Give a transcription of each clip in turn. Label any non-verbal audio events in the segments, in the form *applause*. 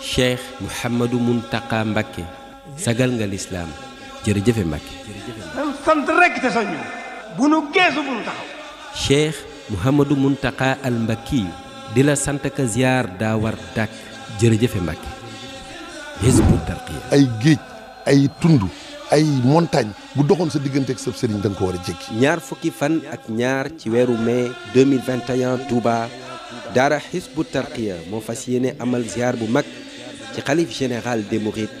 cheikh Mouhamadou Mountakha Mbacké sagal nga lislaam jërëjëfe Mbacké. nañ sant rek te soññu bu nu geesu bu nu taxaw. cheikh Mouhamadou Mountakha al Mbacké di la sant ka ziar daa war dàkk jërëjëfe Mbacké. Hizbut Tarqiyyah ay géej ay tund. ay montagne bu doxoon sa diggante ak sëb sëriñ da ko war a jéggi. ñaar fukki fan ak ñaar ci weeru mai 2021 Touba daara Hizbut Tarqiyyah moo fas yéene amal ziar bu mag. ci xalif général des mourides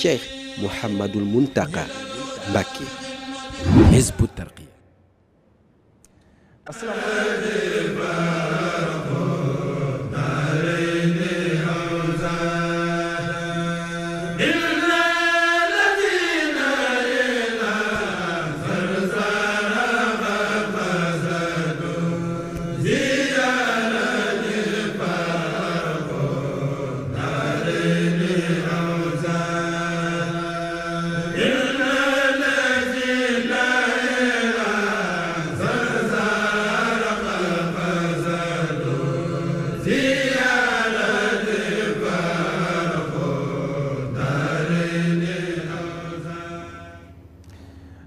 cheikh mouhamadul muntaka mbàkke Hizbut Tarqiyyah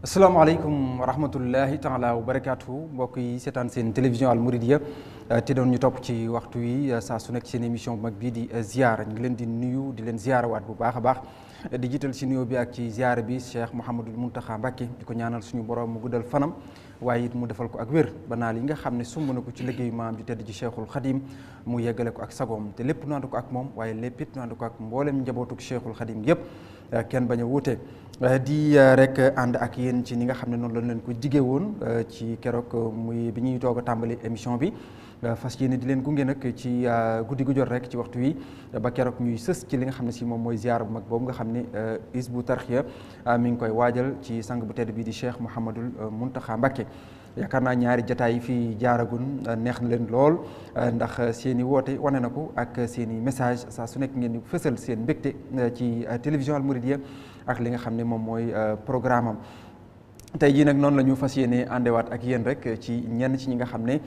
asalaamaaleykum wa rahmatullahi taala wa barakaatu mbokk yi seetaan seen télévision Al Mouridiyyah euh, te doon ñu topp ci waxtu wi euh, saa su nekk seen émission bu mag bii di euh, ziar ñu ngi leen di nuyu di leen waat bu baax a baax di jiital si nuyoo bi ak ci ziar bi Cheikh Mouhamadul Mountakha Mbacké di ñaanal suñu borom mu guddal fanam. waaye it mu defal ko ak wér ba naa li nga xam ne sumb na ko ci liggéeyu maam ju tedd ji cheikhul xadim mu yeggale ko ak sagoom te lépp nu ko ak moom waaye lépp it nu ànd ko ak mboolem xadim yëpp Eh, kenn bañ a wuute eh, di eh, rek ànd ak yéen ci ni nga xam ne noonu lañ leen ko jigee woon ci keroog muy bi ñuy toog a tàmbali émission bi fas yéene di leen gunge nag ci guddi gu jot rek ci waxtu wi ba keroog ñuy sës ci li nga xam ne si moom mooy ziar bu mag boobu nga xam ne Hizbut Tarqiyyah mi ngi koy waajal ci sang bu tedd bii di Cheikh Mouhamadul Mountakha Mbacké yaakaar naa ñaari jataay yi fi jaaragun euh, neex na leen lool euh, ndax euh, seeni woote wane na ko ak seeni message saa su nekk ngeen di fësal seen mbégte ci télévision Al Mouridiyyah ak li nga xam ne moom mooy programme am tey jii nag noonu lañu ñu fas yéene àndewaat ak yéen rek ci ñenn ci ñi nga xam ne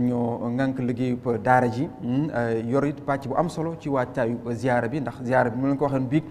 ñoo ŋànk liggéeyub daara ji hmm, yor it pàcc bu am solo ci waajtaayu ziara bi ndax ziara bi mu leen ko waxoon biig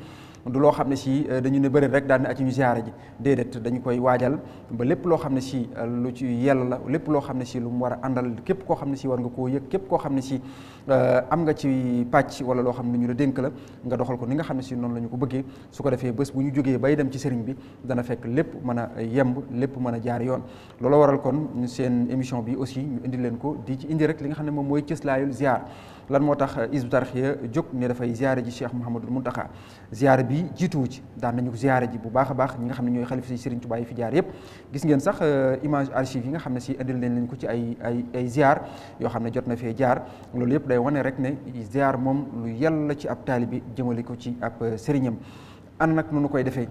du loo xam ne si euh, dañu ne bëri rek daal ne aci ñu ziyaare ji déedéet dañu koy waajal ba lépp loo xam ne si euh, lu ci yell la lépp loo xam ne si lu mu war a àndal képp koo xam ne si war nga koo yëg képp koo xam ne si euh, am nga ci pàcc wala loo xam ne ñu la dénk la nga doxal ko ni nga xam ne si noonu la ñu ko bëggee su ko defee bés bu ñu jógee bay dem ci sëriñ bi dana fekk lépp mën a yemb lépp mën a jaar yoon loolu waral kon seen émission bi aussi ñu indi leen ko di ci indi rek li nga xam ne moom mooy cëslaayul ziar lan moo tax Hizbut Tarqiyyah jóg ne dafay ziare ji Cheikh Mouhamadul Mountakha ziare bi jiituwu ci daan nañu ko ziare ji bu baax a baax ñi nga xam ne ñooy xalif si Serigne Touba yi fi jaar yëpp gis ngeen sax euh, image archive yi nga xam ne si indil nañ leen ko ci ay ay ay ziar yoo xam ne jot na fee jaar loolu yëpp day wane rek ne ziar moom lu yàlla ci ab taalibi jëmale ko ci ab euh, sëriñam an nag nu nu koy defee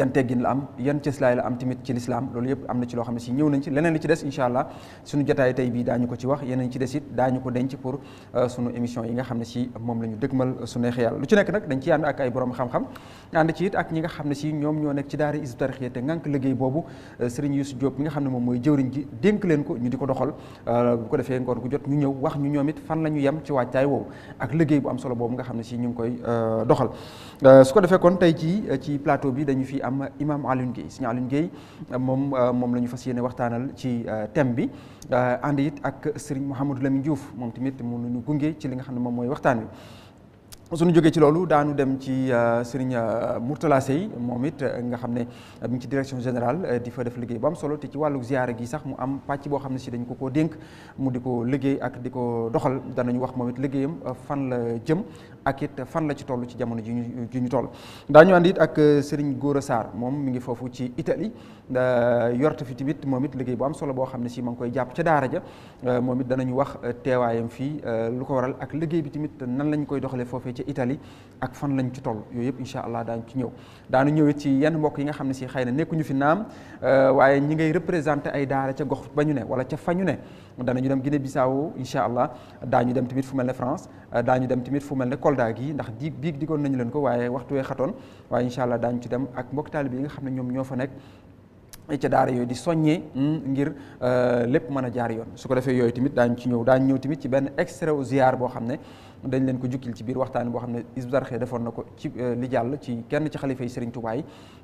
yan teggin la am yan cëslaay la am tamit ci lislaam loolu yëpp am na ci loo xam ne si ñëw nañ ci leneen li ci des incha allah suñu jotaay tey bii daañu ko ci wax yeneen ci des it daañu ko denc euh, euh, xam ne si ñoom ñoo nekk ci daara Hizbut Tarqiyyah te ngànk liggéey boobu euh, Serigne Youssou Diop mi nga xam ne moom mooy jëwriñ gi dénk leen ko ñu di ko doxal bu ko defee ngoon gu jot ñu ñëw wax ñu ñoom fan la ñu yem ci waajtaay woowu ak liggéey bu am solo boobu nga xam n si ñu ngi ko defee kon tey ci ci plateau bi dañu am imam Alioune Guèye sëñ Alioune Guèye moom euh, moom la ñu fas yéene waxtaanal ci euh, thème bi euh, ànd it ak sëriñ Mouhamadou Lamine Diouf moom tamit mun nañu gunge ci li nga xam ne moom mooy waxtaan wi suñu jógee ci loolu daanu dem ci euh, Serigne euh, Mourtala Sey moom it euh, nga xam ne mu ngi ci direction général di fa def liggéey bu am solo te ci wàllu ziyaara gi sax mu am pàcc boo xam ne dañ ko koo dénk mu di ko liggéey ak di ko doxal danañu wax moom it liggéeyam fan la jëm ak it fan la ci toll ci jamono ji ñu ñu toll. daañu ànd ak Serigne Gora Sarr moom mi ngi foofu ci Italie yorta fi tamit moom it liggéey bu am solo boo xam ne si ma ngi koy jàpp ca daara ja moom it ñu wax teewaayam fii lu ko waral ak liggéey bi tamit nan lañ koy doxalee foofee itali ak fan lañ ci toll yooyu yëpp incha allah daañu ci ñëw daanu ñëwit ci yenn mbokk yi nga xam ne si xëy na nekkuñu fi naam euh, waaye ñi ngay représenté ay daara ca gox ba ñu ne wala ca fa ñu ne danañu dem Guinée Bissau incha allah daañu dem tamit fu mel ne France euh, daañu dem tamit fu mel ne Kolda gi ndax di biig digoon nañu leen ko waaye waxtu wee xatoon waaye incha allah daañu ci dem ak mbokk taalibe yi nga xam ne ñoom ñoo fa nekk eh, ca daara yooyu di soññee hmm, ngir euh, lépp mën a jaar yoon su ko defee yooyu tamit daañu ci ñëw daañu ñëw tamit ci benn extrait ziar ne dañ leen ko jukkil ci biir waxtaan boo xam ne Hizbut Tarqiyyah defoon na ko ci euh, li jàll ci kenn ci xalifa yi Serigne Touba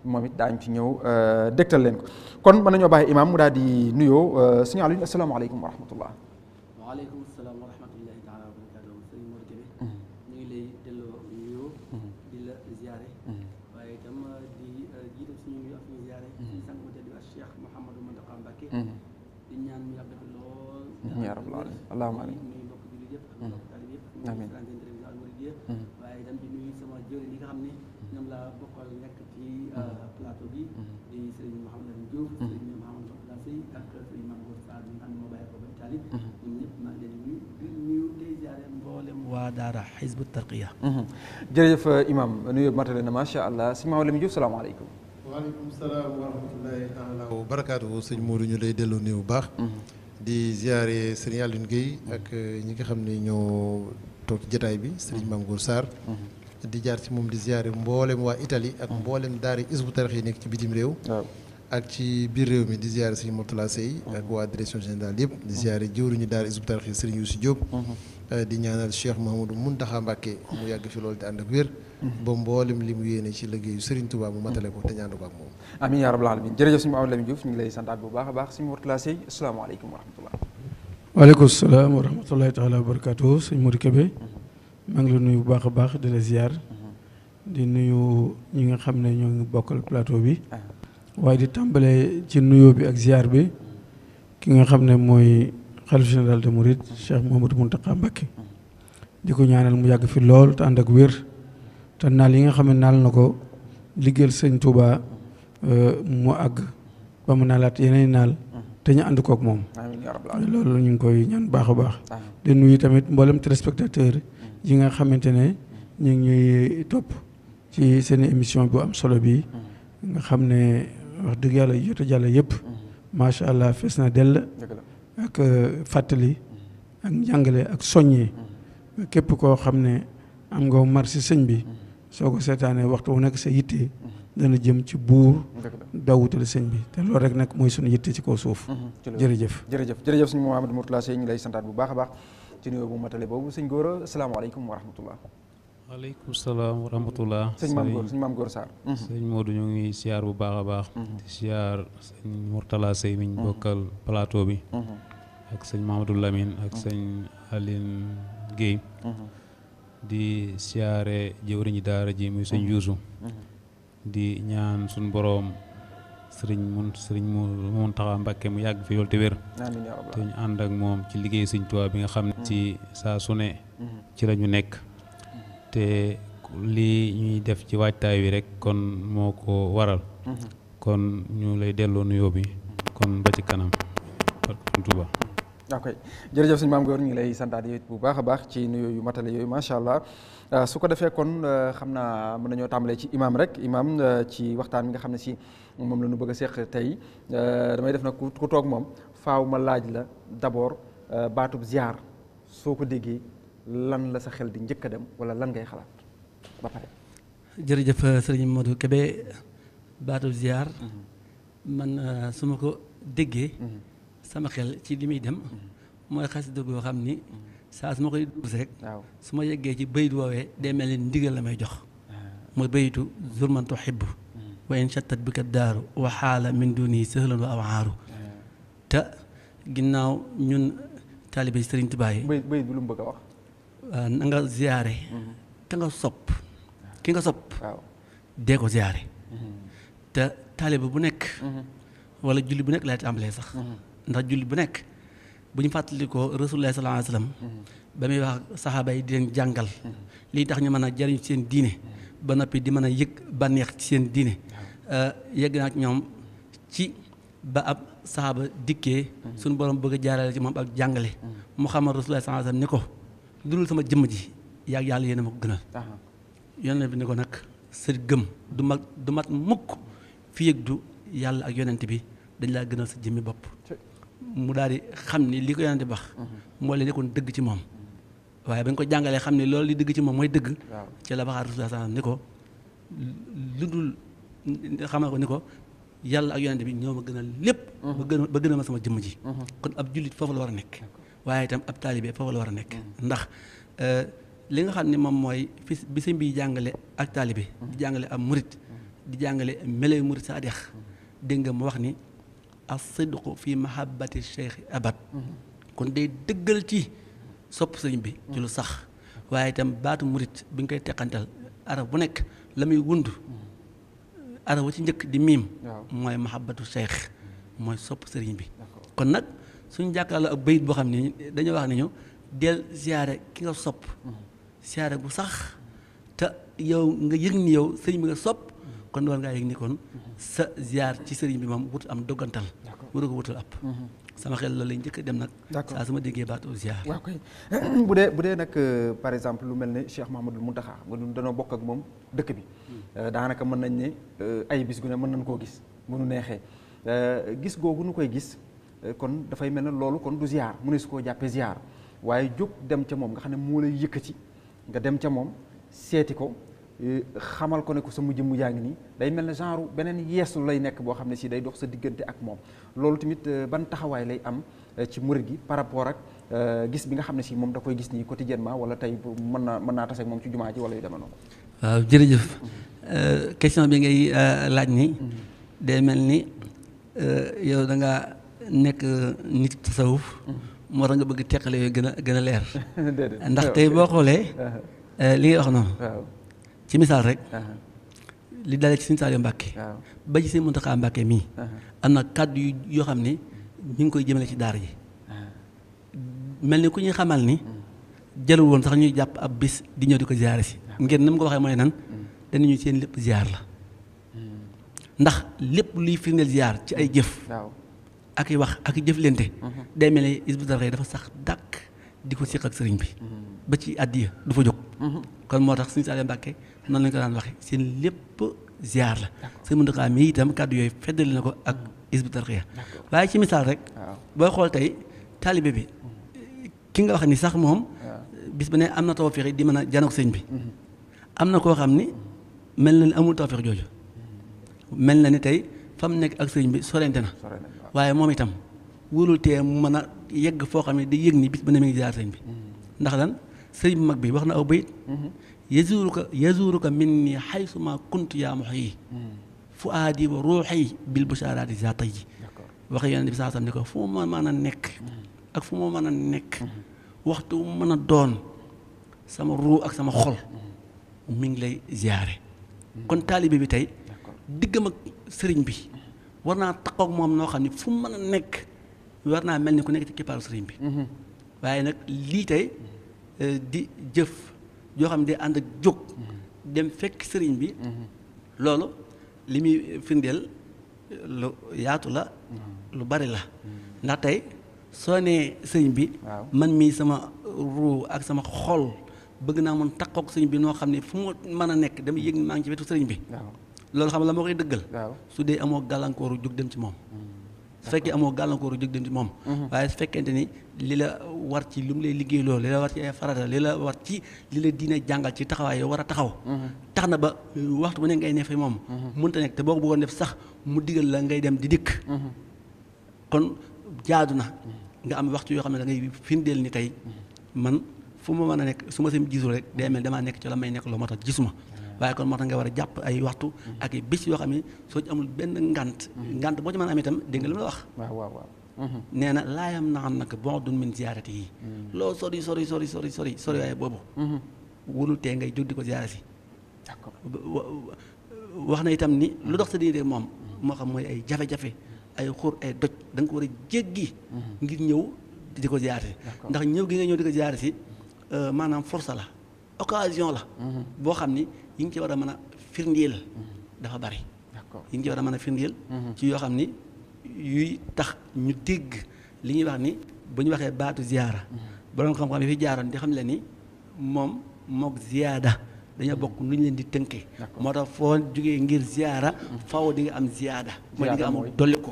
moom it daañu ci ñëw euh, dégtal leen ko kon mën nañoo bàyyi imaam mu daal di nuyoo euh, sëñ Aliou asalaamaaleykum wa rahmatullah waaleykum salaam wa ñu la ziare waaye itam di jiital suñu nuyoo ak suñu ziare suñu sang bu tedd bi ak mu yàgg amiin antenne télévision waaye itam di hmm. nuyu sama jëwriñ yi nga xam ne ñoom laa bokkal nekk ci plateau bi di sëriñ Mouhamadou Diouf sëriñ Mouhamadou Fadla Sey ak sëriñ Mame mi nga xam ne hmm. moo bàyyi ko ba Italie ñoom ñëpp maa ngi leen di nuyu hmm. uh, di nuyu tey ziare mboolem waaleykum salaam wa rahmatullahi barakaatu sëñ Modou ñu lay delloo nuyu bu baax di ziare Serigne Alioune Guèye ak euh, ñi nga xam ne ñoo toog jataay bi Serigne mm-hmm. Mangour Sarr mm-hmm. di jaar ci moom di ziare mboolem waa itali ak mm-hmm. mboolem daari isbu tarix yi nekk ci bitim réew ak ci biir réew mi di ziare Serigne Mourtala Sey ak waa direction générale yëpp di ziare jëwriñu daari isbu tarix yi Serigne Youssou Diop Euh, di ñaanal mun Mouhamadou Mountakha Mbacké mu yàgg fi loolu te ànd ak wér. ba mboolem li mu yéene ci liggéeyu Serigne Touba mu matale ko te ñaandu ko ak moom. amiin yaa rabbal aalamiin jërëjëf suñu Amadou Lamine Diouf ñu ngi lay santaat bu baax a baax suñu Mourtala Seye asalaamaaleykum wa rahmatulah. waaleykum salaam wa rahmatulahi taala maa ngi la nuyu bu baax a baax di la ziar. di nuyu ñi nga xam ne ñoo ngi bokkal plateau bi. Ah. waaye di tàmbale ci nuyoo bi ak ziar bi. ki nga xam ne mooy xalifa général de Mouride Cheikh Mouhamadou Mountakha Mbacké di ko ñaanal mu yàgg fi lool te ànd ak wér te naal yi nga xam ne naal na ko liggéeyal sëñ Touba euh, mu àgg ba mu naalaat yeneen naal te ñu ànd kook moom loolu ñu ngi koy ñaan baax a baax di nuyu tamit mboolem téléspectateur yi nga xamante ne ñu ngi ñuy topp ci seen émission bu am solo bi nga xam ne wax dëgg yàlla jot a jàll yëpp macha allah fees na dell ak euh, fàttali ak njàngale ak soññee képp koo xam ne am nga mar sëñ bi soo ko seetaanee waxtu wu nekk sa yitte dana jëm ci buur daawutal sëñ bi te loolu rek nag mooy suñu yitte ci kaw suuf mhm. jërëjëf jërëjëf jërëjëf suñu Mouhamadou Mourtala Seye ñu lay santaat bu baax a baax ci nuyoo bu matale boobu sëñ Gora asalaamaaleykum wa rahmatullah waaleykum salaam wa rahmatulah. sëñ maam mhm. ñu ngi siyaar bu baax a baax. Mhm. di siyaar sëñ Mourtala Sey mhm. bokkal plateau bi. ak sëñ Mamadou Lamine ak sëñ Aline Guèye. di siyaare jëwriñu daara ji muy sëñ Yuusu. di ñaan suñu boroom sëriñ mun sëriñ Muntaxa mu yàgg fi yool te wér. te ñu ànd ak moom ci liggéey sëñ Tuubaa bi nga xam ne. ci saa su ne. ci la nekk. te lii ñuy def ci waajtaay wi rek kon moo ko waral. Mhm. kon ñu lay delloo nuyoo bi kon ba ci kanam Touba. ok jërëjëf suñu maam góor ñu ngi lay santaat yow bu baax a baax ci nuyoo yu matale yooyu macha allah ah, su ko defee kon ah, xam naa mën nañoo tàmbalee ci imaam rek imam ah, ci waxtaan bi nga xam ne si moom la ñu bëgg a seq tey damay def na ku toog moom faaw ma laaj la d'abord baatub ziar soo ko déggee. lan la sa xel di njëkk a dem wala lan ngay xalaat ba pare. jërëjëf euh, sëriñ Modou Kébé baatu ziar. Mhm. man euh, su ma ko déggee. Mhm. sama xel ci li muy dem. Mhm. mooy xasida goo xam ni. saa su ma koy duus rek. su ma yeggee ci bayit woowee day mel ni ndigal la may jox. Ah. mooy bayitu zurman tuhibbu. wa in chattat bi kat daaru wa xaala min dunihi sëhlan wa awaaru ah. te ginnaaw ñun taalibe Sëriñ Tuubaa yi. bayit lu mu bëgg a wax. waaw euh, na nga ziyaare ka mm-hmm. nga sob ki nga sopp dee ko ziyaare mm-hmm. te taaliba bu nekk mm-hmm. wala julli bu nekk laay tàmbalee sax ndax julli bu nekk bu ñu fàttali ko rasulullah sallallahu ba muy wax saxaaba yi di leen jàngal lii tax ñu mën a jariñ seen diine ba noppi di mën a yëg bànneex ci seen diine yegg euh, naa ñoom ci ba ab saxaaba dikkee suñu borom bëgg a jaarale ci moom ak jàngale Muhammad rasulullah sallallahu alayhi ni ko lu dul sama jëmm ji yaa yàlla yéen a ma ko gënal. yonent bi ne ko nag sa gëm du mag du mat mukk fii ak du yàlla ak yonent bi dañ laa gënal sa jëmmi bopp. mu daal di xam ni li ko yonent wax. moo leen nekkoon dëgg ci moom. waaye bañ ko jàngalee xam ne loolu li dëgg ci moom mooy dëgg. ci la waxaat Rasulullah sallam ni ko lu dul xamal ko ni ko yàlla ak yonent bi ñëw ma gënal lépp. ba gën ba gënal ma sama jëmm ji. kon ab jullit foofu la war a nekk. waaye itam ab taalibe foofu la war a nekk mm. ndax euh, li nga xam ne moom mooy fi bi sëñ bi jàngale ak taalibe mm. di jàngale am murit mm. di jàngale melay murit saadix dégg nga mu wax ni as-sidqu fi mahabbati cheikh abad kon day dëggal ci sopp sëñ bi ci sax waaye itam baatu murit bi nga koy teqantal arab bu nekk la muy wund arab wa ci njëkk di miim mooy mahabbatu cheikh mooy sopp sëriñ bi kon nag suñu jàkkaarloo ak bayit boo xam ne dañoo wax ni ñu del siyaare ki nga sopp siyaare bu sax te yow nga yëg ni yow sëriñ bi nga sopp kon doon ngaa yëg ni kon sa ziar ci sëriñ bi moom wut am doggantal wara ko wutal app mhm. sama xel loolu lañ njëkk dem nag saa su ma déggee baatu ziar waaw *clears throat* bu dee bu dee nag euh, par exemple lu mel ne Cheikh Mahamadul Muntaxa nga dun danoo bokk ak moom dëkk bi hmm. euh, daanaka mën nañ ne euh, ay bis gu ne mën nañ koo gis bu nu neexee gis googu nu koy gis Euh, kon dafay mel ne loolu kon du ziar mu ne su ko jàppee ziar waaye jóg dem ca moom nga xam ne moo lay ci nga dem ca moom seeti ko euh, xamal ko ne ko sa mujj mu jaa ngi nii day mel ne genre beneen yeesu lay nekk boo xam ne si day dox sa diggante ak moom loolu tamit euh, ban taxawaay lay am ci murid gi par rapport ak gis bi nga xam ne si moom da koy gis nii quotidiennement wala tey mën mën naa tase ak moom ci jumaa ji wala yu demee noonu. waaw jërëjëf mm-hmm. ngay laaj mm-hmm. ni day ni yow da nekk nit tasawuf moo tax nga bëgg teqale yooyu gën a gën a leer *laughs* ndax tey boo xoolee *laughs* eh, li ngay wax noonu ci misaal rek li dalee ci Sëriñ Saliou Mbàkke ba ci Sëriñ Muntaxa Mbàkke mii am na kàddu yoo xam ni ñu ngi koy jëmale ci daar yi mel ni ku ñuy xamal ni mm. jëlul woon sax ñuy jàpp ab bis di ñëw di ko ziyaare si ngeen na mu ko waxee mooy nan mm. danañu seen lépp ziyaar la mm. ndax lépp luy firndeel ziyaar ci ay jëf ak i wax ak i jëflante mhm. day mel ne Hizbut Tarqiyyah dafa sax dàkk di ko siq ak sëriñ bi mhm. ba ci àddiya du fa jóg mhm. kon moo tax suñu Saliou Mbacke noonu lañu ko daan waxe seen lépp ziar la sëñ Mountakha mi itam kàddu yooyu feddali na ko ak Hizbut Tarqiyyah waaye ci misaal rek booy xool tey taalibe bi ki nga wax ni sax moom bis ba ne am na di mën a janook sëñ bi am na koo xam ni mel na ni amul tawfeex jooju mel na ni tey fam nekk ak sëñ bi sorente na waaye moom itam wóolul mu mën a yegg foo xam ne di yëg nii bis ba ne mi ngi jaar sëñ bi ndax lan sëñ bu mag bi wax na aw bayit yazuruka ko min ni xaysuma kuntu yaa mox yi fu aadi wa ruuxi bil busharaati saa tey ji waxe yonent bi saa sam ni ko fu ma mën a nekk ak fu ma mën a nekk waxtu mu mën a doon sama ruu ak sama xol mi ngi lay ziyaare kon taalibe bi tey diggam ak sëriñ bi war naa takkoog moom noo xam ne fu mu mën a nekk war naa mel ni ku nekk ci kippaaru sëriñ bi mhm. waaye nag lii tey mhm. euh, di jëf yoo xam ne day ànd ak jóg mhm. dem fekk sëriñ bi loolu li muy firndeel lu yaatu la lu bari la ndax tey soo nee sëriñ bi man mii sama ruu ak sama xol bëgg naa mun takkoog sëriñ bi noo xam ne fu mu mën a nekk dama yëg maa ngi ci wetu sëriñ bi loolu xam la moo koy dëggal. su dee amoo gàllankooru jug dem ci moom. Hmm. su fekkee amoo gàllankooru jug dem ci moom. Hmm. waaye su fekkente ni li la war ci lu mu lay liggéey loolu li la war ci ay farata li la war ci li la diine jàngal ci taxawaay yoo war a taxaw. Hmm. tax na ba waxtu bu ne ngay ne fay moom. mënta nekk te boo ko bëggoon def sax mu digal la ngay dem di dikk. kon jaadu na nga am waxtu yoo xam ne da ngay firndeel ni tey man fu ma mën a nekk su ma seen gisul rek day mel damaa nekk ci la may nekk loo moo tax gisuma waaye kon moo tax nga war a jàpp ay waxtu ak i bis yoo xam ne soo ci amul benn ngant ngant boo ci mën a am itam dégg nga la wax waaw waaw waaw mhm. nee na laayam na am nag bon dun min yi mhm. loo sori sori sori sori sori sori waaye boobu mhm. wunul tee ngay jóg di ko ziyaara si wax na itam ni lu dox sa de moom moo xam mooy ay jafe-jafe ay xur ay doj da ko war a jéggi ngir ñëw di ko ziyaare si ndax ñëw gi nga ñëw di ko ziyaare si euh, maanaam force la occasion la boo xam ni yi nga ci war a mën a firndeel dafa bari yi nga ci war a mën a firndeel mhm. ci yoo xam ni yuy tax ñu dégg li ñuy wax ni bu ñu waxee baatu ziyaara mhm. borom xam-xam yi fi jaaroon di xam le ni moom mook ziyaada dañoo bokk nu ñu leen di tënkee moo tax foo jógee ngir ziyaara mhm. faw di nga am ziyaada mooy di nga am dolli ko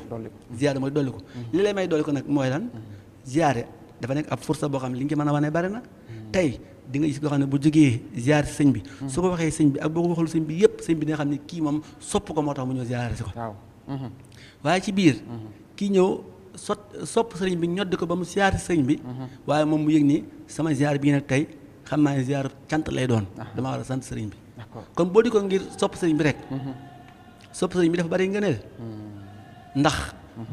ziyaada mooy dolli ko li lay may dolli ko nag mooy lan ziyaare dafa nekk ab fursa boo xam li nga mën a wane bari na di nga gis koo xam ne bu jógee ziar sëñ bi hmm. su ko waxee sëñ bi ak boo ko waxul sëñ bi yëpp sëñ bi dina xam ne kii moom sopp ko moo tax mu ñëw ziar si ko hmm. waaye ci biir hmm. kii bi ñoddi ko ba mu ziar sëñ bi waaye moom mu yëg ni sama ziar bii nag tey xam naa ne ziar cant lay doon ah. dama war a sant sëriñ bi kon boo di ko ngir sopp sëriñ bi rek sopp sëriñ bi dafa bari ngëneel ndax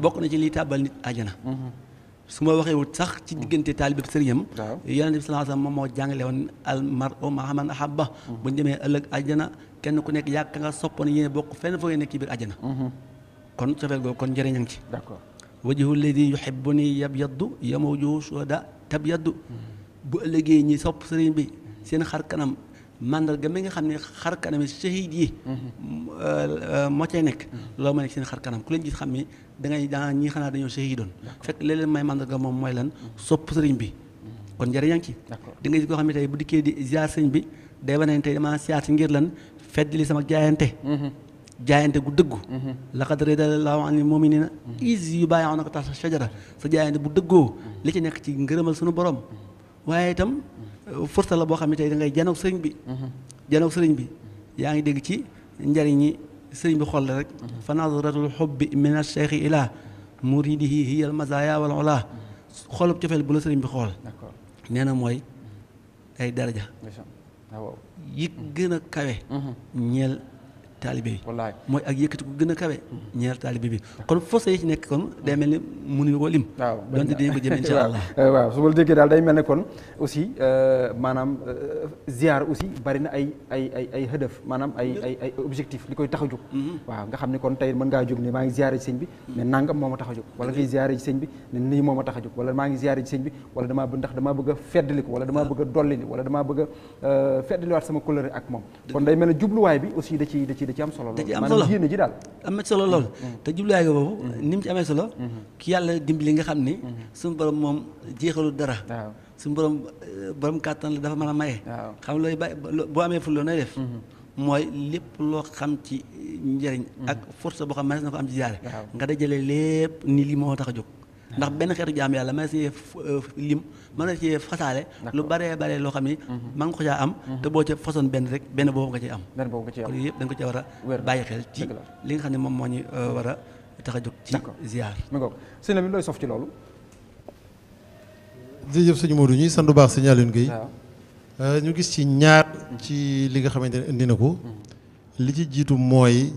bokk na ci liy tàbbal nit àjjana su ma waxee wut sax ci diggante taalibe bi sëriñam yonent bi a alayhi wasallam moom moo jàngale woon al mar'u ma'a man ahabba mhm. bu ñu demee ëllëg àjjana kenn ku nekk yàgg nga soppoon yéen bokk fenn foo yéen nekk ci biir àjjana mhm. kon cofeel googu kon njëriñ a ngi ci d'accord wajhu alladhi yuhibbuni yabyaddu yama wajhu shuhada tabyaddu mhm. bu ëllëgee ñi sopp sëriñ bi seen xar kanam mandarga mi nga xam ne xar kanam yi shahid euh, yi euh, moo nekk loolu ma nekk seen xar kanam ku leen gis xam ni da ngay daa ñii xanaa dañoo shahiidoon fekk li leen may mandarga moom mooy lan sopp sëriñ bi kon njëriñam ci da ngay gis koo xam ne tey bu dikkee di ziar sëriñ bi day wane ne tey damaa siyaar si ngir lan fedd li sama jaayante mhm. jaayante gu dëggu mhm. laqad radiyallaahu anil mu'miniina mhm. iz yubaayi'uunaka tahta shajara sa jaayante bu dëggoo li ci nekk ci ngërëmal suñu borom waaye itam force la boo xam ne tey da sëriñ bi janoog sëriñ bi yaa ngi dégg ci njëriñi sëriñ bi xool rek fa nadratul xubbi min alcheikhi ila muridihi hiya almazaya wal ola xolub cofeel bu la sëriñ bi xool nee na mooy ay daraja ah, yi gën a kawe mm-hmm. ñeel taalibe bi mooy ak yëkkati ko gën a kawe ñeel taalibe bi kon fossé yi nekk kon day mel ni ko lim waaw donte dinañ ko jëm *laughs* allah eh, waaw su ma la déggee daal day mel ne kon aussi euh, maanaam euh, ziar aussi bari na ay ay ay ay hëdëf maanaam ay ay ay objectif li koy tax a jóg mm-hmm. waaw nga xam ne kon tey mën ngaa jóg ne maa ngi ziare ci sëñ bi ne mm-hmm. nangam moo ma tax a jóg wala ngay ziare ci sëñ bi ne nii moom ma tax a jóg wala maa ngi ziare ci sëñ bi wala damaa ndax damaa bëgg a feddali ko ah. wala damaa bëgg a wala damaa bëgg a feddaliwaat sama couleur ak moom ci am solo lool maanaam yéene ji daal am na ci solo lool mm-hmm. te jubluwaay nga boobu mm-hmm. ni mu ci amee solo mm-hmm. ki yàlla dimbali nga xam ni suñu borom moom jeexalu dara suñu borom euh, borom kàttan la dafa mën a maye xam looy bàyyi boo amee fuloo nay def mooy lépp loo xam ci euh, njëriñ ak force boo xam manees na ko am ci jaare nga dajale lépp ni li moo tax a jóg ndax benn xeetu jaam yàlla manees euh, lim mën na cee fasaale lu baree baree loo xam ni mhm. man nga ko am mhm. te boo ca façon benn rek benn boobu nga ci am kon yëpp da nga ko cee war a bàyyi xel ci li nga xam ne moom moo ñu euh, war a tax a jóg ci ziar mi ngoog sëñ bi looy sof ci loolu jërëjëf sëñ Modou ñuy sant bu baax sëñ Aliou Guèye euh, ñu gis ci ñaar ci li nga xamante ne indi na ko mhm. li ci jiitu mooy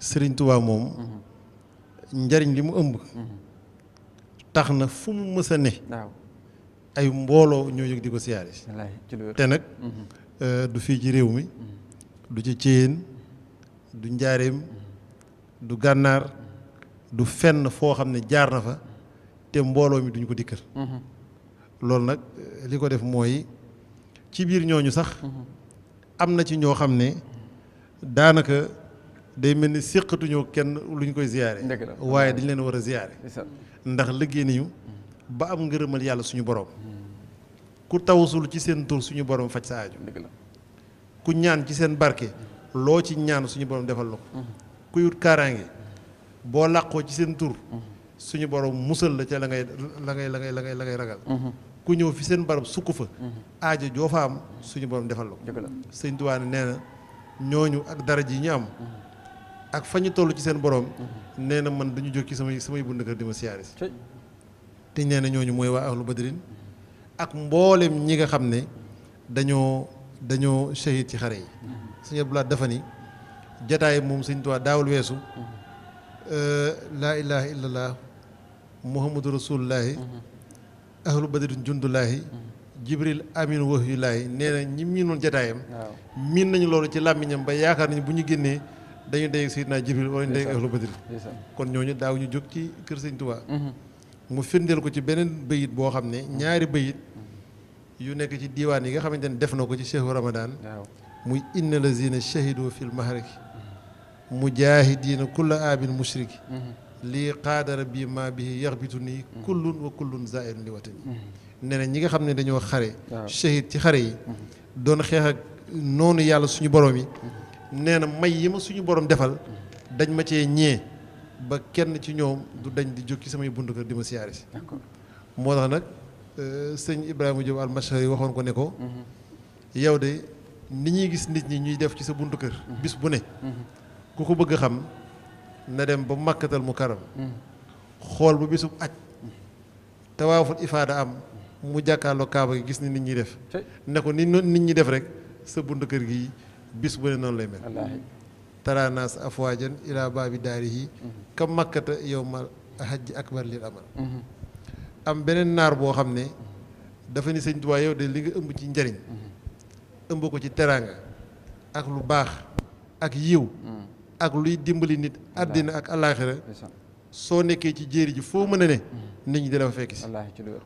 Sëriñ Tuubaa moom njariñ li mu ëmb tax na fu mu mës ne ay mbooloo ñoo yëg di ko siyaare te nag mhm. euh, du fii ci réew mi mhm. du ci Thièyène du njaareem mhm. du gànnaar du fenn foo xam ne jaar na fa te mbooloo mi duñ ko dikkal loolu nag euh, li ko def mooy ci biir ñooñu sax am na ci ñoo xam ne daanaka day mel ni séqatuñoo kenn luñ koy ziyaare waaye dañ leen war a ziyaare ndax liggéey nañu ba am ngërëmal yàlla suñu boroom ku tawasul ci seen tur suñu borom faj sa aajo ku ñaan ci seen barke loo ci ñaan suñu borom defal la ko mhm. kuy wut kaaraange boo làqoo ci seen tur mhm. suñu borom musal la ca la ngay la la ngay la ngay la ragal mhm. ku ñëw fi seen barab sukk fa aajo joo fa am suñu borom defal la ko sëñ Tuubaa nee na ñooñu ak dara ji ñu am ak fa ñu toll ci seen borom nee na man dañu jóg ci samay samay bund kër di ma siyaare si te nee na ñooñu mooy waa ahlu badrin ak mboolem ñi nga xam ne dañoo dañoo shahid ci xare yi sëñ Abdou Lahad dafa ni jataay moom sëñ Tuubaa daawul weesu euh, laa ilaha illallah muhammadu rasulullahi ahlu badrin jundullahi jibril amin wahyullahi nee na ñi miinoon jataayam miin nañu loolu ci làmmiñam ba yaakaar nañu bu ñu génnee dañu dee Seydina Jibril wala ñu dee ahlu badrin kon ñooñu daaw ñu jóg ci kër sëñ Tuubaa mm-hmm. mu firndeel ko ci beneen bayit boo xam ne ñaari bayit yu nekk ci diiwaan yi nga xamante ne def na ko ci cheikhu ramadan muy inna lazina shahidu fil mahraki mujahidina kulla abin mushriki mhm. lii qaadara bii maa bii yaxbitu nii mhm. kullun wa kullun zairun li watani mhm. nee na ñi nga xam ne dañoo xare shahid ci xare yi doon xeex ak noonu yàlla suñu borom yi nee na may yi ma suñu borom defal dañ ma ci ñee ba kenn ci ñoom du dañ di jóg ci samay buntu kër di ma siyaare si moo tax nag euh, sëñ Ibrahima Diop almashar yi waxoon ko ne ko mhm. yow de ni ñuy gis nit ñi ñuy def ci sa buntu kër mhm. bis bu ne mhm. ku ko bëgg a xam na dem ba màkkatal mu karam xool bu bisu aj tawaaful ifaada am mu jàkkaarloo kaaba gi gis ni nit ñi def ne ko ni nit ñi def rek sa buntu kër gi bis bu ne noonu lay mel taranaas afwaajan ila baabi daarihi kam makkata yowmal hajji akbar lil amal am beneen naar boo xam ne dafa ni sëñ Tuubaa yow de li nga ëmb ci njariñ ëmb ko ci teraanga ak lu baax ak yiw ak luy dimbali nit àddina ak alaaxira soo nekkee ci jéeri ji foo mën a ne nit ñi di la fa fekk si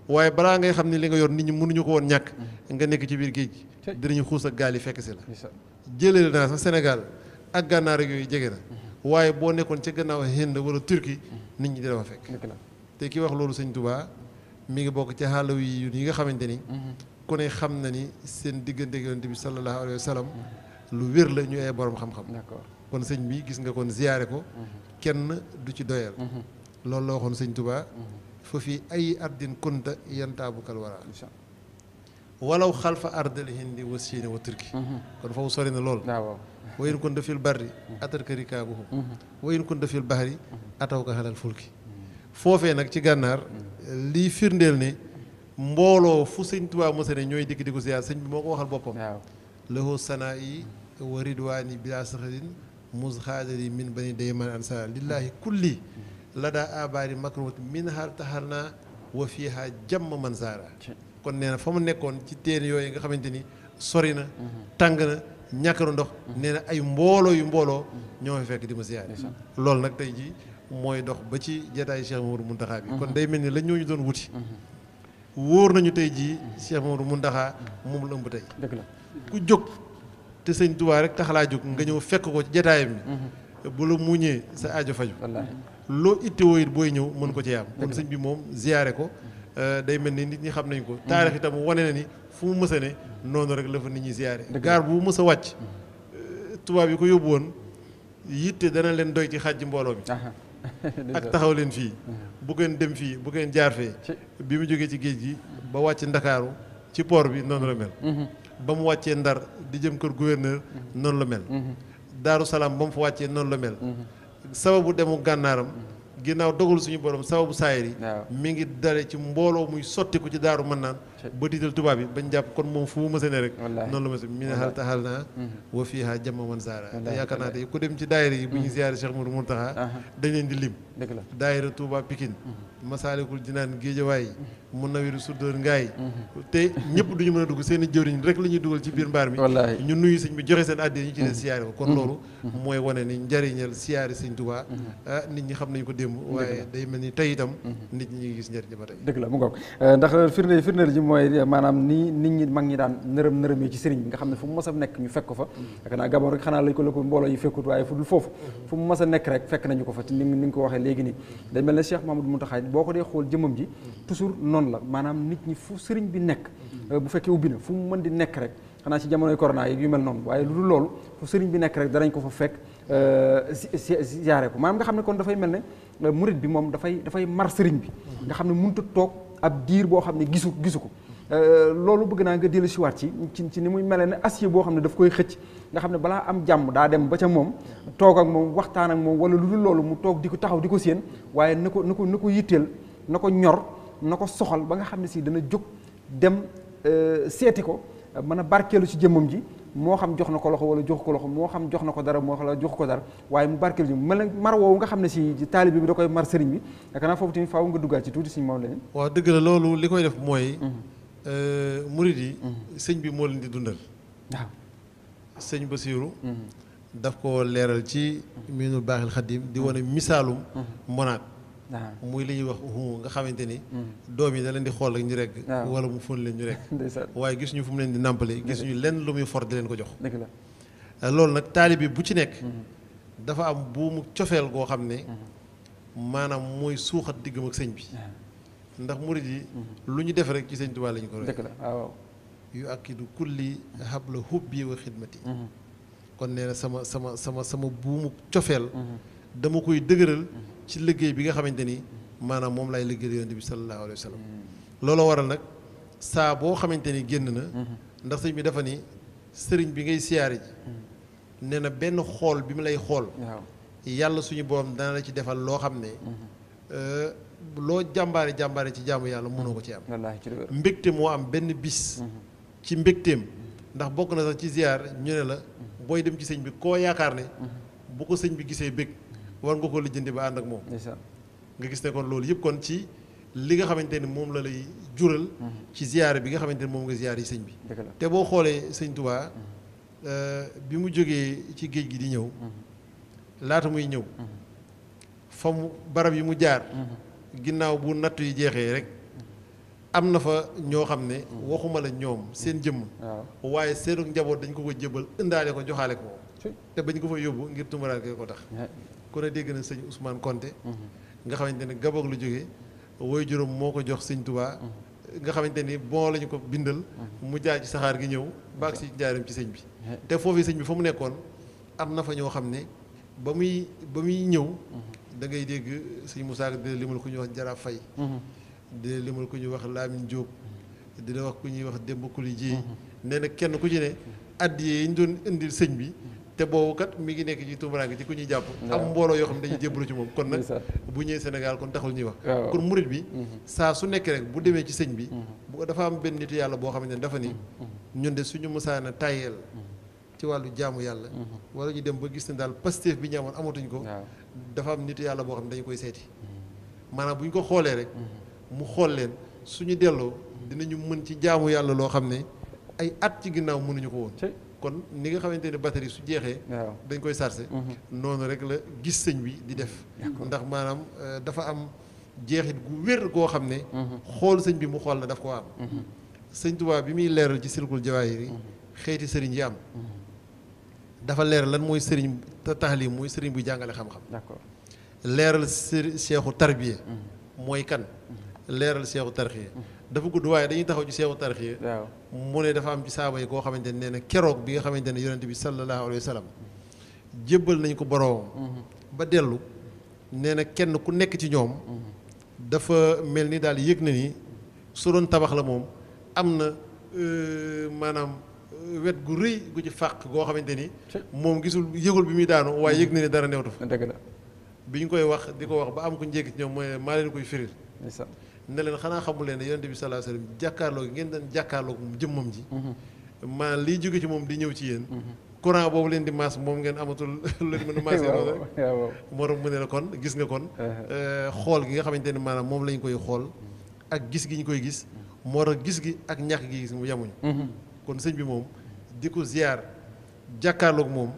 waaye balaa ngay xam ne li nga yor nit ñi mënuñu ko woon ñàkk mm-hmm. nga nekk ci biir géej gi dinañu xuus ak gaal yi fekk si la jëlee naa sax Sénégal ak gànnaar yooyu jege na waaye boo nekkoon ca gannaaw Hind wala Turquie nit ñi dina fa fekk te ki wax loolu sañ Touba mi ngi bokk ci xaalaw yi yu yi nga xamante ni mm-hmm. ku ne xam na ni seen diggante ak bi sallallahu alayhi wa sallam lu wér la ñu ay borom xam-xam kon sëñ bi gis nga kon ziyaare ko mm-hmm. kenn du ci doyal mm-hmm. loolu la waxoon sëñ Touba fa fii ay ardin kunta yantaabu kal wara walaw xalfa ardal hindi wa siini wa turki kon foofu sori na lool wa in kunta fil barri atatka rikaabuhum mm-hmm. wa in kunta fil bahri atawka halal fulki foofee nag ci gànnaar lii firndeel ne mbooloo fu sëñ Tuubaa mose ne ñooy dikk di ko ziyaar sëñ bi moo ko waxal boppam lahu sanaa yi wa ridwaani bila saxarin musxaadari min bani dayman ansaar lillaahi kulli mm-hmm. la daa abaari makrumat min haal taxal naa wa fiiha jàmm man saara kon nee fa mu nekkoon ci teen yooyu nga xamante ni sori na mm-hmm. tàng na ñàkkaru ndox nee na ay mbooloo yu mbooloo ñoo fi fekk di ma ziyaare loolu nag tey jii mooy dox ba ci jataay Cheikh Mamadou Mountakha bi kon mhm. day mel ni la ñu doon wuti mhm. wóor nañu tey jii mhm. Cheikh Mamadou Mountakha moom la ëmb tey ku jóg te sëñ Tuubaa rek taxalaa jóg nga ñëw fekk ko ci jataayam bi bu la muñee sa aajo faju loo ittewoo it booy ñëw mën ko ci am kon sëñ bi moom ziyaare ko Euh, day mel ni nit ñi xam nañu ko. Mhm. taarix itam wane na ni fu mu mës ne noonu rek la fa nit ñi ziyaare. gaar bu mës a wàcc mhm. euh, tubaab yi ko yóbbu woon yitte dana leen doy ci xàjji mbooloo mi. *laughs* ak taxaw leen fii. bu ngeen dem fii bu ngeen jaar fee. bi mu jógee ci géej gi ba wàcc ndakaaru ci poor bi noonu la mel. Mhm. ba mu wàccee ndar di jëm kër gouverneur noonu la mel. daaru salaam ba mu fa wàccee noonu la mel. sababu demu gànnaaram. ginnaaw dogalu suñu borom sababu saayir yi mi ngi dale ci mbooloo muy sotti ko ci daaru man naan ba tiital tubaab yi ba jàpp kon moom fu mu mësa ne rek noonu la mësa mi ne xal taxal naa wa fiiha jama man saara te yaakaar naa tey ku dem ci daayira yi bu ñu mhm. ziyaare Cheikh Mourou Mountakha dañ leen di lim dëgg la daayira Touba Pikine mhm. Masaalikul Jinaan Géejawaay mhm. mu nawiru suddoor ngaay mhm. te ñëpp duñu mën a dugg seen i jëwriñ rek la ñuy dugal ci biir mbaar mi ñu nuyu sëñ bi joxe seen àddi ñu ci ne siyaare ko kon loolu mooy wane ni njariñal siyaare sëñ Touba ah nit ñi xam nañu ko démb waaye day mel ni tey itam nit ñi ngi gis njariñ ba tey dëgg la mu ngoog eh, ndax firnde firndeel ji mooy maanaam nii nit ñi mag ñi daan nërëm nërëm ci sëriñ bi nga xam ne fu mu a nekk ñu fekk ko fa yaakaar naa Gabon rek xanaa lañ ko la ko mbooloo yi fekkut waaye fu dul foofu a léegi nii dañ mel ne Cheikh Mamadou Mountakha boo ko dee xool jëmmam ji toujours noonu la maanaam nit ñi fu sëriñ bi nekk euh, bu fekkee ubbi na fu mu mën di nekk rek xanaa ci jamonoy corona yi yu mel noonu waaye lu dul loolu fu sëriñ bi nekk rek danañ ko fa fekk euh, ziyaare ko maanaam nga xam ne kon dafay mel ne euh, murit bi a toog muy mel ne acier boo xam ne daf koy xëcc nga xam ne balaa am jàmm daa dem ba ca moom toog ak moom waxtaan ak moom wala lu dul loolu mu toog di ko taxaw di ko séen waaye na ko na ko na ko yitteel na ko ñor na ko soxal ba nga xam ne sii dana jóg dem euh, seeti ko mën a barkeelu ci jëmmam ji moo xam jox na ko loxo wala jox ko loxo moo xam jox na ko dara moo xam la jox ko dara waaye mu barkeel ñu mel ne mar woowu nga xam ne si taalibe bi da koy mar sëriñ bi yaakaar naa foofu tamit faaw nga duggaat ci tuuti suñu moom lañu. waaw dëgg loolu li koy def mooy. Mhm. Euh, murid mhm. sëñ bi moo leen di dundal. sëñ Basiiru mhm. daf ko leeral ci miinul baaxil xadim di mhm. wane misaalum mbonaat mhm. muy li ñuy wax nga xamante ni doom yi da leen di xool ak ñu rekk wala mu fóon leen ñu rekk *laughs* waaye gis ñu fu mu leen di nàmpale gis ñu lenn lu muy for di leen ko jox euh, loolu nag bi bu ci nekk dafa am buumu cofeel goo xam ne maanaam mooy suuxat diggam ak sëñ bi ndax murid yi lu ñu def rek ci sëñ Tuubaa lañu ko rek yu akidu kulli habla hubbi wa xidmati mhm. kon nee na sama sama sama sama buumu cofeel mhm. dama koy dëgëral mhm. ci liggéey bi nga xamante ni maanaam moom laay liggéeyal yonent bi sallallahu alayhi wa sallam looloo waral nag saa boo xamante ni génn na ndax sëñ bi dafa ni sëriñ bi ngay siyaare ji nee na benn xool bi mu lay xool yàlla suñu borom dana la ci defal loo xam ne euh, loo jàmbaare jàmbaare ci jaamu yàlla mënoo ko ci am mbégte moo am benn bis ci mbégteem ndax bokk na sax ci ziar ñu ne la booy dem ci sëñ bi koo yaakaar ne bu ko sëñ bi gisee bég war nga ko lijjanti ba ànd ak moom nga gis ne kon loolu yëpp kon ci li nga xamante ni moom la lay jural ci ziar bi nga xamante ni moom nga ziar yi sëñ bi te boo xoolee sëñ Touba euh, bi mu jógee ci géej gi di ñëw laata muy ñëw fa mu barab yi mu jaar mhm. ginnaaw bu natt yi jeexee rek am na fa ñoo xam ne mm. waxuma la ñoom seen jëmm waaye seenu njaboot dañ ko ko jëbal indaale ko joxaale ko te bañ ko fa yóbbu ngir tumuraanke ko tax ku ne dégg na sëñ Ousmane Konté mm-hmm. nga xamante ne Gabon lu jóge woy juróom moo ko jox sëñ Touba mm-hmm. nga xamante ni bon lañu ko bindal mm-hmm. mu jaay ci saxaar gi ñëw baag si njaaram ci sëñ bi te foofu sëñ bi fa mu nekkoon am na fa ñoo xam ne ba muy ba muy ñëw dangay ngay dégg sëñ Moussa di limal ku ñuy wax Jara Fay di la ku ñuy wax Lamine Diop mm-hmm. di la wax ku ñuy wax Demba ku Dieye mm-hmm. nee na kenn ku ci ne mm-hmm. addiyee yi ñu doon indil sëñ bi te boobu kat mu ngi nekk ci tumuraange ci ku ñuy jàpp am mbooloo yoo xam ne dañuy jébbalu ci moom kon nag bu ñëwee Sénégal kon taxul ñuy wax kon bi saa su nekk rek bu demee ci sëñ bi dafa am benn nitu yàlla boo xam ne dafa ni ñun de suñu musaana tayel ci wàllu jàmm yàlla wala ñu dem ba gis ne daal Pastef bi ñu amoon amatuñ ko dafa am nitu yàlla boo xam ne dañu koy seeti maanaam bu ñu ko xoolee rek mu xool leen suñu delloo dinañu mën ci jaamu yàlla loo xam ne ay at ci ginnaaw mënuñu ko woon kon ni nga xamante ne batterie su jeexee dañ koy chargé mhm. noonu rek la gis sëñ bi di def ndax maanaam euh, dafa am jeexit gu wér goo xam ne mhm. xool sëñ bi mu xool na daf ko am mhm. sëñ Tuubaa bi muy leeral ci silkul jawaahir yi xeeti sëriñ yi am dafa leeral lan mooy sëriñ taxlim mooy sëriñ buy jàngale xam-xam leeral sëriñ seexu tarbiya mooy kan leeral seexu tarxiya dafa gudd waaye dañuy taxaw ci seexu tarxiya mu ne dafa am ci saaba yi koo xamante ne nee na keroog bi nga xamante ne yonente bi sallallahu alayhi wa nañ ko boroom mm-hmm. dellu nee na kenn ku nekk ci ñoom mm-hmm. dafa mel ni daal yëg na ni su doon tabax la moom am na euh, maanaam euh, wet gu rëy gu ci fàq goo xamante ni moom gisul yëgul bi muy daanu waaye yëg na ni dara newtu fa mm-hmm. dëgg la bi ñu koy wax di ko wax ba am ku njëkk ci ñoom mooy maa leen koy firil ne leen xanaa xamul leen ne yonent bi sallallahu alayhi wasallam jàkkaarloo gi ngeen daan jàkkaarloo moom jëmmam ji mm-hmm. maa liy jóge ci moom di ñëw ci yéen mm-hmm. courant boobu leen di maas moom ngeen amatul leen *laughs* mën a maasee noonu rek *laughs* moo mu ne la kon gis nga kon uh-huh. eh, xool gi nga xamante ne maanaam moom lañ koy xool mm-hmm. ak gis gi ñu koy gis moo a gis gi ak ñax gi gis mu yemuñ kon sëñ bi moom di ko ziyaar jàkkaarloog moom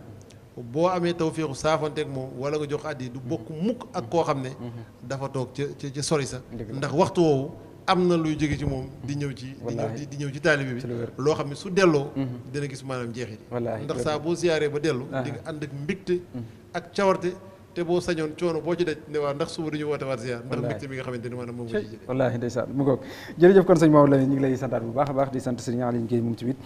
boo amee taw féexu tawféexu saafonteeg moom wala nga jox addi du mhm. bokk mukk ak koo xam ne mhm. dafa toog ca ca sori sa ndax waxtu woowu am na luy jóge ci moom di ñëw ci di ñëw di ñëw ci taalibe bi loo xam ne su delloo mhm. dina gis maanaam jeexit ndax saa boo siyaaree ba dellu di nga ah. ànd ak mbégte ak cawarte te boo sañoon coono boo ci de ne waa ndax suba duñu woote waat ziar ndax mbégte mi nga ngi lay santaat bu baax a baax di sant sëñ Aliou Guèye moom tamit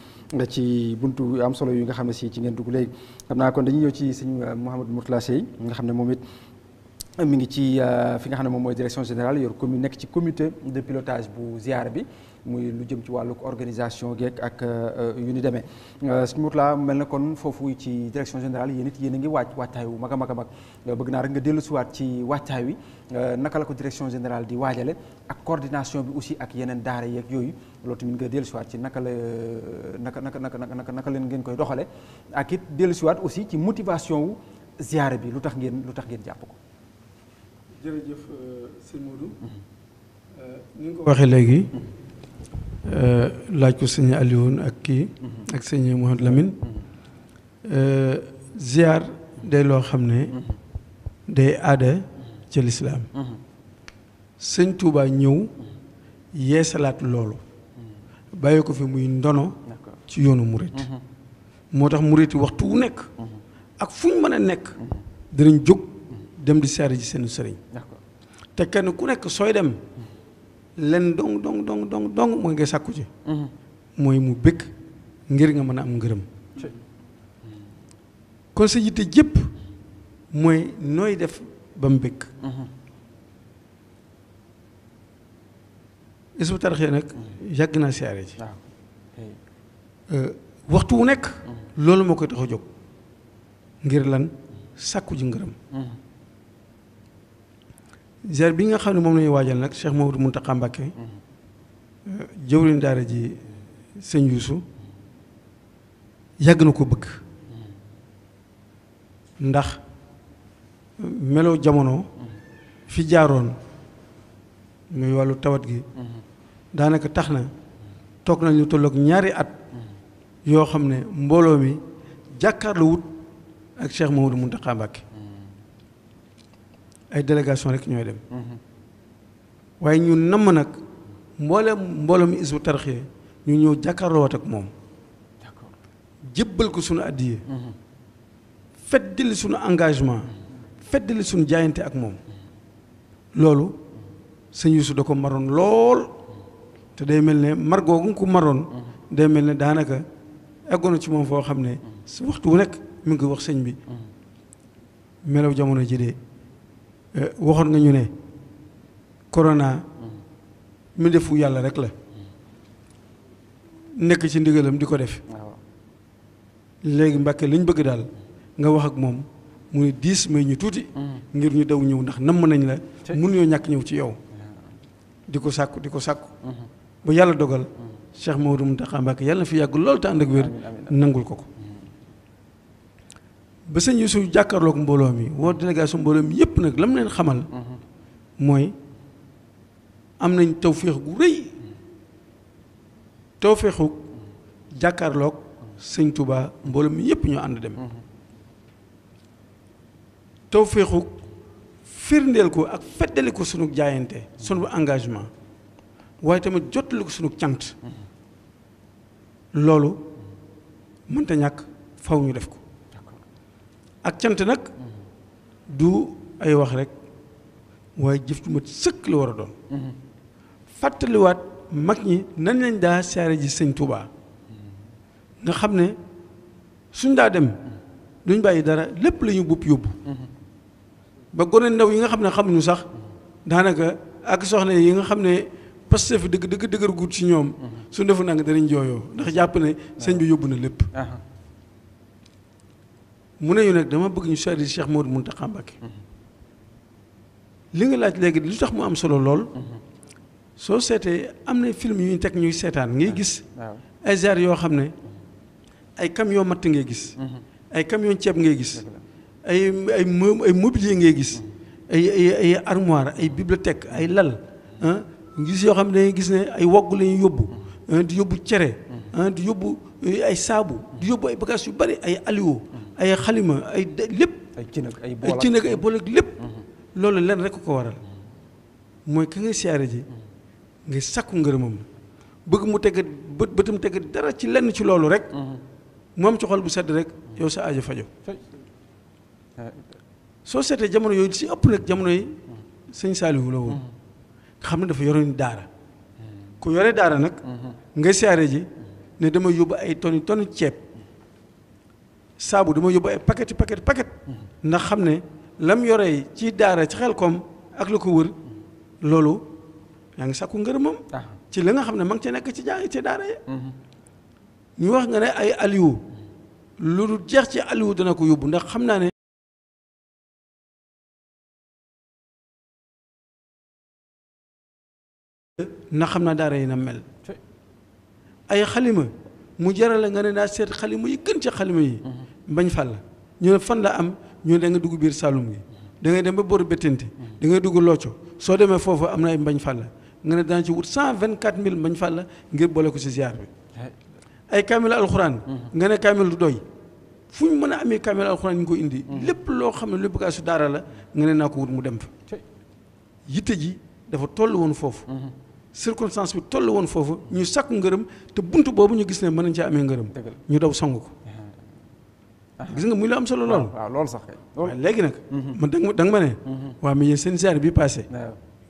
ci buntu am solo yu nga xam ne si ci ngeen dugg léegi xam naa kon dañuy ñëw ci sëñ euh, Mouhamadou Mourtala xam ne moom it euh, mi ngi ci euh, fi nga xam ne moom mooy direction générale yor commune nekk ci comité de pilotage bu ziar bi muy lu jëm ci wàllu organisation geek ak euh, yu ni demee euh, sëñ laa mel na kon foofu ci direction générale yéen it yéen a ngi waaj waajtaay wu mag a mag a mag euh, bëgg naa rek nga dellu siwaat ci waajtaay wi naka la ko direction général di waajale ak coordination bi aussi ak yeneen daara yeeg yooyu loolu tamit nga dellu siwaat ci naka la naka naka naka naka naka leen ngeen koy doxale ak it dellu siwaat aussi ci motivation wu ziyaare bi lu tax ngeen lu tax ngeen jàpp ko mm-hmm. léegi mm-hmm. Euh, laaj ko sëñ Alioune ak kii ak sëñ Mouhamed Lamine euh, ziar day loo xam ne day aada ci lislaam sëñ Touba ñëw yeesalaat loolu bàyyee ko fi muy ndono ci yoonu murit moo tax murit waxtu wu nekk ak fu ñu mën a nekk dinañ jóg dem di siyaare ji seen sëriñ te kenn ku nekk sooy dem len don don dong dong dong mooy nga sàkku ci mhm. mooy mu bëgg ngir nga mën a am ngërëm kon sa yitte jëpp mooy nooy def ba mu bëgg Hizbut mhm. Tarqiyyah nag yàgg naa siyaare ci euh, waxtu wu nekk mhm. loolu moo koy tax a jóg ngir lan sàkku ji ngërëm ziar bi nga xam ne moom la ñuy waajal nag Cheikh Mouhamadou Mountakha Mbacké mhm. euh, jëwriñ daara ji sëñ Youssou yàgg na ko bëgg mhm. ndax melo jamono mhm. fi jaaroon muy wàllu tawat gi daanaka tax na toog nañ lu tolloog ñaari at yoo xam ne mbooloo mi jàkkaarlu wut ak Cheikh Mouhamadou Mountakha Mbacké ay délégation rek ñooy dem waaye ñu namm nag mboolem mboolem Hizbut Tarqiyyah ñu ñëw jàkkaarloo ak moom jébbal ko suñu àddiye mhm. feddali suñu engagement feddali suñu jaayante ak moom loolu sëñ su da ko maroon lool te day mel ne mar googu ko maroon mhm. day mel ne daanaka eggoon ci moom foo xam ne mhm. waxtu wu nekk mi ngi wax sëñ bi melaw jamono ji de Eh, waxoon nga ñu ne corona mi defu yàlla rek la nekk ci ndigalam di ko def léegi Mbàkke lañ bëgg daal nga wax ak moom mu ne diis may ñu tuuti mm. ngir ñu daw ñëw ndax namm nañ la mënuñoo ñàkk ñëw ci yow di ko sàkku di ko sàkku mm-hmm. ba yàlla dogal mm. Cheikh Maodo Mountakha Mbacké yàlla na fi yàgg lool te ànd ak wér nangul ko ko ba sëñ suñu jàkkaarloog mbooloo mi woo délégation mbooloo mi yëpp nag lam leen xamal. mooy am nañ tawféex gu rëy tawféexu jàkkaarloog sëñ Touba mbooloo mi yëpp ñoo ànd dem. tawféexu firndeel ko ak feddali ko sunu jaayante sunu engagement waaye tamit jottali ko sunu cant loolu mënta ñàkk faw ñu def ko. ak cant nag du ay wax rek waaye jëf ju mat sëkk la war a doon fàttaliwaat mag ñi nan lañ daa siyaare ji sëñ Tuubaa nga xam ne suñ daa dem duñ bàyyi dara lépp la ñu bupp yóbbu ba gone ndaw yi nga xam ne xamuñu sax daanaka ak soxna yi nga xam ne fi dëgg dëgg dëgër guut ci ñoom su defu nang danañ jooyoo ndax jàpp ne sëñ bi yóbbu na lépp mu ne ñu nag dama bëgg ñu sori Cheikh Modou Mountakha Mbacké li nga laaj léegi lu tax mu am solo lool soo seetee am na film yu ñu teg ñuy seetaan ngay gis ay genre yoo xam ne ay camion matt ngay gis ay camion ceeb ngay gis ay ay ay mobilier ngay gis ay ay ay armoire ay bibliothèque ay lal ah, gis yoo xam ne dañuy gis ne ay wogg la ñuy yóbbu ah, di yóbbu cere ah, di yóbbu eh, ay saabu di yóbbu ay bagages yu bari ay alio ay xalima ay lépp. ay cin ak ay bool ay cin ak ay bool lépp. Mhm. loolu lenn rek ko waral mooy ka nga siyaare ji nga sakku ngërëmam bëgg mu teg bët bëtam teg dara ci lenn ci loolu rek. moom ci xol bu sedd rek yow sa ajo fajo soo seetee jamono yooyu si ëpp nag jamono yi mhm. sëñ Saalihu la woon mhm. nga xam ne dafa yore daara ku yore daara nag nga siyaare ji ne dama yóbbu ay toni toni ceeb saabu dama yóbbu ay paquet paquet paquet mm-hmm. ndax xam ne lam yoree ci daara ci xel koom ak lu ko wër mm-hmm. loolu yaa ngi ngër ngërëmam ah. ci la nga xam ne ma ngi ci nekk ci jàng ci daara ya mm-hmm. ñu wax nga ne ay aliwu lu dul jeex ci aliwu dana ko yóbbu ndax xam naa ne ndax xam naa daara yi na mel ay xalima mu jarale nga ne naa seet xalima yi gën ci xalima yi mbañ fàll ñu ne fan la am ñu ne da nga dugg biir Saalum gi dangay dem ba boru Bettenty da ngay dugg Locco soo demee foofu am na ay mbañ fàll nga ne daan ci wut cent vingt quatre mille mbañ fàll ngir boole ko si ziar bi ay kaamil alxuraan nga ne kaamil du doy fu ñu mën a amee kaamil alxuraan ñu ko indi lépp loo xam ne lu bëgg su daara la nga ne naa ko wut mu dem fa yitte ji dafa toll woon foofu mhm. circonstance bi toll woon foofu ñu sakku ngërëm te bunt boobu ñu gis ne mën nañ cee amee ngërëm. ñu daw song ko. Ah. gis nga muy lu am solo lool. waaw loolu sax kay. léegi nag. Mhm. man da ma ne. Mhm. waaw mais yéen seen ziar bi passé.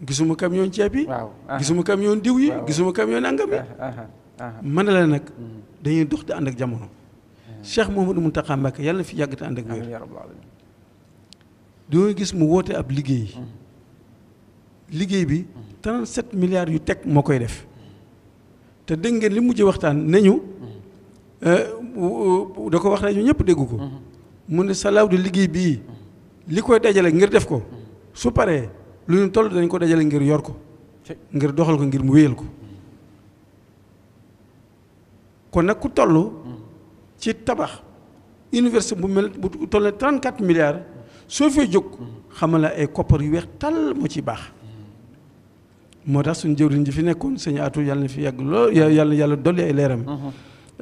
gisuma camion ceeb yi. waaw ah. gisuma camion diw yi gisuma camion nangam yi. Ah, mën na la nag mhm. dañuy dox di ànd ak jamono. Cheikh Mouhamadou Mountakha Mbacké yàlla na fi yàgg te ànd ak wér. doo gis mu wootee ab liggéey. liggéey bi. 37 milliards yu teg moo koy def te dégg ngeen li mujj waxtaan nañu euh, euh, da ko wax nañu ñëpp dégg ko mu ne salaaw di liggéey bii li koy dajale ngir def ko su paree lu ñu toll dañ ko dajale ngir yor ko ngir doxal ko ngir mu wéyal ko kon nag ku toll ci tabax université bu mel bu toll ne 34 milliards soo fee jóg xamal la ay koppar yu weex tàll moo ci baax moo tax suñu jëwriñ ji fi nekkoon sëñ atu yàlla na fi yàgg lool yàlla yàlla dolli ay leeram mhm.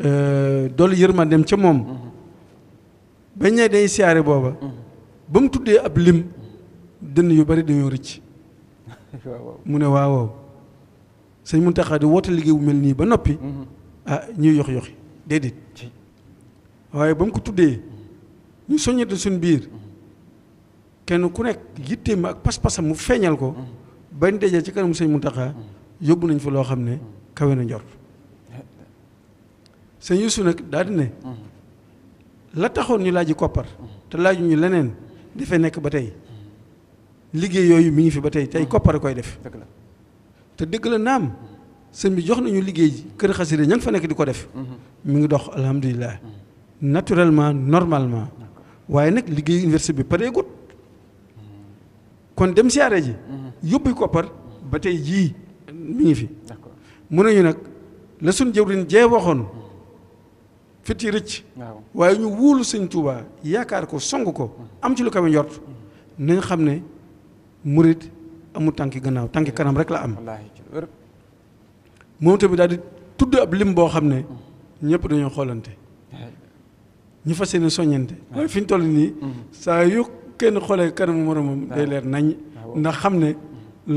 euh, dolli yërmandeem ca moom mhm. bañ ne day siyaare booba mhm. ba mu tuddee ab lim dënn yu bari dañoo rëcc *laughs* mu ne waawoo sëñ Muntaxa di woote liggéey mel nii ba noppi ah ñuy yox yoxi déedéet waaye ba mu ko tuddee ñu soññete suñ biir kenn ku nekk yitteem ak pas-pasam mu feeñal ko bañ dajee ci kanamu sëñ Muntaxa yóbbu nañ fa loo xam ne kawe na njort sëñ Yuusu nag daal di ne la taxoon ñu laaji koppar te laaju ñu leneen dafay nekk ba tey liggéey yooyu mu ngi fi ba tey tey koppar koy def te dëgg la naam sëñ bi jox nañu liggéey ji kër xasida ña nga fa nekk di ko def mhm. mi ngi dox alhamdulilah naturellement normalement waaye nag liggéey université bi pareegut kon dem siyaare ji. Mhm. yóbbu koppar ba tey jii mi ngi fi. mun nañu nag la suñ jëw jëwriñ jee waxoon mhm. fit yi rëcc. waaye ñu wóolu sëñ Tuubaa yaakaar ko song ko mhm. am ci lu kawe njort nañ xam ne murit amul tànki gannaaw tànki kanam rek la am. moom tamit daal di tudd ab lim boo xam ne ñëpp dañoo xoolante. ñu fa yéene soññante waaye fi ñu toll nii saa yu kenn xoolee kanamu moromam ah. day leer nañ ah, ndax xam ne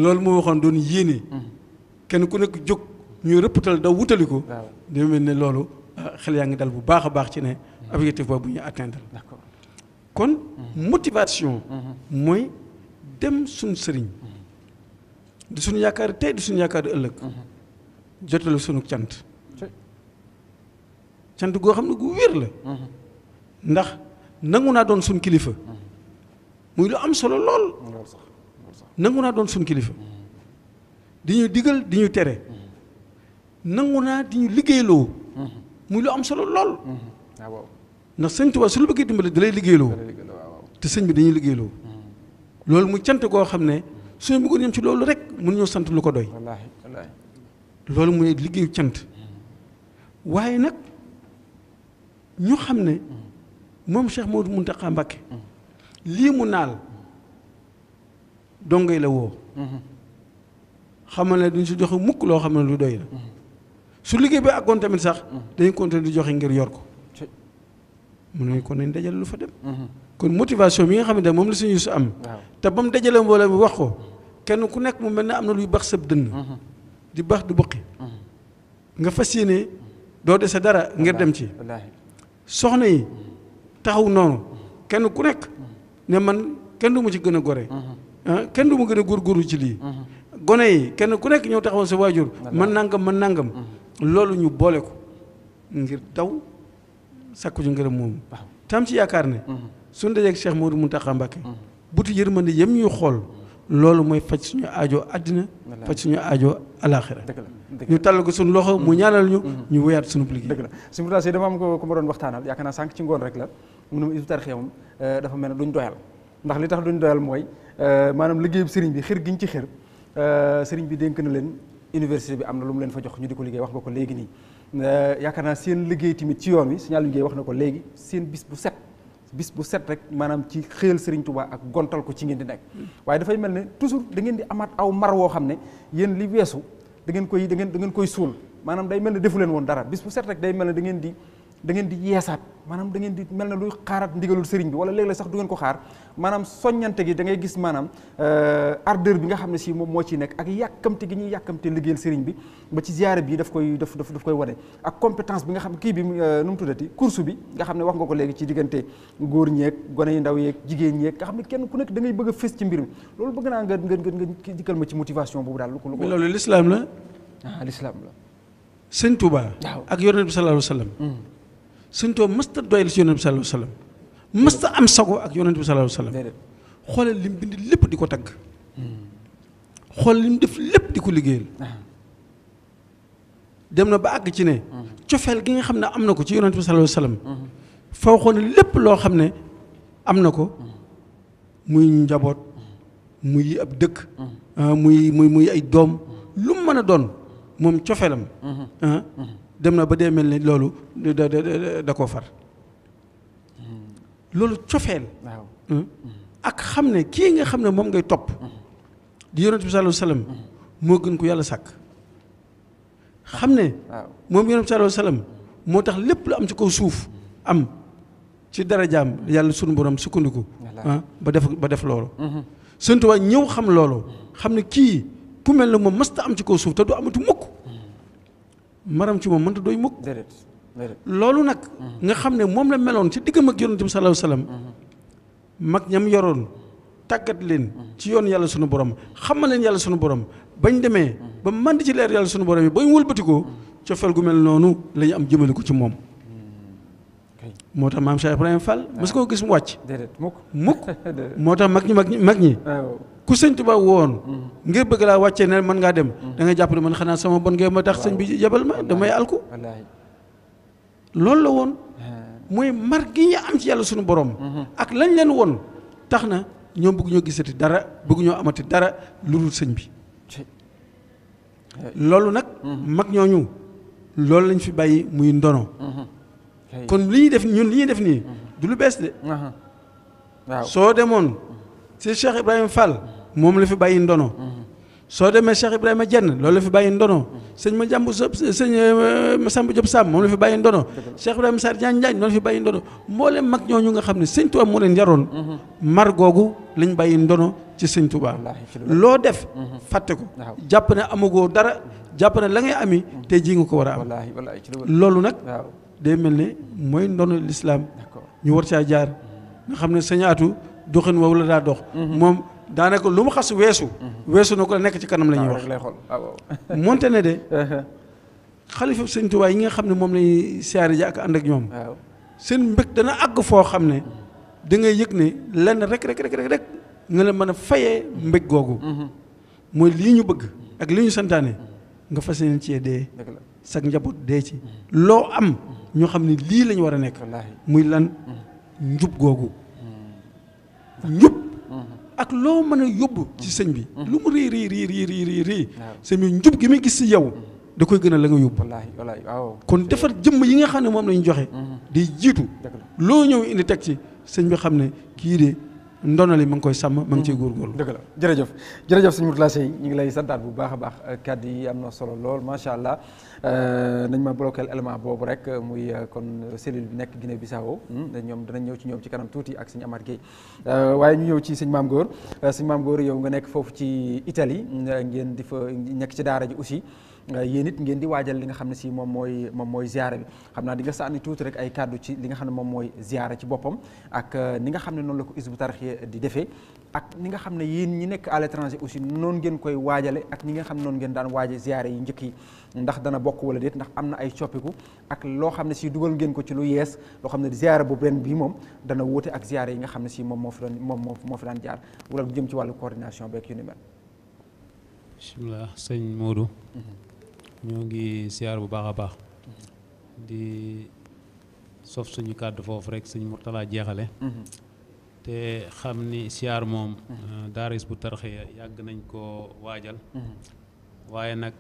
loolu moo waxoon doon yéene mm. kenn ku nekk jóg ñuy rëppatal daw wutali ko ah, day mel ne loolu xel yaa ngi dal bu baax a baax ci ne mm. objectif boobu bu ñu atteindre kon mm. motivation mm-hmm. mooy dem suñ sëriñ di suñu yaakaar tey di suñu yaakaar ëllëg mm-hmm. jotalu suñu cant cant goo xam ne gu wér la mm-hmm. ndax nangu naa doon suñ kilifa muy lu am solo lool. nangu naa doon suñ kilifa. di ñu digal di ñu tere. nangu naa di ñu liggéeyloo. muy lu am solo lool. ndax sëñ Tuubaa su lu bëggee dimbale da lay liggéeyloo. te sëñ bi dañuy liggéeyloo. loolu muy cant xam ne suñu bëggoon yem ci loolu rek mën ñoo ko doy. loolu muy liggéeyu cant. waaye nag ñu xam ne moom Cheikh Modou Mountakha Mbacké. lii mu naal dongay la woo mm-hmm. xamal ne duñ si joxe mukk loo xam ne lu doy la mm-hmm. su liggéey bi àggoon tamit sax mm-hmm. dañu continuer di joxe ngir yor ko mu ne ko nañ dajale lu fa dem kon motivation bi nga xam ne moom la suñu su am te ba mu dajale mbooloo mi wax ko kenn ku nekk mu mel ni am na luy bax sëb dënn di bax di buqi nga fas yéene doo dese dara ngir dem ci soxna yi taxaw noonu kenn ku nekk ne man kenn du mu ci gën a gore mhm. ah, kenn du mu gën a góoru ci lii mhm. gone yi kenn ku nekk ñëw taxaw sa waajur man nangam man nangam mhm. loolu ñu boole ko ngir daw sakku ci ngërëm moomu tam ci yaakaar ne suñ dajeeg Cheikh Modou Mountakha Mbacké buti yërmande yem ñuy xool loolu mooy faj suñu aajo àddina faj suñu aajo alaxira ñu tàll ko suñu loxo mu ñaanal ñu ñu wéyaat suñu liggéey dëgg la suñu dama am ko ku ma doon waxtaanal yaakaar naa sànq ci ngoon rek la mu ne ma Hizbut Tarqiyyah moom euh, dafa mel ne duñ doyal ndax li tax duñ doyal mooy euh, maanaam liggéeyub sëriñ bi gi ñu ci xir euh, sëriñ bi dénk na leen université bi am na lu mu leen fa jox ñu di ko liggéey wax nga ko léegi nii yaakaar naa seen liggéey tamit ci yoon wi signal liggéey wax na ko léegi seen bis bu set bis bu set rek maanaam ci xëyal sëriñ Touba ak gontal ko ci ngeen di nekk waaye dafay mel ne toujours da ngeen di amaat aw mar woo xam ne yéen li weesu da ngeen koy da ngeen da ngeen koy suul maanaam day mel ne defu leen woon dara bis set rek day mel ne da ngeen da ngeen di yeesaat maanaam dangeen di mel na luy xaaraat ndigalul sëriñ bi wala léeg-léeg sax du ngeen ko xaar maanaam soññante gi da ngay gis maanaam euh, ardeur bi nga xam ne si moom moo ciy nekk ak yàkkamte gi ñuy yàkkamte liggéeyal sëriñ bi ba ci ziyaare bi daf koy daf daf koy wane ak compétence bi nga xam kii bi euh, nu mu tuddati course bi nga xam ne wax nga ko léegi ci diggante góor ñeeg gone yu ndaw yeeg jigéen ñeeg nga xam ne kenn ku nekk da bëgg a fës ci mbir mi loolu bëgg naa nga nga nga dikkal ma ci motivation boobu daal lu ko lu ko loolu la ah l'islam la sëñ Touba ak yonent bi sallallahu alayhi wa sallam mm. sëñ Tuubaa mësta doyal si yonent bi mësta am sago ak yonent bi sallallahu alayhi xoolal li bind lépp di ko tagg xoolal li mu def lépp di ko liggéeyal ah. dem na ba àgg ci ne mm-hmm. cofeel gi nga xam ne am na ko ci yonent bi sallallahu alayhi mm-hmm. lépp loo xam ne am na ko mm-hmm. muy njaboot muy ab dëkk ah, muy muy muy ay doom lu mu mën a doon moom cofeelam ah. dem na ba dee mel ni loolu da da koo far hmm. loolu cofeel hmm? Hmm. ak xam ne kii nga xam ne moom ngay topp di yonent bi sallallahu moo gën ko yàlla sàkk xam ne moom yonent bi sallallahu moo tax lépp lu am ci kaw suuf am ci darajaam yàlla sunu borom sukkandiku ah, ba def ba def loolu sëntuwaay ñëw xam loolu xam ne kii ku mel ne moom mës am ci ko suuf te du amatu mukk maram ci moom mënta doy mukk loolu nag mm-hmm. nga xam ne moom la meloon ci diggam ak yonent bi sallallahu alayhi wasallam mm-hmm. mag ñam yoroon tàggat leen mm-hmm. ci yoon yàlla sunu borom xam xamal leen yàlla sunu borom bañ demee ba mànd ci leer yàlla sunu borom yi bañ wëlbatikoo cofeel gu mel noonu lañu am jëmale ko ci moom moo tax maam Cheikh Ibrahima Fall ah. mas koo gis mu wàcc mukk *laughs* moo tax mag ñi mag ñi mag ñi ah, ku sëñ Tuubaa woon mm-hmm. ngir bëgg laa wàccee ne man ngaa dem mm-hmm. da nga jàpp ne man xanaa sama bon ngeen ma tax sëñ bi yebal ma damay alku loolu la woon ah. mooy mar gi ñu am ci yàlla suñu borom mm-hmm. ak lañ leen woon tax na ñoom bëgg ñoo gisati dara bëgg ñoo amati dara lu dul sëñ bi loolu nag mag ñooñu loolu lañ fi bàyyi muy ndono kon li ñuy def ñun li ñuy def nii du lu bees de. waaw soo demoon si Cheikh Ibrahima Fall moom la fi bàyyi ndono. soo demee Cheikh Ibrahima Dieng loolu la fi bàyyi ndono sëñ ma jàmbu sa sëñ euh, Masamba Diop Samb moom la fi bàyyi ndono Cheikh Ibrahima Sarr Diagne Diagne loolu fi bàyyi ndono mboole mag ñu nga xam ne sëñ Touba moo leen yaroon. mar googu lañ bàyyi ndono ci sëñ Touba. loo def mhm. fàtte ko. jàpp ne amagoo dara jàpp ne la ngay ami mhm. tey jii nga ko war a am. loolu nag. day mel ne mooy ndonu lislaam ñu war caa jaar nga xam ne sañaatu Atou doxin woowu la daa dox mhm. moom daanaka lu mu xas weesu mhm. weesu na ko nekk ci kanam la ñuy wax moonte ah, *laughs* ne de uh-huh. xalifa yi nga xam ne moom lañuy siyaare ji ak ànd ak ñoom seen mbëg dana àgg foo xam ne da ngay yëg ne lenn rek rek rek rek rek nga la mën a fayee mbëg googu mhm. mooy lii ñu bëgg ak li ñu santaane nga fas yéene ci dee sag njaboot dee ci loo am ñoo xam ne lii lañ war a nekk muy lan njub googu njub mm-hmm. ak loo mën a yóbbu ci sëñ bi mm-hmm. lu mu rii rii rii rii rii sëñ bi njub gi muy gis si yow mm-hmm. da koy gën a la nga yóbbu kon defar jëmm yi nga xam ne moom lañu joxe day jiitu loo ñëw indi teg ci sëñ bi xam ne kii de li ma ngi koy sàmm ma ngi ciy mm. góorgóorlu dëgg la jërëjëf jërëjëf suñu Mourtala Sey ñu ngi lay santaat bu baax a baax kàdd yi am na solo lool macha allah euh, nañ ma bloqué élément boobu rek muy euh, kon cellule bi nekk Guinée Bissau hmm, ñoom danañ ñëw ci ñoom ci kanam tuuti ak suñu Amath Gueye euh, waaye ñu ñëw ci sëñ Maam Góor sëñ Maam Góor yow nga nekk foofu ci Italie ngeen di fa nekk ci daara ji aussi Euh, yéen it ngeen di waajal li nga xam ne si moom mooy moom mooy ziara bi xam naa di nga sànni tuuti rek ay kàddu ci li nga xam ne moom mooy ziara ci boppam ak euh, ni nga xam ne noonu la ko Hizbut Tarqiyyah di defee ak ni nga xam ne yéen ñi nekk à l'étranger aussi noonu ngeen koy waajale ak ni nga xam ne noonu ngeen daan waaje ziara yi njëkk yi ndax dana bokk wala déet ndax am na ay coppiku ak loo xam ne si dugal ngeen ko ci lu yees loo xam ne ziara boobu ren bii moom dana wuute ak ziara yi nga xam ne si moom moo fi doon moom moo fi daan jaar wala jëm ci wàllu coordination beeg yu ni mel bismillah sëñ Modou mhm. ñoo ngi siyaar bu baax a baax di sof suñu kàddu foofu rek suñu murtalaa jeexale te xam ni siyaar moom mm-hmm. daara bu tarqiyyah yàgg nañ ko waajal mm-hmm. waaye nag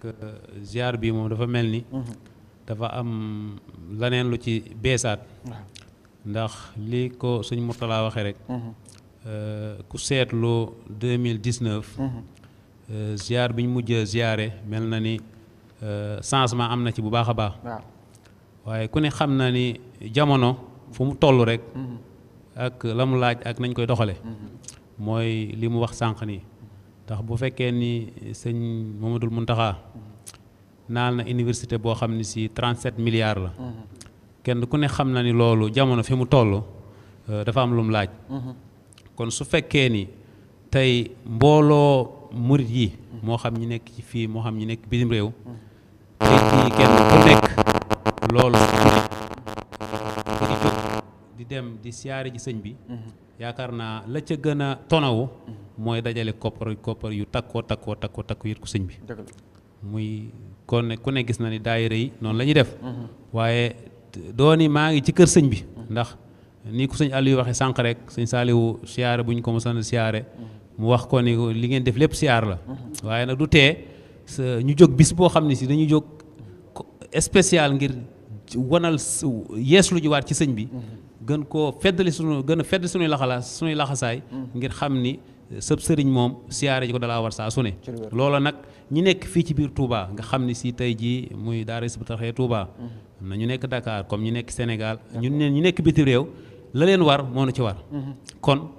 ziar bi moom dafa mel ni mm-hmm. dafa am laneen lu ci beesaat ndax lii ko suñ murtalaa waxee rek euh, ku seetlu 2019 ziar biñ mujj ziare mel na ni Euh, changement am na ci bu baax a baax. waaye ku ne xam na ni jamono fu mu toll rek. Mhm. ak la mu laaj ak nañ koy doxalee. Mhm. mooy li mu wax sànq nii. ndax bu fekkee ni sëñ Mamadou Mountakha mhm. naal na université boo xam ne si 37 milliards la. kenn ku ne xam na ni loolu jamono fi mu toll euh, dafa am lu mu laaj. kon su fekkee ni tey mbooloo murit yi. moo xam ñi nekk ci fii moo xam ñi nekk bitim réew. nit ñi kenn ku nekk loolu ku ci ku ci jóg di dem di siyaare ji sëñ bi mm-hmm. yaakaar naa la ca gën a tonawu mm-hmm. mooy dajale koppar koppar yu takkoo takkoo takkoo takku yët ko sëñ bi muy kon ku ne gis na ni daayira yi noonu lañuy def mm-hmm. waaye dooni maa ngi ci kër sëñ bi ndax ni ko sëñ àll yu waxe sànq rek sëñ Saliou siyaare bu ñu ko mosana siyaare mu wax ko ni li ngeen def lépp siyaar la waaye nag du tee ñu jóg bis boo xam ne si dañu jóg spécial ngir wanal yees lu jiwaat ci sëñ bi gën koo feddali sunu gën a fedd sunuy laxalaas sunuy laxasaay ngir xam ni eh, sëb sëriñ moom siyaare ji ko dalaa war saa su ne loola nag ñi nekk fii ci biir Touba nga xam ne si tey jii muy daara Hizbut Tarqiyyah Touba mhm. na ñu nekk Dakar comme ñu nekk Sénégal ñu neen ñu nekk biti réew la leen war moo nu ci war mhm. kon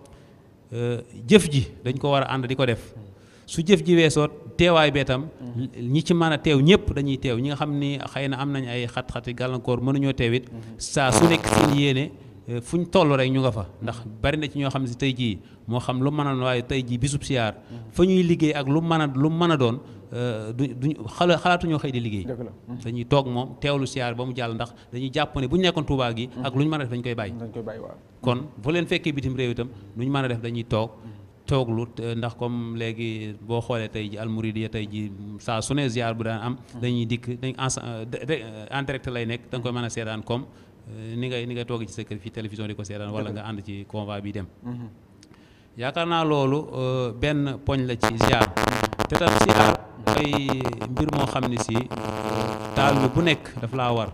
eh, jëf ji dañ ko war ànd di ko def mhm. su jëf ji weesoo teewaay bee tam mm-hmm. ñi ci man a teew ñëpp dañuy teew ñi nga xam ni xay na am nañ ay xat-xati gàllankoor mënuñoo teew it mm-hmm. saa su nekk seen yéene eh, fu ñu toll rek ñu nga fa ndax bari na ci ñoo xam ne tey jii moo xam lu mën a waaye tey jii bisub siyaar mm-hmm. fa ñuy liggéey ak lu mën lu mën a doon eh, du duñ xala xalaatuñoo xëy di liggéey dañuy toog moom teewlu siyaar ba mu jàll ndax dañuy jàpp ne bu ñu nekkoon Tuubaa gi ak lu ñu mën a def dañ koy bàyyi kon bu leen fekkee bitim réew itam lu ñu mën a def dañuy toog tooglu euh, ndax comme léegi boo xoolee tey ji almouridiya tey ji saa su ne ziar bu daan am hmm. dañuy dikk dañ euh, euh, en direct lay nekk da nga koy mën a seetaan comme ni ngay ni ngay toog ci sa kër télévision di ko seetaan wala nga ànd ci convoi bi dem hmm. yaakaar naa loolu benn poñ la ci ziar te tam ziar hmm. ay mbir moo xam ne si taal bi bu nekk daf laa war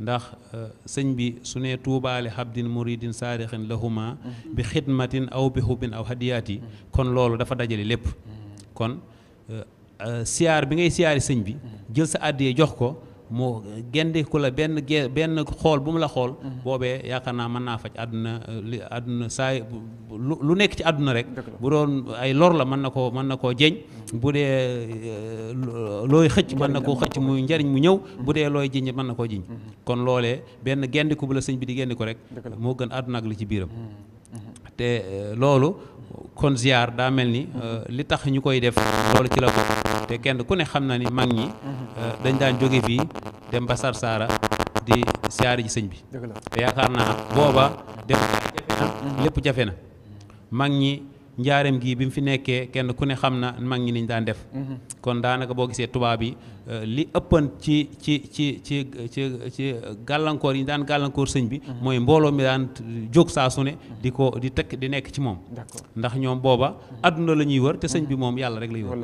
ndax euh, sëñ bi su ne tuubaale habdin muridin saarixin lahuma bi xidmatin aw bi hubbin aw hadiyaati kon loolu dafa dajale lépp mm-hmm. kon euh, euh, siyaar bi ngay siyaari sëñ bi mm-hmm. jël sa àddiyee jox ko mu gendiku la benn ge benn xool bu mu la xool. Mhm. boobee yaakaar naa mën naa faj àdduna li àdduna saa lu lu nekk ci àdduna rek. bu doon ay lor la mën na koo mën na koo jeñ. Mhm. bu dee eh, looy xëcc mën na koo xëcc muy njariñ mu ñëw. bu mhm. dee looy jiñ mën na koo jiñ. kon loolee benn gendiku bu la sëñ bi di gendiku rek. moo gën àdduna ak li ci biiram. te eh, loolu kon ziar daa mel ni. Eh, li tax ñu koy def loolu ci la ko. te kenn ku ne xam na ni mag ñi euh, dañ daan jóge fii dem ba Sarsara di siyaari ji sëñ bi te yaakaar naa booba def lépp jafe na mag ñi njaareem gi bi mu fi nekkee kenn ku ne xam na mag ñi niñ daan def mm-hmm. kon daanaka boo gisee tubaab yi Euh, li ëppan ci ci ci ci ci ci gàllankoor yi ñu daan gàllankoor sëñ bi. Mhm. mooy mbooloo mi daan jóg saa su ne. Mhm. di ko di tekk di nekk ci moom. ndax ñoom booba. Mhm. àdduna la ñuy wër te sëñ bi moom yàlla rek lay wër.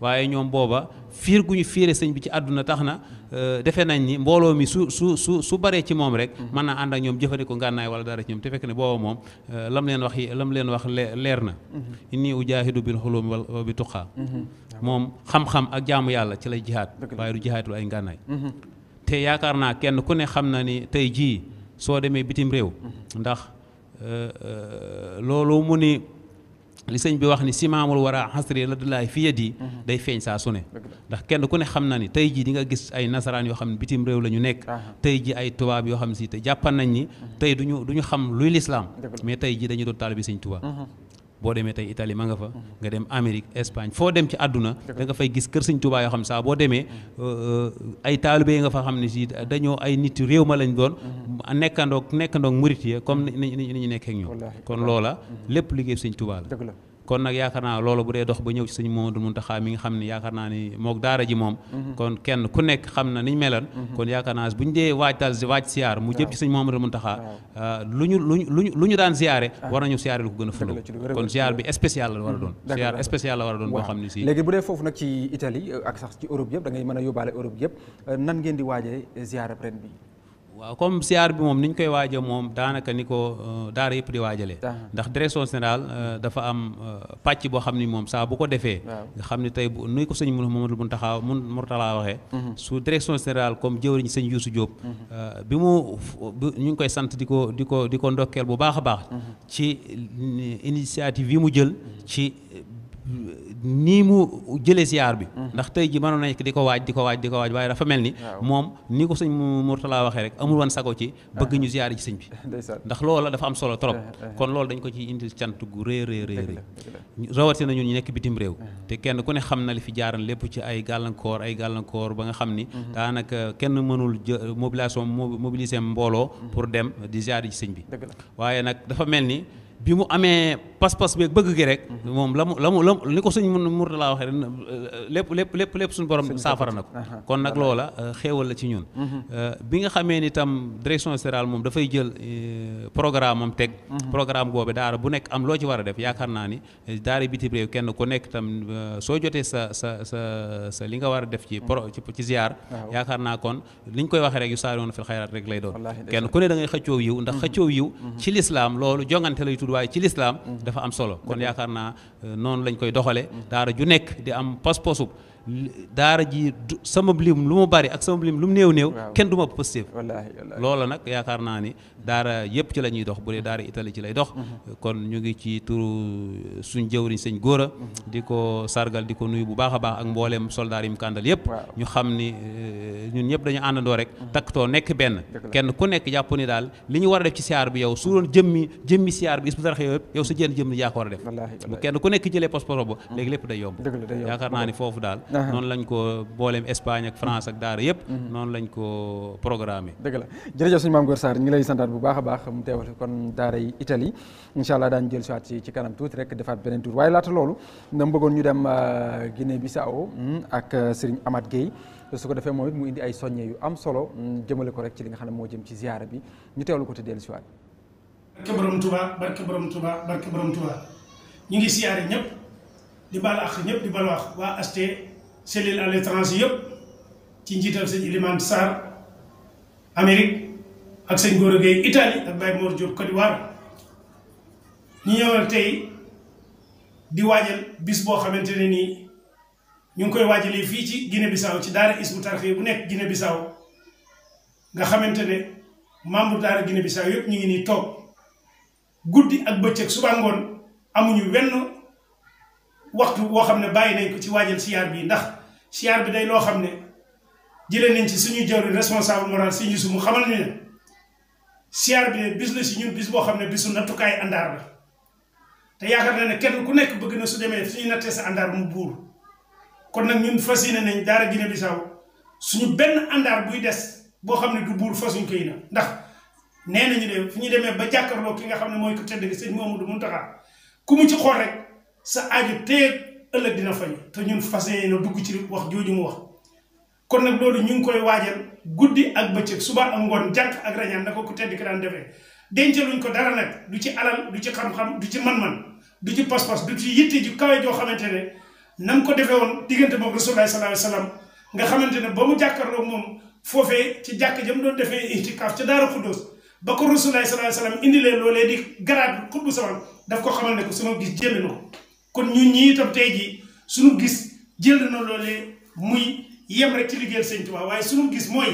waaye ñoom booba fiir gu ñu fiire sëñ bi ci àdduna tax na euh, defe nañ ni mbooloo mi su su su su baree ci moom rek. mën naa ànd ak ñoom jëfandikoo ngànnaay wala dara ci ñoom te fekk ne booba moom euh, lam leen wax yi lam leen wax leer na. inni ujaahidu bil xulum wa bi tuqaa moom xam-xam ak jaamu yàlla ci lay jihaad waaye du jihaatul ay ngànnaay mhm. te yaakaar naa kenn ku ne xam na ni tey jii soo demee bitim réew mhm. ndax euh, euh, loolu mu ni li sëñ bi wax ni simaamul war a xasri la dulaay fi di mhm. day feeñ saa su ne ndax kenn ku ne xam na ni tey jii di nga gis ay nasaraan yoo xam ne bitim réew la ñu nekk tey ji ay tubaab yoo xam si te jàppal nañ ni tey duñu du ñu xam luy lislaam mais tey ji dañu doon taalibe sëñ Tuubaa boo demee tey itali ma nga fa mhm. nga dem Amérique Espagne foo dem ci àdduna da nga fay gis kër sëñ Tuubaa yoo xam ne saa boo demee mhm. euh, euh, ay taalibe yi nga fa xam ne sii dañoo ay nit réew ma lañ doon mhm. nekkandoog nekkandoog murit ya comme ni ñu nekkee ak ñoom kon loola lépp liggéey sëñ Tuubaa la kon nag yaakaar naa loolu bu dee dox ba ñëw ci sëñ Mamadou Mountakha mi nga xam ne yaakaar naa ni mook daara ji moom mhm. kon kenn ku nekk xam na niñ melan mhm. kon yaakaar naa bu ñu dee waaj daal waaj siyaar mu jëm ci sëñ Mamadou ah, lu ñu luñu luñu lu ñu daan siyaare ah. war nañu siyaare lu ko gën a fulu kon siyaar bi spécial la war a doon mhm. siyaar spécial la war a doon boo xam ne si léegi bu dee foofu nag ci Italie ak sax ci Europe yëpp da mën a yóbbaale Europe ngeen di waajee siyaare ren bi waaw comme siyaar bi moom ni ñu koy waaja moom daanaka ni ko euh, daara yëpp di waajalee ndax direction générale euh, dafa am euh, pàcc boo xam ni moom saa bu ko defee nga xam ne tey bu nuy ko sëñ mun Mamadou Muntaxa mun Murtala waxee mhm. su direction générale comme jëwriñ sëñ Youssou Diop mhm. bi mu ñu koy sant di ko di ko di ko ndokkeel bu baax a baax mhm. ci initiative yi mu jël ci nii mu jëlee ziar bi mm-hmm. ndax tey ji mënoon nekk di ko waaj di ko waaj di ko waaj waaye dafa mel ni moom ni ko sëñ Mourtala waxee rek amul woon sago ci eh, bëgg ñu eh. ziar ji sëñ bi *laughs* ndax loola dafa am solo trop eh, kon loolu dañ ko ci indi cant gu rëy rëy rëy rawatina ñun ñu nekk bitim réew te kenn ku ne xam na li fi jaaran lépp ci ay gàllankoor ay gàllankoor ba nga xam ni mm-hmm. daanaka kenn mënul mobilisation mobiliser mbooloo mm-hmm. pour dem di ziar ji sëñ bi waaye nag dafa bi mu amee pas-pas beeg bëgg gi rek. moom la mu la mu la ni ko sëñ Mourtala waxee lépp lépp lépp lépp borom saafara na ko. kon nag loola euh, xéewal la ci ñun. Mhm. Euh, bi nga xamee ni tam direction générale moom dafay jël euh, programme teg. Mhm. programme boobu daara bu nekk am loo ci war a def yaakaar naa ni daara bitim réew kenn ku nekk tam soo jotee sa sa sa sa li nga war a def ci pro ci ziar. kon li ñu koy waxee rek yu saa yoon fil xayraat rek lay doon. kenn ku ne da ngay xëccoo yiw ndax mhm. xëccoo yiw. ci lislaam loolu jongante lay tudd waaye ci lislaam dafa am solo kon yaakaar naa euh, noonu lañ koy doxale mm-hmm. daara ju nekk di am pas-pasub daara ji sama lim lu mu bari ak sama lim lu mu néew néew kenn du ma positif loola nag yaakaar naa ni daara yëpp ci la ñuy dox bu dee daara itali ci lay dox mhm. kon ñu ngi ci turu suñ jëwriñ sëñ góora mhm. di ko sargal di ko nuyu bu baax a baax ak mbooleem soldaar yi mu kàndal yëpp ñu xam ni eh, ñun ñëpp dañu àndandoo rek mhm. too nekk benn kenn ku nekk jàpp ni daal li ñu war a def ci siyaar bi yow su doon jëmmi jëmmi siyaar bi is bu sarax yow yëpp yow sa jën jëmm a kenn ku nekk jëlee posporo lépp day yomb yaakaar naa ni foofu daal noonu lañ ko booleem Espagne ak France ak daara yëpp mhm. noonu lañ ko programmé dëgg la jërëjëf suñu maam Góor Sarr ñu lay santaat bu baax a baax mu teewal kon daara yi Italie incha allah daañu jël soit ci kanam tuuti rek defaat beneen tour waaye laata loolu dama bëggoon ñu dem euh, Guinée Bissau hmm, ak euh, Serigne Amath Gueye su ko defee moom it mu indi ay soññe yu am solo hmm, jëmale ko rek ci li nga xam moo jëm ci ziyaara bi ñu teewlu ko te dellu siwaat barke borom Touba barke borom Touba barke borom Touba ñu ngi siyaare cellule à l'étranger yëpp ci njiital sëñ Ilimane Sarr Amérique ak sëñ Gora Gueye Italie ak Baye Mor Diop Côte d'Ivoire ñu ñëwal tey di waajal bis boo xamante ne nii ñu ngi koy waajalee fii ci Guinée Bissau ci daara Hizbut Tarqiyyah bu nekk Guinée Bissau nga xamante ne membre daara Guinée Bissau yëpp ñu ngi nii toog guddi ak bëccëg suba amuñu wenn waxtu woo xam ne bàyyi nañ ci waajal siyaar bi ndax siyaar bi day loo xam ne jëlee nañ ci suñu jawriñ responsable moral si ñu su mu xamal ñu ne siyaar bi bis la si ñun bis boo xam ne bisu nattukaay àndaar la te yaakaar na ne kenn ku nekk bëgg na su demee suñu nattee àndaar mu buur kon nag ñun fas yéene nañ daara Guinée Bissau suñu benn àndaar buy des boo xam ne du buur fasuñ koy na ndax nee nañu de fu ñu demee ba jàkkaarloo ki nga xam ne mooy ko tedd gi sëñ Mouhamadou Mountakha ku mu ci xool rek sa aju te ëllëg dina fañu te ñun fas yéene dugg ci wax jooju mu wax kon nag loolu ñu ngi koy waajal guddi ak bëccëg suba ak ngoon jànq ak rañaan na ko ku tedd ki daan defee dencaluñ ko dara nag du ci alal du ci xam-xam du ci man-man du ci pas-pas du ci yitte ju kawe joo xamante ne nam ko defee woon diggante boobu rasulullah sallallahu alayhi wasallam nga xamante ne ba mu jàkkaarloo moom foofee ci jàkk jam doo defee itikaaf ca daara xuddoos ba ko rasulullah sallallahu alayhi wasallam indilee loolee di garaat xutbu saman daf ko xamal ne i suma gis jëlli ko kon ñun ñii tam tey jii suñu gis jël na loolee muy yem rek ci liggéeyal sëñ Tuubaa waaye suñu gis mooy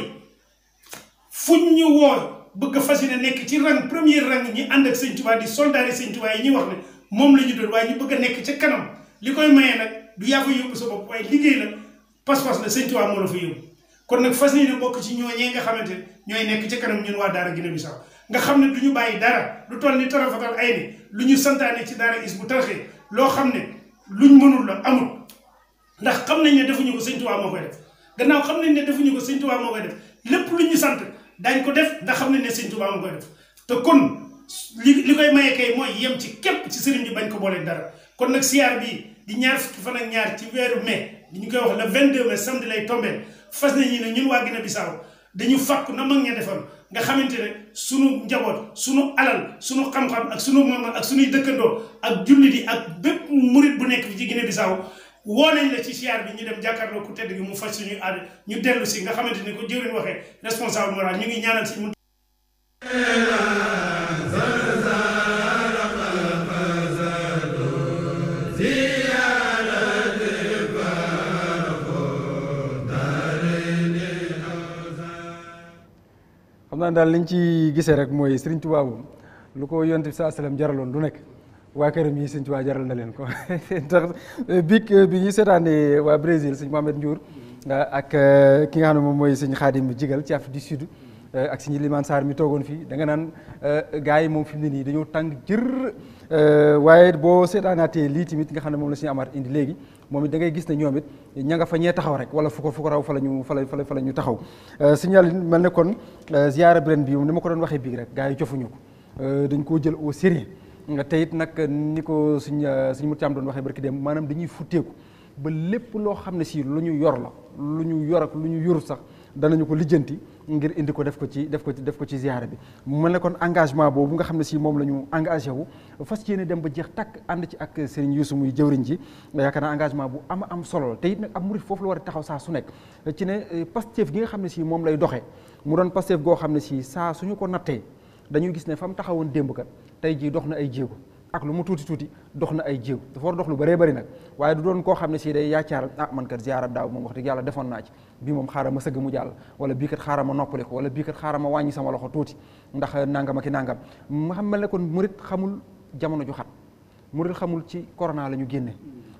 fuñ ñu woo bëgg a fas yéene nekk ci rang premier rang ñi ànd ak sëñ Tuubaa di soldaari sëñ Tuubaa yi ñuy wax ne moom la ñu doon waaye ñi bëgg a nekk ca kanam li koy maye nag du yaa koy yóbbu sa bopp waaye liggéey la pas-pas la sëñ Tuubaa moo la fa yóbbu kon nag fas yéene bokk ci ñooñee nga xamante ne ñooy nekk ca kanam ñun waa Daara Guinée Bissau nga xam ne du ñu bàyyi dara lu toll ni tarafatal ay ni lu ñu santaane ci daara is bu tarxee loo xam ne ñu mënul la amul ndax xam nañ ne defuñu ko sëñ Tuubaa moo koy def gannaaw xam nañ ne defuñu ko sëñ Tuubaa moo koy def lépp lu ñu sant daañ ko def ndax xam nañ ne sëñ Tuubaa moo koy def te kon li li koy maye kay mooy yem ci képp ci sëriñ bi bañ ko boolee dara kon nag siyaar bi di ñaar fukki fan ak ñaar ci weeru mai ñu koy wax le 22 sant samedi lay tombé fas nañu ne ñun waa Guinée Bissau dañu fàkk na mag ña defoon nga xamante ne sunu njaboot sunu alal sunu xam-xam ak sunu moom ak sunuy dëkkandoo ak jullit di ak bépp murit bu nekk fi ci Guinée Bissau woo nañ la ci siyaar bi ñu dem jàkkaarloo ku tedd gi mu faj suñuy aada ñu dellu si nga xamante ne ko jëwriñ waxee responsable moral ñu ngi ñaanal si mu naa daal liñ ci gisee rek mooy Sëriñ Tuubaa lu ko yonent bi saa salaam jaraloon du nekk waa këram yi Sëriñ Tuubaa jaral na leen ko *laughs* bi bi ñu seetaanee waa Brésil Sëriñ Mohamed Ndiour ah, ak euh, ki nga xam ne moom mooy Sëriñ Xaadim Jigal ci Afrique di Sud euh, ak Sëriñ Limaan Saar mi toogoon fii da nga naan euh, gars yi moom fi mu ne nii dañoo tàng jër waaye boo seetaanaatee lii tamit nga xam ne moom la Sëriñ amaat indi léegi moom it dangay gis ne ñoom it ñanga nga fa ñee taxaw rek wala fu ko fu ko raw fa la fa la fa la ñu taxaw euh, signal yi mel ne kon euh, ziara bi ren bi ni ma ko doon waxee bii rek gars yi cofuñu ko euh, dañ koo jël au sérieux te it nag ni ko suñ suñ murtaam doon waxee barki dem maanaam dañuy futteeku ba lépp loo xam ne si lu ñu yor la lu ñu yor lu ñu yoru sax danañu ko lijjanti ngir indi ko def ko ci def ko ci def ko ci ziyaara bi mu ne kon engagement boobu nga xam ne sii moom la ñu engagé wu fas yéene dem ba jeex takk ànd ci ak Serigne Youssou muy jëwriñ ji yaakaar naa engagement bu am am solo la te it foofu la war a taxaw saa su nekk ci ne eh, Pastef gi nga xam ne si moom lay doxee mu doon Pastef goo xam ne si saa suñu ko nattee dañuy gis ne fa mu taxawoon démb kat tey jii dox na ay jéego ak lu mu tuuti tuuti dox na ay jéew dafa war dox lu bare bëri nag waaye du doon koo xam ne si day yaacaaral ah man kat ziara daaw moom wax dëgg yàlla defoon naa ci bii moom xaaral ma sëgg mu jàll wala bii kat xaaral ma noppale ko wala bii kat xaaral ma wàññi sama loxo tuuti ndax nangam ak i nangam ma xam mel ne kon murit xamul jamono ju xat murit xamul ci corona la ñu génne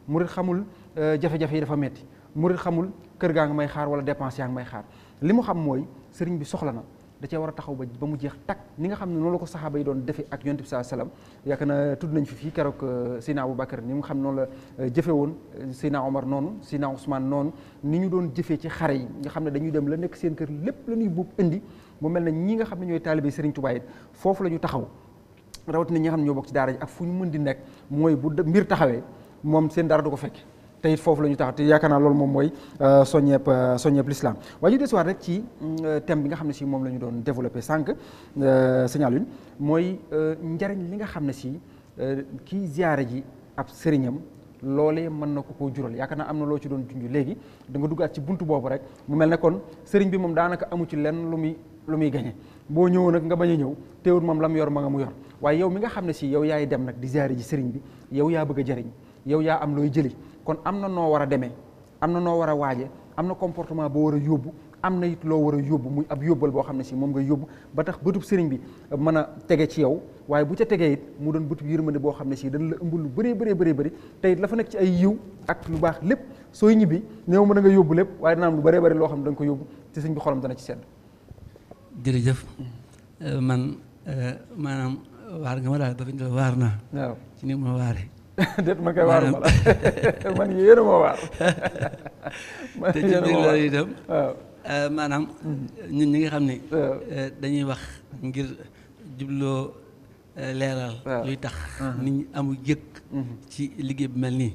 murit xamul euh, jafe-jafe yi dafa metti murit xamul kër gaa ngi may xaar wala dépense may xaar li mu xam mooy sëriñ bi soxla na da cee war a taxaw ba ba mu jeex takk ni nga xam ne noonu la ko saxaaba yi doon defe ak yonent bi saa salaam yaakaar na tudd nañ fi fii keroog euh, Seydina Aboubacar ni mu xam noonu la euh, jëfe woon euh, Seydina Omar noonu Seydina Ousmane noonu ni ñu doon jëfee ci xare yi nga xam ne dañuy dem la nekk seen kër lépp la ñuy buub indi mu mel na ñi nga xam ne ñooy taalibe Serigne Touba it foofu la ñu taxaw rawatina ñi nga xam ne ñoo bokk ci daara ji ak fu ñu mën di nekk mooy bu mbir taxawee moom seen dara du ko fekk te foofu la ñu tax te yaakaar naa loolu moom mooy euh, soññeeb euh, soññeeb l'islam waaye ñu desuwaat rek ci mm, euh, thème bi nga xam ne si moom la ñu doon développé sànq signal une mooy njariñ li nga xam ne si kii ziyaare ji ab sëriñam loolee mën na ko koo jural yaakaar naa am na loo ci doon junj léegi da nga duggaat ci buntu boobu rek mu mel ne kon sëriñ bi moom daanaka amu ci lenn lu muy lu muy gañe boo ñëwoon nag nga bañ a ñëw teewul moom la mu yor ma nga mu yor waaye yow mi nga xam ne si yow yaay dem nag di ji sëriñ bi yow yaa bëgg jariñ yow yaa am looy jëli kon am na noo war a demee am na noo war a waaje am na comportement boo war a yóbbu am na it loo war a yóbbu muy ab yóbbal boo xam ne si moom nga yóbbu ba tax bëtub sëriñ bi mën a tege ci yow waaye bu ca tegee it mu doon bëtub ne boo xam ne si dana la ëmbal lu bëree bëree bëree tey te it nekk ci ay yiw ak lu baax lépp sooy ñibbi néew mën a nga yóbbu lépp waaye dana am lu bëree bëri loo xam ne da ko yóbbu te sëriñ bi xolam dana ci sedd jërëjëf euh, man euh, maanaam waar nga ma daal ba ci ni ma *laughs* déet ma koy waar *laughs* man yéenu ma waar. *laughs* man yéenu ma waar te euh, maanaam mm-hmm. ñun ñi nga xam ni euh, dañuy wax ngir jubloo euh, leeral. luy tax mm-hmm. nit ñi amul jëkk mm-hmm. ci liggéey bi mel nii.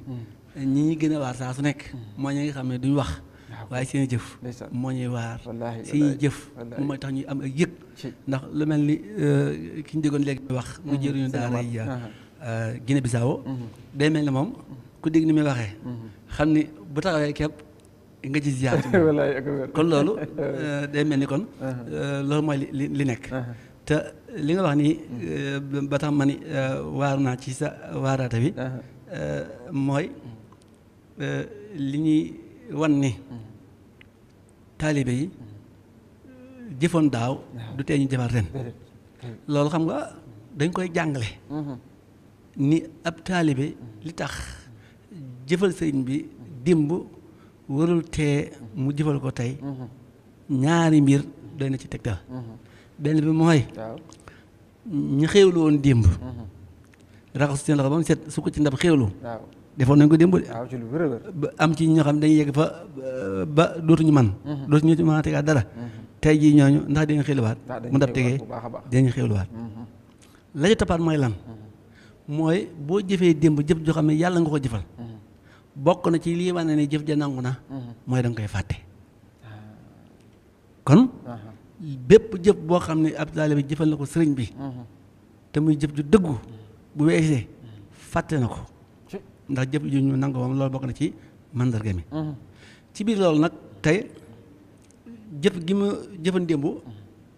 ñi ñi gën a waar saa su nekk. mooy ñi nga xam ne duñ wax. Ah, waaye seen jëf. moo ñuy waar. seen i jëf moom mooy tax ñu am ak yëg. ndax lu mel ni ki ñu déggoon léegi wax. mu jëriñu daara yi ah. Euh, Guinée Bissau mm-hmm. day mel ne moom ku dégg ni muy waxee mm-hmm. xam ni bu taxawee képp nga ci ziar *laughs* kon loolu *laughs* euh, day mel ni kon uh-huh. euh, loolu mooy li li nekk uh-huh. te li nga wax nii mm-hmm. ba tax ma ni waar naa ci sa waaraate bi uh-huh. mooy li ñuy wan ni taalibe yi jëfoon daaw du tee ñu jëfaat loolu xam nga dañ koy jàngale ni ab taalibe li tax jëfal sëriñ bi dimb warul tee mu jëfal ko tey ñaari mbir doy na ci tegtal benn bi mooy ñu xéewlu woon dimb raxas seen loxo ba set su ko ci ndab xéewlu defoon nañ ko démb de am ci ñoo xam dañuy yegg fa ba dootuñu man dootuñu ci mën a tegaat dara tey jii ñooñu ndax dañu xéewluwaat mu ndab tegee dañu xéewluwaat la ci toppaat mooy lan mooy boo jëfee démb jëf joo xam ne yàlla nga ko jëfal mm-hmm. bokk na ci lii wane ne jëf ja nangu na mm-hmm. mooy da koy fàtte ah. kon uh-huh. bépp jëf boo xam ne ab taalibe bi jëfal na ko sëriñ bi mm-hmm. te muy jëf ju dëggu bu weesee fàtte na ko ndax jëf ju ñu nangu moom loolu bokk na ci mandarga mi ci biir loolu nag tey jëf gi mu jëfan démb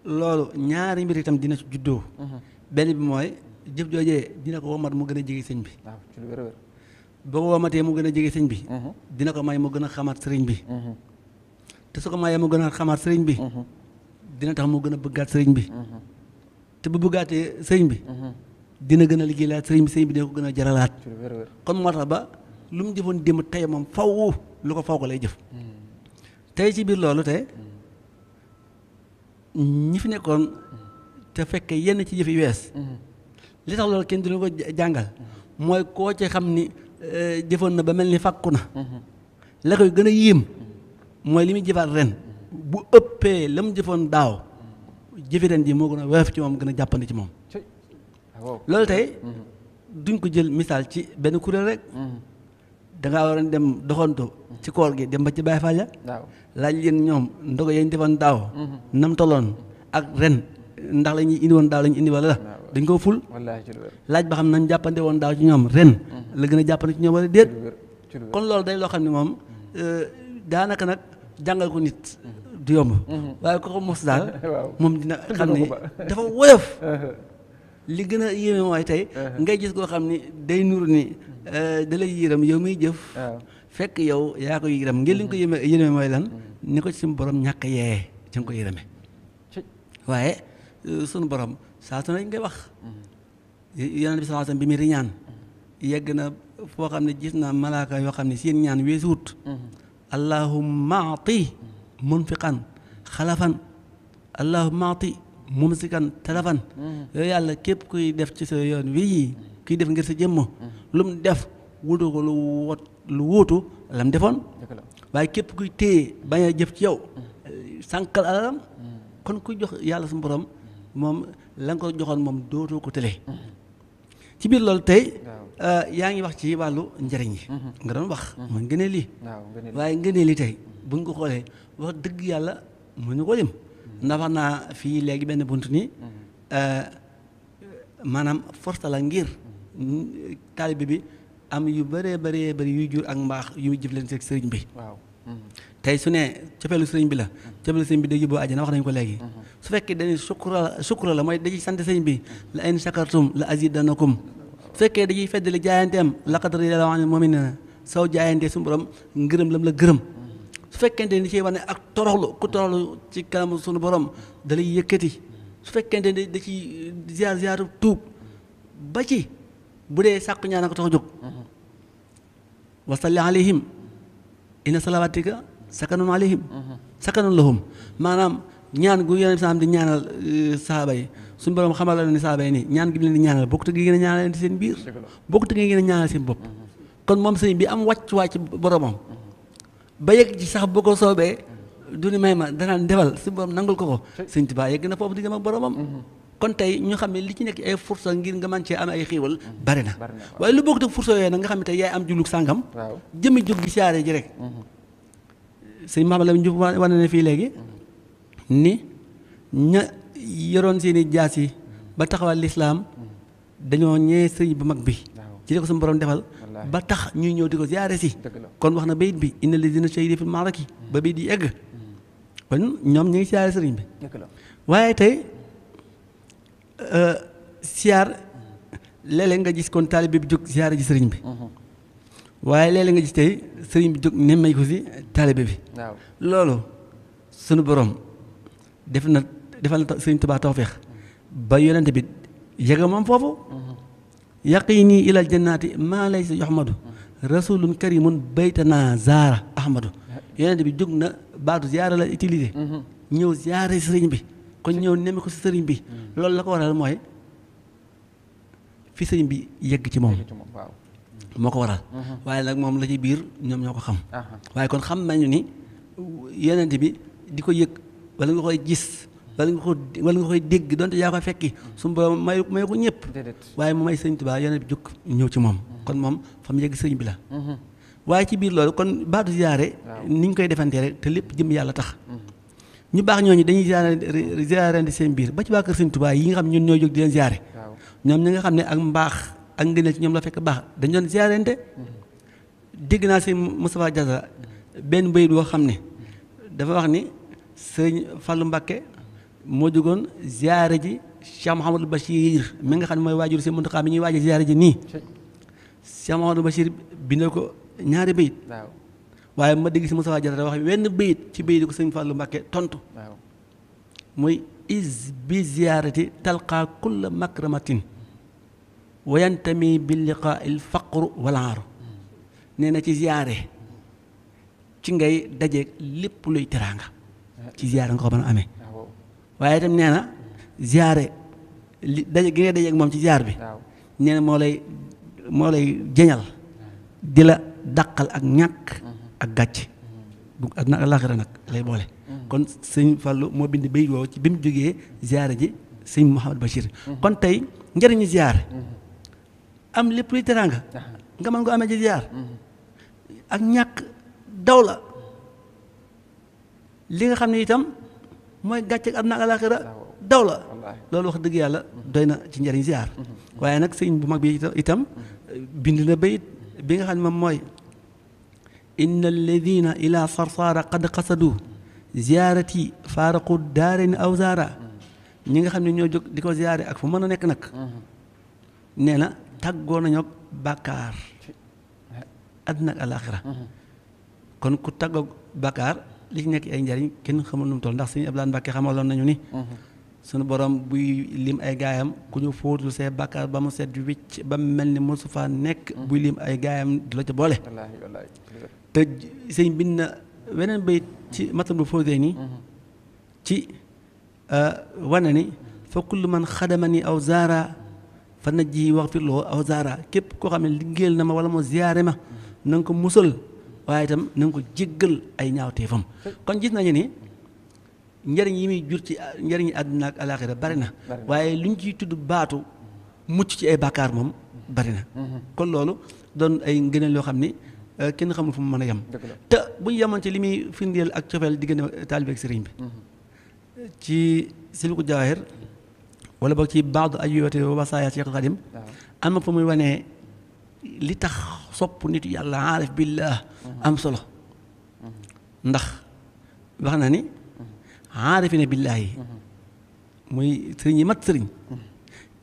loolu ñaari mbir itam dina juddoo benn bi mooy jëf joojee dina ko womat mu gën a jege sëñ bi. waaw ah, ci lu wér wér. boo ko womatee mu gën a jege sëñ bi. Mhm. dina ko may mu gën a xamaat sëriñ bi. Mhm. te su ko mayee mu gën a xamaat sëriñ bi. Mhm. dina tax mu gën a bëggaat sëriñ bi. te bu bëggaatee sëriñ bi. dina gën a liggéeylaat sëriñ bi sëriñ bi dina ko gën a jaralaat. kon moo tax ba lu mu jëfoon démb tey moom faw lu ko faw ko lay jëf. tey ci biir loolu tey ñi fi nekkoon te fekkee yenn ci jëf wees. li tax loolu kenn du ko jàngal mooy koo ci xam ni euh, jëfoon na ba mel ni fàkku na la koy gën a yéem mooy li muy jëfaat ren bu ëppee la mu jëfoon daaw jëfi ren ji moo gën a weef ci moom gën a jàppandi ci moom ah, loolu tey mm-hmm. duñ ko jël misaal ci benn kuréel rek mm-hmm. dangaa war dem doxantu ci koor gi dem ba ci Baay Faal ya laaj leen ñoom ndogo yañ defoon daaw mm-hmm. nam ak ren ndax la ñuy indi woon daaw la ñu indi wala dañ koo ful laaj ba xam nañ jàppante woon daaw ci ñoom ren mm-hmm. la gën a jàppante ci ñoom wala déet kon loolu day loo xam ne moom euh, daanaka nag jàngal ko nit mm-hmm. du yomb mm-hmm. waaye ko ko mos daal *laughs* moom dina *laughs* xam ne *laughs* dafa woyof uh-huh. li gën a yéeme mooy tey uh-huh. ngay gis koo xam ni day nuru ni euh, da lay yow muy jëf fekk yow yaa ko yëram ngeen li nga ko yéeme yéeme mooy lan ni ko ci borom ñàkk yee ci nga ko yërëme waaye sunu borom saa su ne ngay wax yonent bi sallallahu alayhi wasallam bi muy riñaan yegg na foo xam ne gis naa malaaka yoo xam ne seen ñaan weesu wut allahumma ati munfiqan xalafan allahumma ati mumsikan talafan yooyu yàlla képp kuy def ci sa yoon wii kuy def ngir sa jëmm lu mu def wutu ko lu wot lu wuutu lam defoon waaye képp kuy téye bañ a jëf ci yow sànqal alalam kon kuy jox yàlla sa borom moom la nga ko joxoon moom dootoo ko tëlee ci biir loolu tey euh, yaa ngi wax ci wàllu njëriñ yi mhm. nga doon wax mhm. mooy ngëneel yi waaye ngëneel yi tey buñ ko xoolee wax dëgg yàlla mënuñu ko lim mhm. ndax wax naa fii léegi benn bunt nii euh, maanaam force la ngir taalibe bi am yu bare bëree bëri yuy jur ak mbaax yu jëflante ak sëriñ bi tey su ne cofeelu sëriñ bi la cofeelu sëriñ bi day yóbbu àjjana wax nañu ko léegi mhm. su fekkee dañuy sukura sukura la mooy dañuy sant sëriñ bi la in shakartum la azidanakum su fekkee dañuy feddali jaayanteem laqad radiyallahu anil mu'minina soo jaayantee suñu borom ngërëm lam la gërëm su fekkente ni ciy wane ak toroxlu ku toroxlu ci kanam suñu borom da lay yëkkati su fekkente ni da ci ziar ziaru tuub ba ci bu dee sàkku ñaan ko tax jóg mhm. wasalli alayhim inna salawatika sakanun alayhim sakanun lahum maanaam ñaan gu yonent saam di ñaanal euh, saaba yi suñ borom xamal la ni saaba yi nii ñaan gi mu leen di ñaanal bokkut gi ngeen a ñaanal seen biir bokkut gi ngeen ñaanal seen bopp kon moom sëñ bi am wàcc-wàcc boromam ba yegg ci sax boo ko soobee du ni may ma danaan defal suñu borom nangul ko ko sëñ Tuubaa yegg na foofu diggam ak boromam mhm. kon tey ñu xam ne li ci nekk ay fursa ngir nga man cee am ay xiiwal mhm. bari na waaye lu bokkut ak fursa yooyu nag nga xam ne tey yaay am julug sàngam jëmi jóg bi siyaare ji sëñ Mame Lamine waa wane na fii léegi ni ña yoroon seeni jaas yi ba taxawal lislaam dañoo ñee sëriñ bu mag bi ci li ko suñu borom defal ba tax ñuy ñëw di ko ziyaare si kon wax na bayit bi inna lazina shahidu fil maaraki ba bayit yi egg kon ñoom ñu ngi siyaare sëriñ bi waaye tey siyaar euh, léeg nga gis kon taalibe bi jóg siyaare ji sëriñ bi mhm. waaye léeg-léeg nga gis tey sëriñ bi jóg nemmee ko si taalibe bi. waaw loolu sunu boroom def na defal na sëriñ Tuubaa tawféex ba yonent bi yegg moom foofu. Mm-hmm. yaqini ilal jannaati maa laysa yoxmadu mm-hmm. rasulun karimun baytana zaara ahmadu yonent bi jóg na baatu ziyaara la utilise mm-hmm. ñëw ziyaara sëriñ bi kon ñëw nemmee ko sëriñ bi. Mm. loolu la ko waral mooy fi sëriñ bi yegg ci moom. moo ko waral. Mhm. waaye nag moom la ci biir ñoom ñoo ko xam. waaye kon xam nañu ni yeneen bi di ko yëg wala nga koy gis. wala nga ko wala nga koy dégg donte yaa koy fekki mhm. su ma may may ko ñëpp. waaye mu may sëñ Tuubaa yeneen bi jóg ñëw ci moom. Mhm. kon moom fa mu yëg sëñ bi la. waaye ci biir loolu kon baatu ziyaare. ni ñu koy defantee rek te lépp jëm yàlla tax. ñu baax ñooñu dañuy ziyaare ziyaarante seen biir ba ci waa kër sëñ Tuubaa yi nga xam ñun ñoo jóg di leen ziyaare. ak ngëneel ci ñoom la fekk baax dañ doon ziarente dégg naa si Moustapha Diaza benn bayit boo xam ne dafa wax ni sëñ Fallou Mbakke moo jógoon ziare ji Cheikh Mouhamadou Bachir mi nga xam ne mooy waajur si Mountakha mi ñuy waaje ziare ji nii Cheikh Mouhamadou Bachir ko ñaari bayit waaye ma dégg si Moustapha Diaza wax wenn bayit ci bayit ko sëñ falu Mbakke tontu muy is bi ziarati talqa kulla makramatin wayantami bi liqaa il faqru walaar nee na ci ziyaare ci ngay dajeeg lépp luy teraanga ci ziyaare nga ko mën a amee waaye itam nee na ziyaare li daje gi ngay dajeeg moom ci ziyaar bi nee moo lay moo lay jëñal di la dàqal ak ñàkk mm-hmm. ak gàcc du ak na laaxira nag lay boole mm-hmm. kon sëñ Fallou moo bind béy woow ci bi mu jógee ziyaare ji sëñ Mouhamed Bachir mm-hmm. kon tey njëriñu ziyaare am lépp luy teraanga nga mën ko amee ci jaar mhm. ak ñàkk daw la li nga xam ne itam mooy gàcce am na alaxira daw la loolu wax dëgg yàlla mhm. doy na ci njariñ ziar mhm. waaye nag sëñ bu mag bi itam bind na bayit bi nga xam ne moom mooy inna alladina ila sarsara qad qasadu ziarati faaraqu daarin aw zaara ñi nga xam ne ñoo jóg di ko ziare ak fu mën a nekk nag nee na tàggoo nañu ak bàkkaar àddina ak alaaxira kon ku tàggoog bàkkaar li ci nekk ay njariñ kenn xamul nu mu toll ndax suñu Abdoulaye Mbacke xamaloon nañu ni suñu borom buy lim ay gaayam ku ñu fóotul see bàkkaar ba mu set wicc ba mu mel ni mosu faa nekk buy lim ay gaayam du la ca boole te sëñ bind na weneen bay ci matam bu fóotee nii ci euh, wane ni fa kullu man xadamani aw zaara fa na ji wax firloo aw zaara képp koo xam ne liggéeyal na ma wala moo ziyaare ma na ko musal waaye itam na ko jéggal ay ñaawteefam kon gis nañu ni njëriñ yi muy jur ci njëriñi àdduna ak alaxira bari na waaye luñ ciy tudd baatu mucc ci ay bàkkaar moom bari na mm-hmm. kon loolu doon ay ngëneel yoo xam ni euh, kenn xamul fu mu mën a yem te buñ yemoon ci li muy firndeel ak cofeel diggante taalibe ak sëriñ bi mm-hmm. ci silku jawaahir wala boo ci baadu ajwibati wa wasaaya Cheikh Xadim am na fa muy wanee li tax sopp nit yàlla aarif am solo ndax wax na ni aarifina billaahi muy sëriñ yi mat sëriñ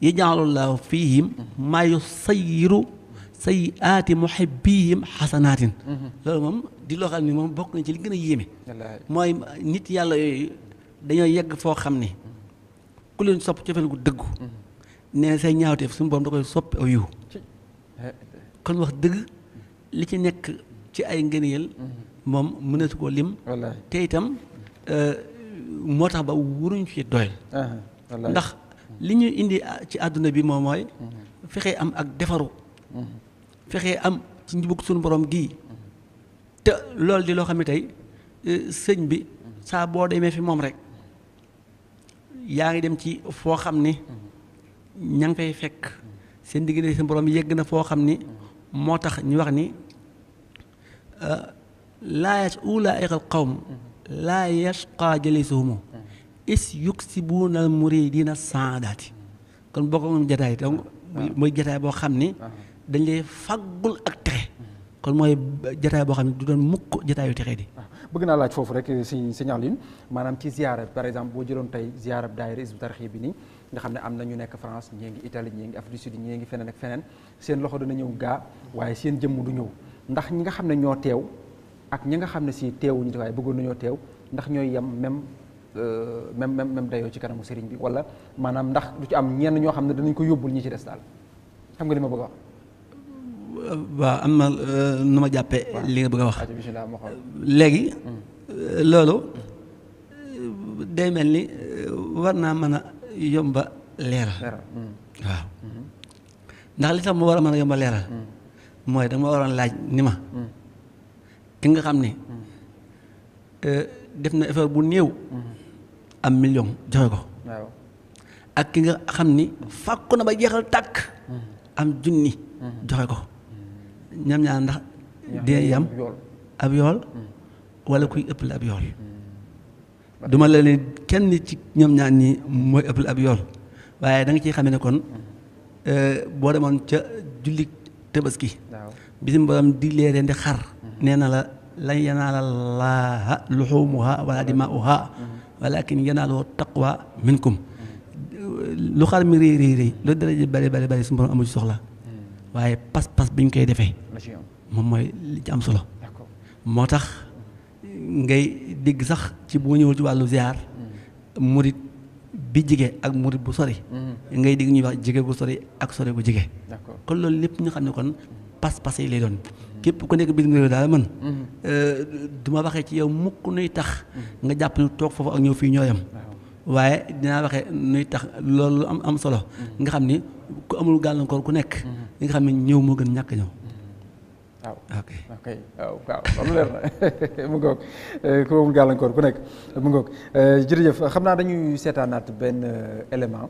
yajalullaahu fihim maa yusayiru sayiaati muhibbihim xasanaatin loolu moom di loo xam ne moom bokk na ci li gën a yéeme mooy nit yàlla dañoo yegg foo xam ni ku leen sopp cofeel gu dëggu mm-hmm. nee say ñaawteef suñu borom da koy soppi aw yiw kon wax dëgg li ci nekk ci ay ngëneel mm-hmm. moom mënatu koo lim te itam euh, moo tax ba wuruñ ci doyal ndax li ñuy indi ci àdduna bi moom mooy mm-hmm. fexe am ak defaru fexe am ci njubug suñu borom gii te loolu di loo xam ne euh, sëñ bi saa boo demee fi moom rek yaa ngi dem ci foo xam ni ña ngi fay fekk seen diggante seen borom yegg na foo xam ni moo tax ñu wax ni euh, laa yas ulaaika al qawm laa yasqaa jalisuhumu is yuksibuuna al muridiina saadaati kon boo ko moom jataay donc jataay boo xam ni dañ lay faggul ak texe kon mooy jataay boo xam ne du doon mukk jataayu texe di bëgg naa laaj foofu rek euh, si signalin maanaam ci ziyaara par exemple boo jëloon tey ziyaara daayira Hizbut Tarqiyyah bi nii nga xam ne am na ñu nekk France ñii ngi Italie ñii ngi Afrique du Sud ngi feneen ak feneen seen loxo dana ñëw gaa waaye seen jëmm du ñëw ndax ñi nga xam ne ñoo teew ak ñi nga xam ne si teewuñu waaye bëggoon nañoo teew ndax ñooy yam même euh, même même même dayoo ci kanamu sëriñ bi wala maanaam ndax du ci am ñenn ñoo xam ne danañ ko yóbbul ñi ci des xam nga li ma bëgg a Euh, waaw am na euh, nu ma jàppe li nga bëgg a wax léegi mm. euh, loolu day ni war naa mën a yomba leeral mm. waaw mm-hmm. ndax li tax ma war a mën a yomba leeral mm. mooy dama waroon laaj ni ma ki nga xam ni def na effort bu néew mm-hmm. am million joxe ko ak ki nga xam ni fàkk na ba jeexal tàkk am junni mm-hmm. joxe ko ñam ñaar ndax dee yam ab yool hmm. wala kuy ëppale ab yool hmm. duma la ne kenn ci ñoom ñaar ñi mooy ëppale ab yool waaye da nga ciy xamee ne kon hmm. eh, boo demoon ca julli tabaski bisim borom di leeree ndi xar nee na la lan yanaala laaha luxumuha wala dimaauha walakin yanaaloo taqwa minkum lu xar mi réy réy réy loolu dara ji bari bari bari suñu borom soxla waaye pas-pas bi ñu koy defee moom mooy li ci am solo moo tax ngay dégg sax ci bu ñëwul ci wàllu ziar murit bi jige ak murit bu sori mhm. ngay dégg ñuy wax jige bu sori ak sori bu jige kon loolu lépp ñu xam ne kon pas-pas yi lay doon mhm. képp ku nekk bitim réew daal man mhm. euh, du ma waxee ci yow mukk nuy tax nga jàpp ne toog foofu ak ñëw fii ñooyam waaye dinaa waxee nuy tax loolu am am solo nga xam ni ku amul gàllankoor ku nekk li nga xam ne ñëw moo gën ñàkk ñëw hmm. waaw ok ok *laughs* mu ngoog eh, ku amul gàllankoor bu nekk mu ngoog eh, jërëjëf xam naa dañuy seetaan seetaanaat benn eh, élément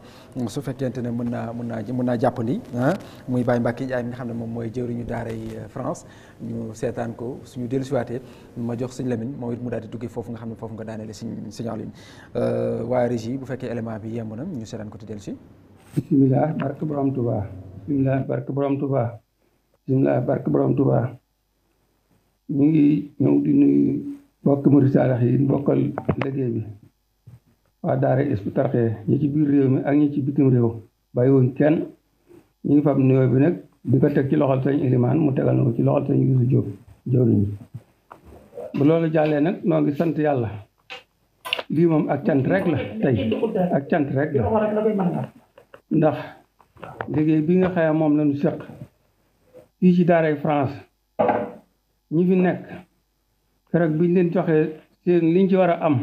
su fekkente ne mën naa mën naa mën naa jàppandi ah muy Baye Mbacke Ndiaye mi nga xam ne moom mooy jëwriñu daaray France ñu seetaan ko suñu dellusiwaatee ma jox suñu Lamine moom it mu daal di duggee foofu nga xam ne foofu nga daaneele suñu signal yi waa régie bu fekkee élément bi yemb na ñu seetaan ko ti dellusi bisimilah barke borom Tuubaa bisimilah barke borom Touba bisimilah barke borom Touba ñu ngi ñëw di nuyu mbokk mu saalax yi mbokkal liggéey bi waa daara Hizbut Tarqiyyah ñi ci biir réew mi ak ñi ci bitim réew bàyyiwuñ kenn ñu ngi fab nuyoo bi nag di ko teg ci loxol sëñ Ilimaan mu tegal na ko ci loxol sëñ Yuusu Jóob jawriñ bu loolu jàllee nag noo ngi sant yàlla lii moom ak cant rek la tey ak cant rek la ndax liggéey bi nga xëy moom lañu seq fii ci daaray France ñi fi nekk keroog biñ leen joxee seen liñ ci war a am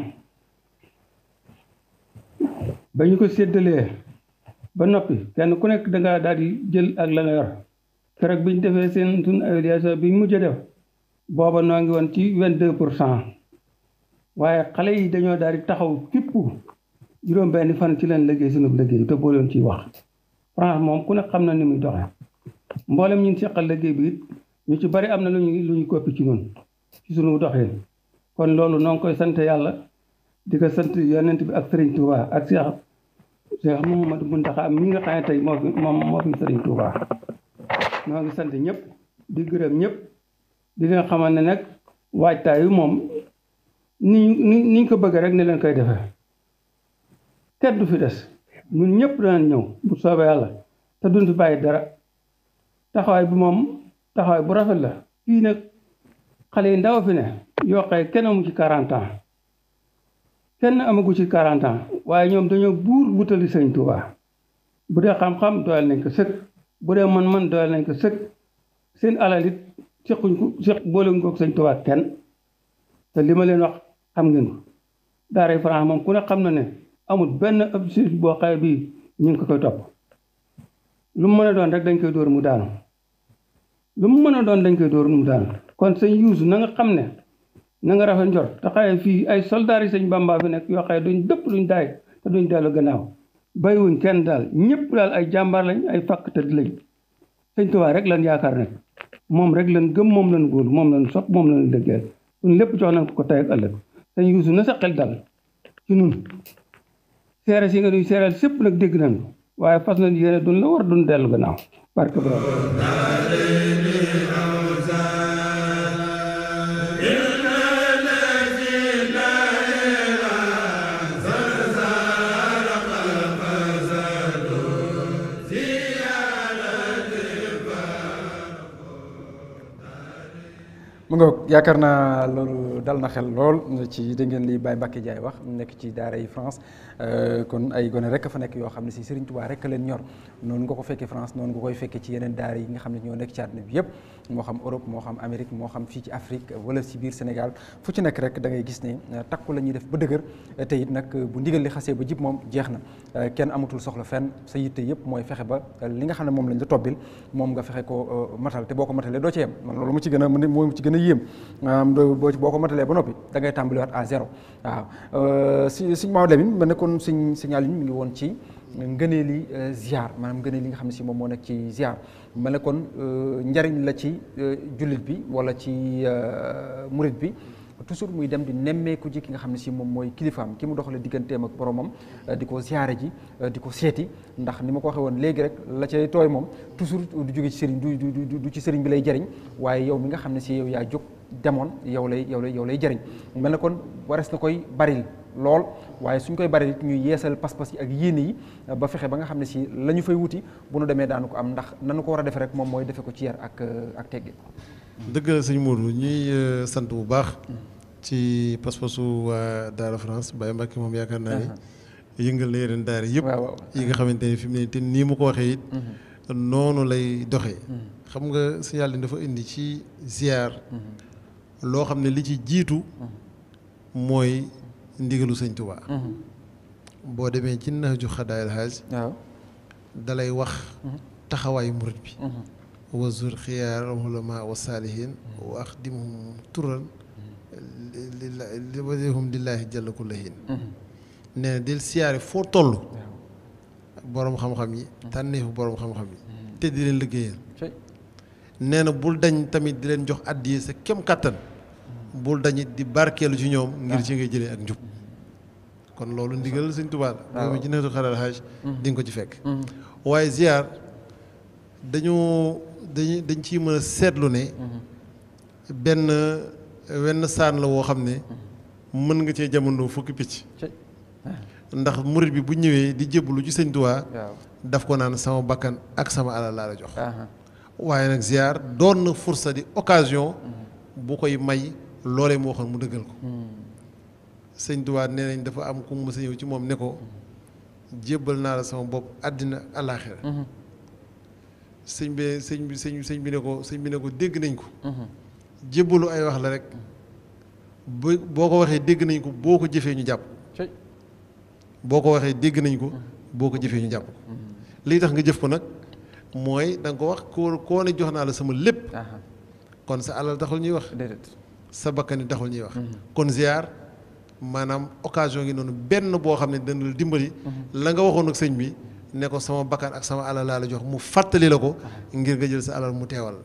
ba ñu ko séddalee ba noppi kenn ku nekk danga daal di jël ak la nga bi ñu defee seen suñ bi biñ mujj def booba noo ngi woon ci vingt deux pour cent waaye xale yi dañoo daal taxaw képp juróom benni fan ci leen liggéey sunu liggéey te boo leen ciy wax France moom ku ne xam na ni muy doxee mboolem ñun seqal liggéey bi it ñu ci bari am na lu ñu lu ñu koppi ci noonu ci dox doxee kon loolu noo koy sant yàlla di ko sant yonent bi ak Serigne Touba ak Cheikh Cheikh Mouhamadou Mountakha tey moo moom moo fi Serigne Touba ngi sant ñëpp di gërëm ñëpp di leen xamal ne nag waajtaayu moom ni ñu ni ko bëgg rek ni leen koy defe defee teddu fi des. ñun ñëpp danañ ñëw bu soobee yàlla te duñ fi bàyyi dara taxawaay bi moom taxawaay bu rafet la fii nag xale yi ndaw fi ne yokkee kenn amu ci 40 ans kenn amagu ci 40 waaye ñoom dañoo buur wutali sëñ Tuubaa bu dee xam-xam doyal nañ ko sëkk bu dee mën-mën doyal nañ ko sëkk seen alal it sequñ boole ko sëñ Tuubaa kenn te li ma leen wax xam ngeen ko daara France moom ku ne xam na ne. amul benn objectif boo xaye bii ñu ngi ko koy topp lu mu mën a doon rek dañ koy dóor mu daanu lu mu mën a doon dañ koy dóor mu daanu kon sëñ yuusu na nga xam ne na nga rafet njor te xaye fii ay soldaar yi sëñ bàmbaa fi nekk yoo xaye duñ dëpp duñ daay te duñ dellu gannaaw bàyyiwuñ kenn daal ñëpp daal ay jàmbaar lañ ay fàkk tëdd lañ sëñ Tuubaa rek lan yaakaar nag moom rek lan gëm moom lan góor moom lan sopp moom lan dëggeel kon lépp jox nañ ko ko tey ak ëllëg sëñ yuusu na sa xel dal seere si nga du seere sépp nag dég nañu waaye fas nañu yéene duñ la war duñ dellu gannaaw barke borom mu nga yaakaar naa loolu dal na xel lool ci dégg ngeen li Baye Mbacke Ndiaye wax nekk ci daara yi France euh, kon ay gone rek fa nekk yoo xam ne si Serigne Touba rek leen ñor noonu nga ko fekkee France noonu nga koy fekkee ci yeneen daara yi nga xam ne ci moo xam Europe moo xam fii ci Afrique wala si biir Sénégal fu ci nekk rek da ngay gis ne euh, takku la ñuy def ba dëgër te it nag bu ndigal li xasee ba jib moom jeex na euh, kenn amatul soxla fenn sa yitte yëpp mooy fexe ba li nga xam ne moom lañ la tobbil moom nga fexe ko matal te boo ko matalee doo yéem boo boo ko matalee ba noppi da ngay tàmbaliwaat à zéro waaw euh, si si Maodo Lamine ma nekkoon suñ signal yi mi ngi woon ci ngëneeli euh, ziar maanaam ngëneel li nga xam ne si moom moo nekk ci ziar ma ne kon euh, njariñ la ci jullit bi wala ci murit bi toujours muy dem di nemmeeku ji ki nga xam ne si moom mooy kilifaam ki mu doxale digganteem ak boromam euh, di ko ziyaare ji euh, di ko seeti ndax ni ma ko waxee woon léegi rek la cay tooy moom toujours du jóge ci sëriñ du du ci sëriñ bi lay jariñ waaye yow mi nga xam ne si yow yaa jóg demoon yow lay yow lay yow lay jariñ mel na kon wares na koy baril lool waaye suñ koy bari ñuy yeesal pas-pas yi ak yéene yi euh, ba fexe ba nga xam ne si la ñu fay wuti bu nu demee daanu ko am ndax nanu ko war a defe moom mooy defe ko ci yar ak ak tegge dëgg la sëñ Modou ñuy euh, sant bu baax. ci pas-pasu waa Daara France Baye Mbacke moom yaakaar naa ni. Uh-huh. yëngal na yeneen daara yëpp. yi nga xamante ne fi mu te nii mu ko waxee it. Uh-huh. noonu lay doxee. Uh-huh. xam nga si yàlla dafa indi ci ziar. loo xam ne li ci jiitu. mooy ndigalu sëñ Touba. boo demee ci naaju xadaayal xaaj. dalay wax taxawaayu murit bi. wa zur xiyaar al ulama wa saalihin wa axdimhum turan li wajhum lillaahi jalla kullahin nee na del siyaare foo toll boroom xam-xam yi mm. tànneefu boroom xam-xam yi mm. te di leen liggéeyal nee bul dañ tamit di leen jox àddiya sa kem kàttan mm. bul dañ di barkeelu ci ñoom ngir ci ngay jëlee ak njub kon loolu ndigal sëñ Tuubaa boo mu ci xaral hajj di ko ci fekk mm-hmm. waaye ziyaar dañu dañu dañ ci mën a seetlu ne benn wenn saan la woo xam ne mën nga cee jamono fukki picc ndax murit bi bu ñëwee di jébbalu ci sëñ Tuubaa daf ko naan sama bakkan ak sama alal laa la jox waaye nag ziar doon na fursa di occasion mhm. bu koy may loolee moo xam mu dëggal ko mhm. sëñ Tuubaa nee nañ dafa am ku mu mës ñëw ci moom ne ko mhm. jébbal naa la sama bopp àddina alaaxira sëñ bee sëñ bi sëñ sëñ bi ne ko sëñ bi ne ko dégg nañ ko. Mhm. jébbalu ay wax la rek bu boo ko waxee dégg nañ ko boo ko jëfee ñu jàpp. ko waxee dégg nañ ko mhm. boo ko jëfee ñu jàpp. Mhm. tax nga jëf ko nag mooy danga ko wax koo koo ne jox naa la sama lépp. kon sa alal taxul ñuy wax. sa bakkani taxul ñuy wax. kon ziar maanaam occasion gi noonu benn boo xam ne dana dimbali. la nga waxoon ak sëñ bi. ne ko sama bakkan ak sama alal laa la jox mu fàttali la ko ngir nga jël sa alal mu teewal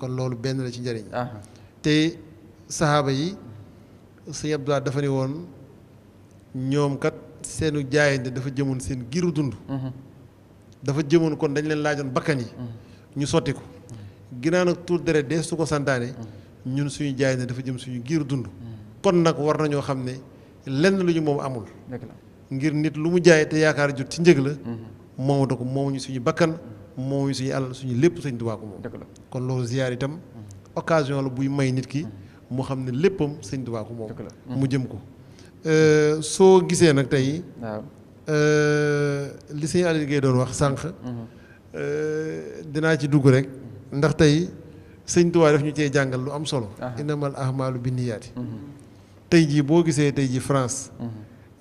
kon loolu benn la ci njëriñ te saxaaba yi sëñ Abdoulaye dafa ne woon ñoom kat seenu jaayante dafa jëmoon seen giru dund dafa jëmoon kon dañ leen laajoon bakkan yi ñu sotti ko ginnaaw su ko santaane ñun suñu jaayante dafa jëm suñu giru dund kon nag war nañoo xam ne lenn lu ñu moom amul ngir nit lu mu jaay te yaakaar jot ci njëg la mhm. moomatu ko moomuñu suñu bakkan moomuñu suñu alal suñu lépp sëñ Tuubaa ko moom kon loolu ziyaar tam occasion la buy may nit ki mu xam ne léppam sëñ Tuubaa ko moom mu mhm. jëm ko euh, soo gisee nag tey euh, li sëñ Aliou Guèye doon wax sànq mhm. euh, dinaa ci dugg rek ndax tey sëñ Tuubaa daf ñu cee jàngal lu am solo innamal ahmaalu binniyaati tey jii boo gisee tey jii France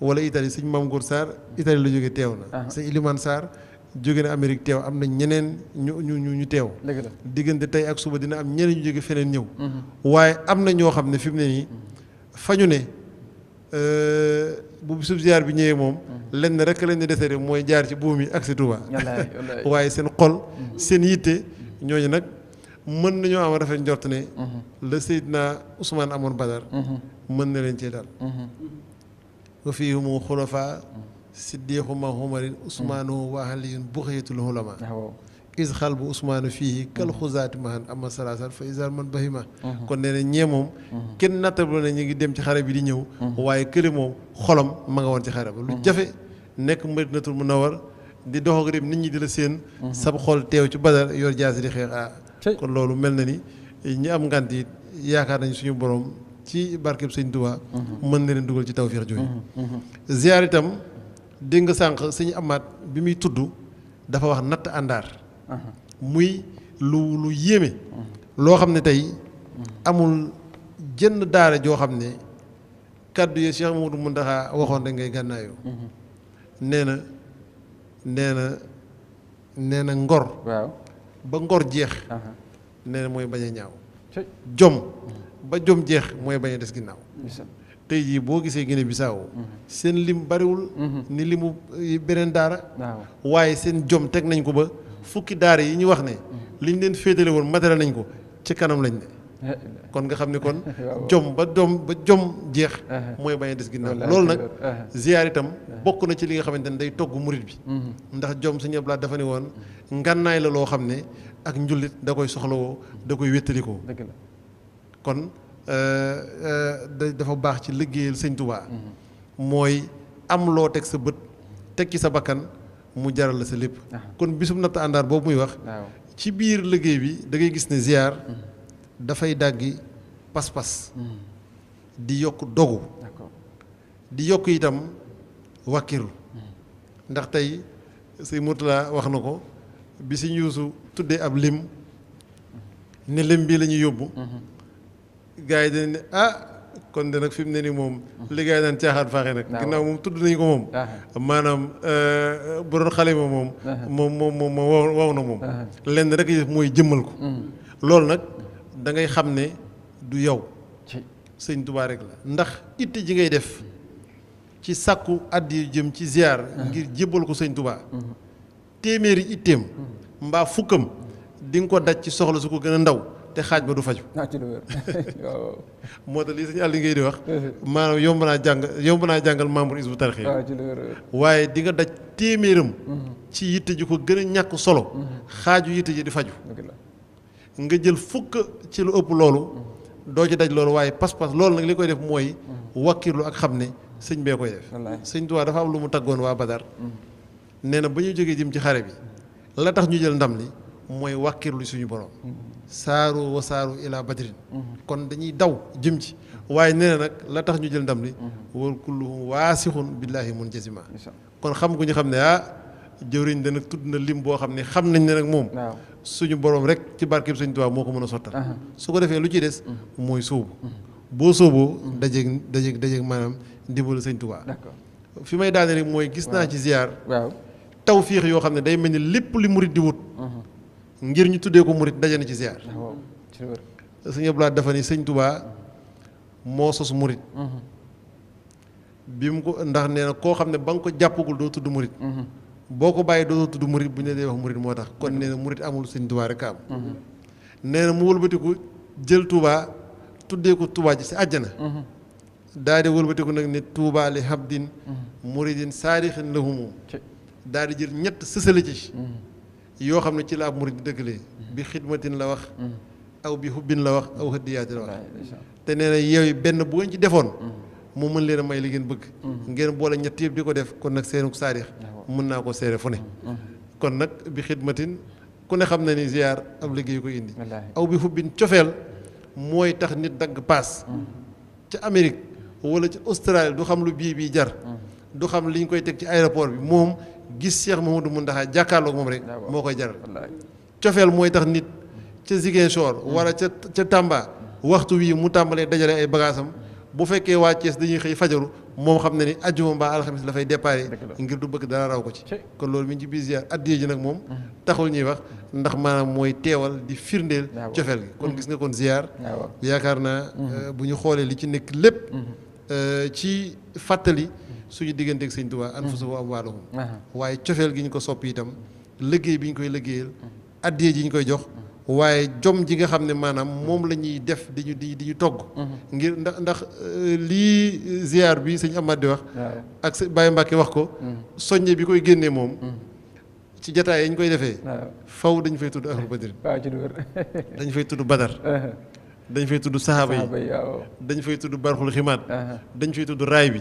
wala Italie sëñ Mame Gour Sarr Italie la jóge teew na sëñ Ilimane saar jóge na Amérique teew am na ñeneen ñu ñu ñu ñu teew diggante tey ak suba dina am ñeneen ñu jóge feneen ñëw mhm. waaye am na ñoo xam ne fi mu ne nii fañu ne euh, bu bisub ziar bi ñëwee moom mhm. lenn rekk leen di desere mooy jaar ci buum yi ak si Touba *laughs* waaye seen xol mhm. seen yitte ñooñu nag mën nañoo am rafet njort ne la Seydina Ousmane amoon Badar mën na leen cee daal wa fiihumu xulafaa siddiqu ma xumarin usmaanu wa aliyun buxiyatul xulama is xal bu usmaanu fii kal xuzaati mahan ama salaasal fa isar man bahima uhuh. kon nee ñee moom uhuh. kenn nattable ne ñu ngi dem ci xare bi di ñëw uhuh. waaye kële moom xolam ma nga woon ci xare ba lu jafe nekk Madinatul Munawwar di dox ak nit ñi di la seen sab xol teew ci Badar yor jaasi di xeex ah kon loolu mel na ni ñi am ngànt yaakaar nañ suñu borom ci barkeb sëñ Tuubaa mm-hmm. mën na leen dugal ci tawféex jooyu mm-hmm. mm-hmm. ziyaar itam dégg nga sànq sëñ amaat bi muy tudd dafa wax natt àndaar uh-huh. muy lu lu yéeme loo xam ne tey amul jënn daara joo xam ne kàddu yi Cheikh Mamadou Mountakha waxoon rek ngay gànnaayoo nee na nee na nee na ngor ba ngor jeex uh-huh. nee mooy bañ ñaaw jom ba jom jeex mooy bañ des ginnaaw tey boo gisee Guinée Bissau mhm. seen lim bariwul mhm. ni li limu eh, beneen daara waaye seen jom teg nañ ko ba fukki daara yi ñu wax ne mhm. liñ leen féetale woon matériel nañ ko ci kanam lañ ne eh, eh. kon nga xam ne kon *laughs* jom ba jom ba jom jeex mooy bañ a des ginnaaw loolu nag ziyaar itam bokk na ci li nga xamante ne day togg murit bi ndax jom Sëñ Abdu Lahat dafa ne woon ngànnaay la loo xam ne ak njullit da koy soxlawoo da koy wéttalikoo kon Euh, euh, dafa baax ci liggéeyal sëñ Touba. mooy am loo teg sa bët teg ci sa bakkan mu jaral la sa lépp. Ah. kon bisum natt àndaar boobu muy wax. ci biir liggéey bi dangay gis ne ziar. Mm-hmm. dafay dàggi pas-pas. Mm-hmm. di yokk dogu. di yokk itam wàkkiru mm-hmm. ndax tey sëñ Mourtala wax na ko bi si ñuusu tuddee ab lim ne lim bi la yóbbu. gars yi dañ ne ah kon de nag fi mu ne nii moom. li gars yi daan caaxaan faaxee nag. ginnaaw moom tudd nañu ko moom. Ah. maanaam euh, bu doon xale ma moom. Ah. moom moom moom moom waw na moom. Ah. lenn rek mooy jëmmal ko. Mm. loolu nag da ngay xam ne du yow. sëñ Tuubaa rek la ndax itte ji ngay def ci sàkku addi jëm ci ziar. ngir jébbal ko sëñ Tuubaa. Mm-hmm. téeméeri itteem. Mm-hmm. mbaa fukkam di nga ko daj ci soxla su ko gën a ndaw. te xaaj ba du faju *laughs* moo tax lii sëñ Aliou ngay di wax maanaam yomb naa jàng yomb naa jàngal membre is bu tarixee waaye di nga daj téeméeram mhm. ci yitte ji ko gën a ñàkk solo mhm. xaaju yitte ji di faju nga jël fukk ci lu ëpp loolu mhm. doo ci daj loolu waaye pas-pas loolu nag li koy def mooy wakkirlu ak xam ne sëñ bee koy def sëñ Tuubaa dafa am lu mu taggoon waa Badar nee na ba ñu jógee jëm ci xare bi la tax ñu jël ndam li mooy wakkirlu suñu borom saaru wa saaru ila badrin mhm. kon dañuy daw jëm ci waaye nee na nag la tax ñu jël ndam li mhm. wal kulluhum waasixun billaahi mun jasima kon xam gu ñu xam ne ah jëwriñ dana tudd na lim boo xam ne xam nañ ne nag moom suñu borom rek ci barkeb Sëñ Tuubaa moo ko mën a sottal su ko defee lu ci des mhm. mooy sóobu boo sóoboo dajeeg dajeeg dajeeg maanaam ndimbalu Sëñ Tuubaa fi may daane rek mooy gis naa ci ziar waaw tawfiix yoo xam ne day mel ni lépp li murit di wut ngir ñu tuddee ko murit daje na ci ziar. Ah, sëñ Abdoulaye dafa ni sëñ Touba moo sos murit. Mhm. bi mu ko ndax nee koo xam ne ba nga ko jàppagul doo tudd murit. Mhm. boo ko bàyyi doo tudd murit bu ñu dee wax murit moo tax kon nee na murit amul sëñ Touba rek am. Mhm. nee mu wëlbatiku jël Touba tuddee ko Touba ji si àjjana. daal di wëlbatiku nag ne Touba li habdin muridin saadixin lahumu daal di jël ñett sësale ci. yoo xam ne ci la ab murit di dëggalee bi xidmatin la wax mm. aw bi xubbin la wax aw hëddiyaati la wax te nee na yooyu benn boo ngeen ci defoon mm. mu mën leen a may li ngeen bëgg mm. ngeen boole ñett yëpp di ko def kon nag seenu saadix ah, mën naa ko seere fu ne kon nag bi xidmatin ku ne xam na ni ziar ab liggéey ko indi aw bi xubbin cofeel mooy tax nit dagg paas ca Amérique wala ci Australie du xam lu bii bii jar du xam liñ koy teg ci aéroport bi moom gis moom du mu Mountakha jàkkaarloog moom rek moo koy jaral cofeel mooy tax nit ca Ziguinchor wala ca ca Tamba waxtu wii mu tàmbalee dajale ay bagaasam bu fekkee waa Thiès dañuy xëy fajaru moom xam ne ni ajjuma mbaa alxamis la fay déparé ngir du bëgg dara raw ko ci kon loolu mi ngi ci biir ziar addiya ji nag moom mhm. taxul ñuy wax ndax maanaam mooy teewal di firndeel cofeel gi kon mhm. gis nga kon ziar yaakaar naa mhm. euh, bu ñu xoolee li ci nekk lépp euh, ci fàttali suñu digganteeg sëñ Tuubaa anfusuhum amwaaluhum waaye cofeel gi ñu ko soppi itam liggéey bi ñu koy liggéeyal addiyee ji ñu koy jox waaye jomm ji nga xam ne maanaam moom la ñuy def di ñu di di ñu togg mhm. ngir ndax ndax euh, lii euh, ziar bi sëñ Amath di wax ak sëñ Baye Mbacke wax ko mhm. soññe bi koy génnee moom mhm. ci jataay yi ñu koy defee faw dañu fay tudd ahlu badar dañ fay tudd badar *laughs* dañ fay tudd saxaaba yi dañ fay tudd barxul ximaat dañ fay tudd raay bi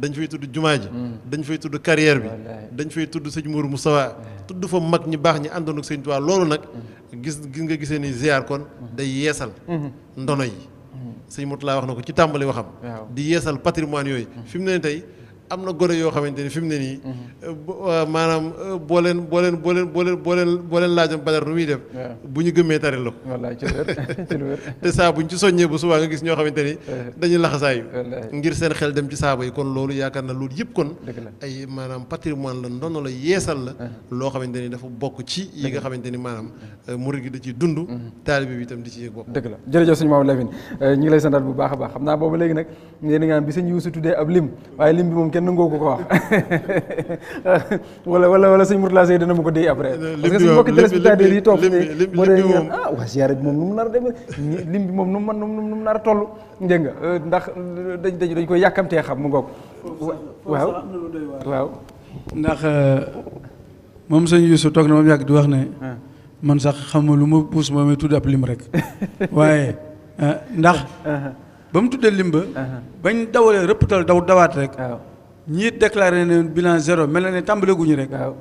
dañ fay tudd jumaa ji hmm. dañ fay tudd carrière bi dañ fay tudd sëñ Mourou Moustapha hmm. tudd fa mag ñi baax ñi àndoon ak sëñ Tuubaa loolu nag hmm. gis gis nga gisee ni ziar kon day yeesal ndono yi sëñ Mourtala wax na ko ci tàmbali waxam di yeesal patrimoine yooyu fi mu ne tey am na gone yoo xamante ni fi mu ne nii. Euh, maanaam euh, booleen leen boo leen boo leen boo leen boo leen boo leen laajoon badar nu muy def. bu ñu gëmmee tari la ko. wallaay ci wér *laughs* *laughs* te saa bu ñu ci soññee bu subaa nga gis ñoo xamante ni. dañuy laxasaayu. ngir seen xel dem ci saaba yi kon loolu yaakaar na loolu yëpp kon. ay maanaam patrimoine la ndono la yeesal la. Uh-huh. loo xamante ni dafa bokk ci yi nga xamante ni maanaam euh, murid gi da ciy dund. Uh-huh. taalibe bi itam di ci yëg bopp. dëgg la jërëjëf suñu maam Lamine ñu ngi lay santaat bu baax a baax xam naa boobu léegi nag yéen a ngi naan bi sëñ Yuusu tuddee ab lim waaye lim bi moom te nangoo ko ko wax wala wala wala sëñ Mourtala Seye dana ma ko déy après. parce que suñu mbokki yi toog moo ah, mu nar a demee lim bi moom nu mu man nu mu nar a toll dégg euh, ndax euh, dañ dañ koy yàkkamtee xam mu ngoog waaw ndax euh, moom sëñ Youssou toog na moom yàgg di wax ne ah. man sax xam ma lu ma puus moom tudd ab lim rek *laughs* waaye ndax ah. ba mu tuddee lim ba bañ dawalee rëpptal daw dawaat rek ñi déclaré ne bilan zéro mel na ne tàmbale rek. waaw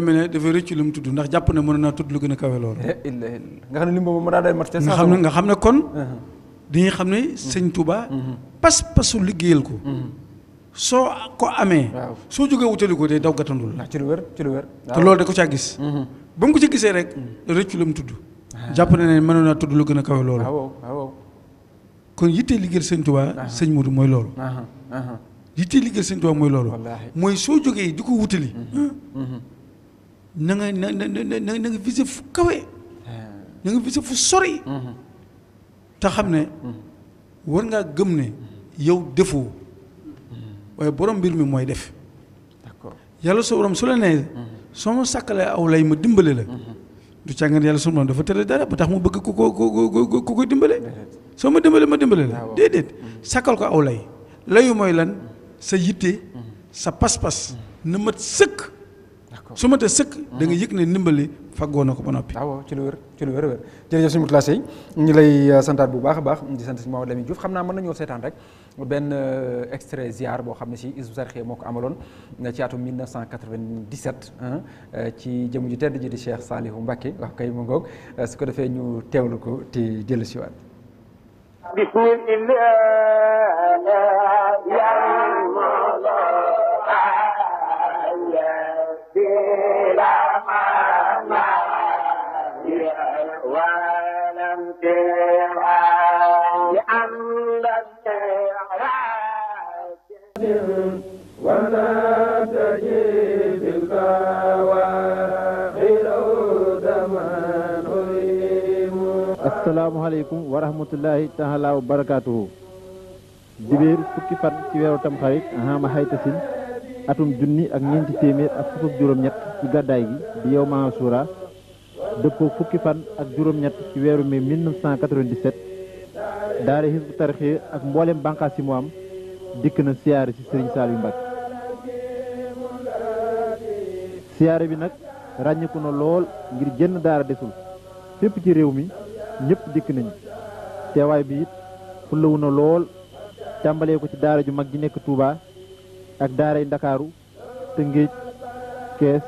mel ne dafa rëcc lu mu tudd ndax jàpp eh, ne mën naa tudd lu gën a kawe loolu. nga xam ne lim boobu daa day mat nga xam ne nga xam ne kon. dañuy xam ne sëñ Touba. pas-pasu liggéeyal ko. ko amee. soo jógee ko day daw gàttandul. ci ci lu loolu da ko caa gis. ba ko ci gisee rek. rëcc lu mu tudd. jàpp na ne mën tudd lu gën a kawe loolu. yittee liggéeyal sëñ Touba ah. sëñ Modou mooy loolu. Ah, ah, li tey liggéey sëñ Tuubaa mooy loolu mooy soo jógee di ko wutali mm-hmm. Mm-hmm. na nga na na na fu kawe ah. na nga visé fu sori mm-hmm. te xam ne war ngaa gëm ne yow defoo waaye borom mbir mi mooy def yàlla su borom su la nee soo ma sàkkalee aw lay ma dimbale la du càngan yàlla su borom dafa tëral dara ba tax mu bëgg ku ko ku ko dimbale soo ma dimbale ma dimbale la ah, déedéet sàkkal ko aw lay layu mooy lan sa yitte sa pas-pas na mat sëkk. su matee sëkk. da nga mhm. yëg ne ndimbali faggoo na ko ba noppi. Ah waaw ci lu wér ci lu wér wér jërëjëf suñu classé yi ñu lay euh, santaat bu baax a baax di sant si Mamadou Lamine Diouf xam naa mën nañoo seetaan rek benn euh, extrait boo xam ne si Hizbut moo ko amaloon euh, ci atum 1997 ci jëm ju tedd ji di Cheikh Salihu mbakki wax kay mu ngoog su ko defee ñu teewlu ko te dellusiwaat. بسم الله يا ولم ترى لأن الترى ولا تجد البواب asalaamualeykum wa rahmatullahi taala wa barakaatuhu dibéer fukki fan ci weeru tamxarit ahama xaytasin atum junni ak ñeenti téeméer ak fukk juróom-ñett ci gàddaay gi di yow Mansoura dëppoo fukki fan ak juróom-ñett ci weeru mai 1997 daara Hizbu Tarxiya ak mboolem bànqaas yi mu am dikk na siyaare ci Serigne Saliou Mbacké siyaare bi nag ràññeeku na lool ngir jënn daara desul fépp ci réew mi ñëpp dikk nañu teewaay bi it fullawu na lool tàmbalee ko ci daara ju mag ji nekk tuuba ak daaray Ndakaaru Tëngéej Kees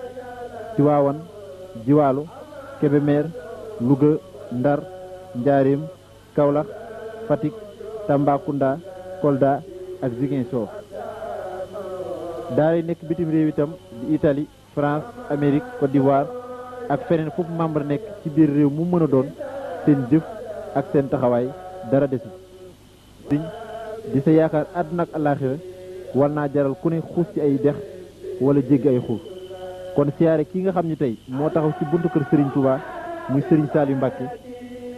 waawan Jiwaalo Kebemer Louga Ndar Njaareem Kaolack Fatick Tambacounda Kolda ak Ziguinchor daara yi nekk bitim réew itam di Italie France Amérique Côte d'Ivoire ak feneen foofu membre nekk ci biir réew mu mën a doon seen jëf ak seen taxawaay dara desu diñ di sa yaakaar àdduna ak alaaxira war naa jaral ku ne xuus ci ay dex wala jéggi ay xuus kon siyaare kii nga xam ni tey moo taxu ci buntu kër Serigne Touba muy Serigne yu Mbacké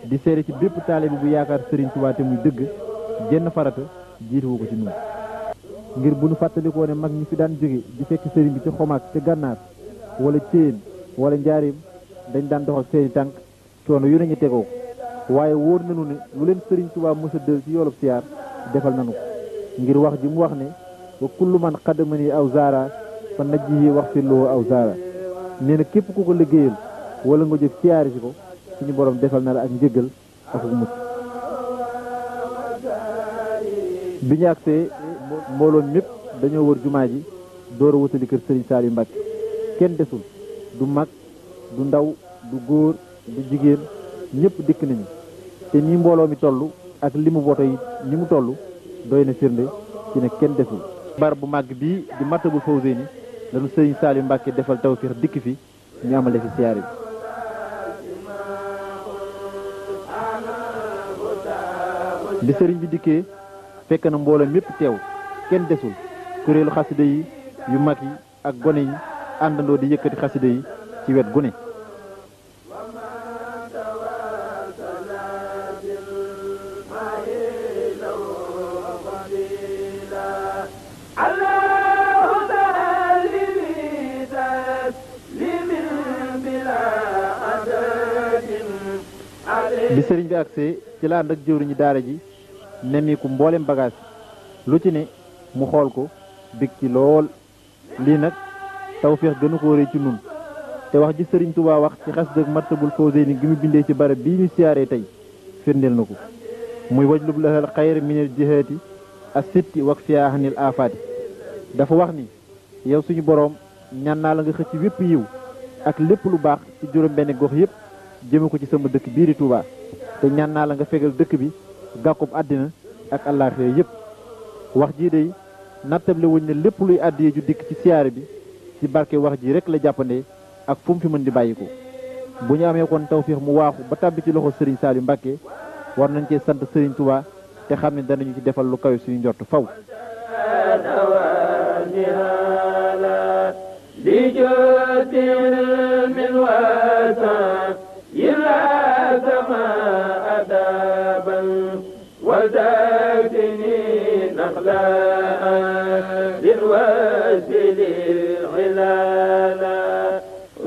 di seere ci bépp taalibe bu yaakaar sëriñ Touba te muy dëgg jenn farata jiituwu ko ci nun ngir bu nu fàttalikoo ne mag ñi fi daan jóge di fekk sëriñ bi ci xomaak ca gànnaar walla céyeen wala njaarim dañ daan doxal seeni tànk coono yu nañu tegoo waaye wóor nañu ne lu leen sëriñ Tuubaa mës a dël ci yoolub siyaar defal nañu ko ngir wax ji mu wax ne wa kullu man xadamani aw zaara fa najjihi wax fi loo aw zaara nee na képp ku ko liggéeyal wala nga jëf siyaari si ko suñu borom defal na la ak njëgal ak mucc bi ñu agsee mbooloon mépp dañoo wër jumaa ji door a wutali kër sëriñ Saliou Mbacke kenn desul du mag du ndaw du góor du jigéen ñëpp dikk nañu te nii mbooloo mi toll ak limu woto yi ni mu toll doy na firnde ci ne kenn desul bar bu màgg bii di Matlabul Fawzeyni lanu sëriñ Saliou Mbacke defal tawfeex dikk fi ñu amale fi siyaare bi bi sëriñ bi dikkee fekk na mbooloo mépp teew kenn desul kuréelu xasida yi yu mag yi ak gone yi àndandoo di yëkkati xasida yi ci wet gu bi sëriñ bi agsee ci la ànd jëwriñu daara ji nemmiku mboolem bagage lu ci ne mu xool ko bég ci lool lii nag tawféex gënu ko wëree ci nun te wax ji sëriñ waa wax ci xas dëgg Matlabul Fawzayni gi mu bindee ci barab bii ñu siyaaree tey firndeel na ko muy wajlub lahal xayr minal jihaati as sitti wak fiyahanil aafaati dafa wax ni yow suñu boroom ñan naa la nga xëcc wépp yiw ak lépp lu baax ci juróom benn gox yépp jëme ko ci sama dëkk bii di Touba te ñaan naa la nga fegal dëkk bi gàkkub àddina ak àllaaxira yëpp wax jii day nattable wuñ ne lépp luy àddiyee ju dikk ci siyaare bi ci barke wax ji rek la jàppande ak fu fi mën di bàyyi ko bu ñu amee kon tawféex mu waaxu ba tàbbi ci sëriñ Serigne yu Mbacké war nañ cee sant Serigne Touba te xam ne danañu ci defal lu kawe suñu njort faw li jotin min watan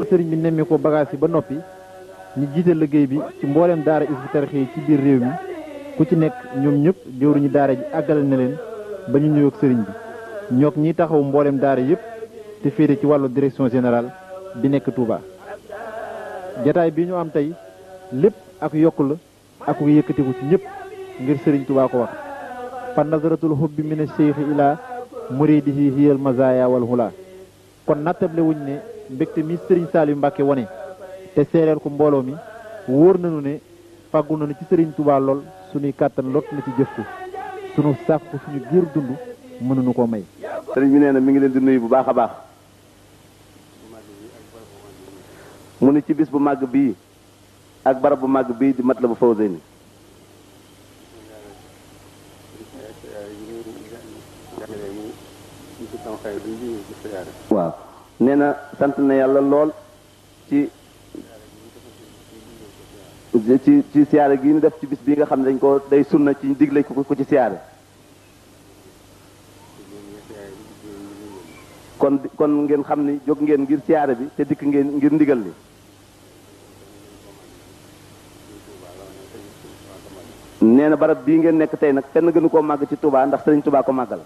sëriñ bi nemmee ko bagaas yi ba noppi ñu jiite liggéey bi ci mboolem daara Hizbut ci biir réew mi ku ci nekk ñoom ñëpp jëwruñu daara ji àggale na leen ba ñu ñëw sëriñ bi ñook ñiy taxaw mbooleem daara yépp te féete ci wàllu direction générale bi nekk Touba jataay bi ñu am tey lépp ak yokk la ak ku yëkkatiku ci ñëpp ngir sëriñ tubaa ko wax fa nazaratul hubbi mina cheikhi ila muridihi hiyal mazaya wal hula kon nattable wuñ ne mbégte mi sëriñ Saliou Mbacke wone te seereel ko mbooloo mi wóor nañu ne na nañu ci sëriñ tubaa lool suñuy kàttan lot na ci jëf ko suñu sàkk ko suñu giir dund mënuñu koo may sëriñ bi nee na mi ngi leen di nuyu bu baax a baax mu ni ci bis bu màgg bii ak barab bu màgg bii di mat la Matlaboul Fawzayni waaw nee na sant na yàlla lool ci ci ci siyaare gi ñu def ci bis bi nga xam ne dañ ko day sunna ci digle ko ko ci siyaare kon kon ngeen xam ni jóg ngeen ngir siyaare bi te dikk ngeen ngir ndigal li nee na barab bii ngeen nekk tey nag fenn gënu koo màgg ci Touba ndax Serigne Touba ko màggal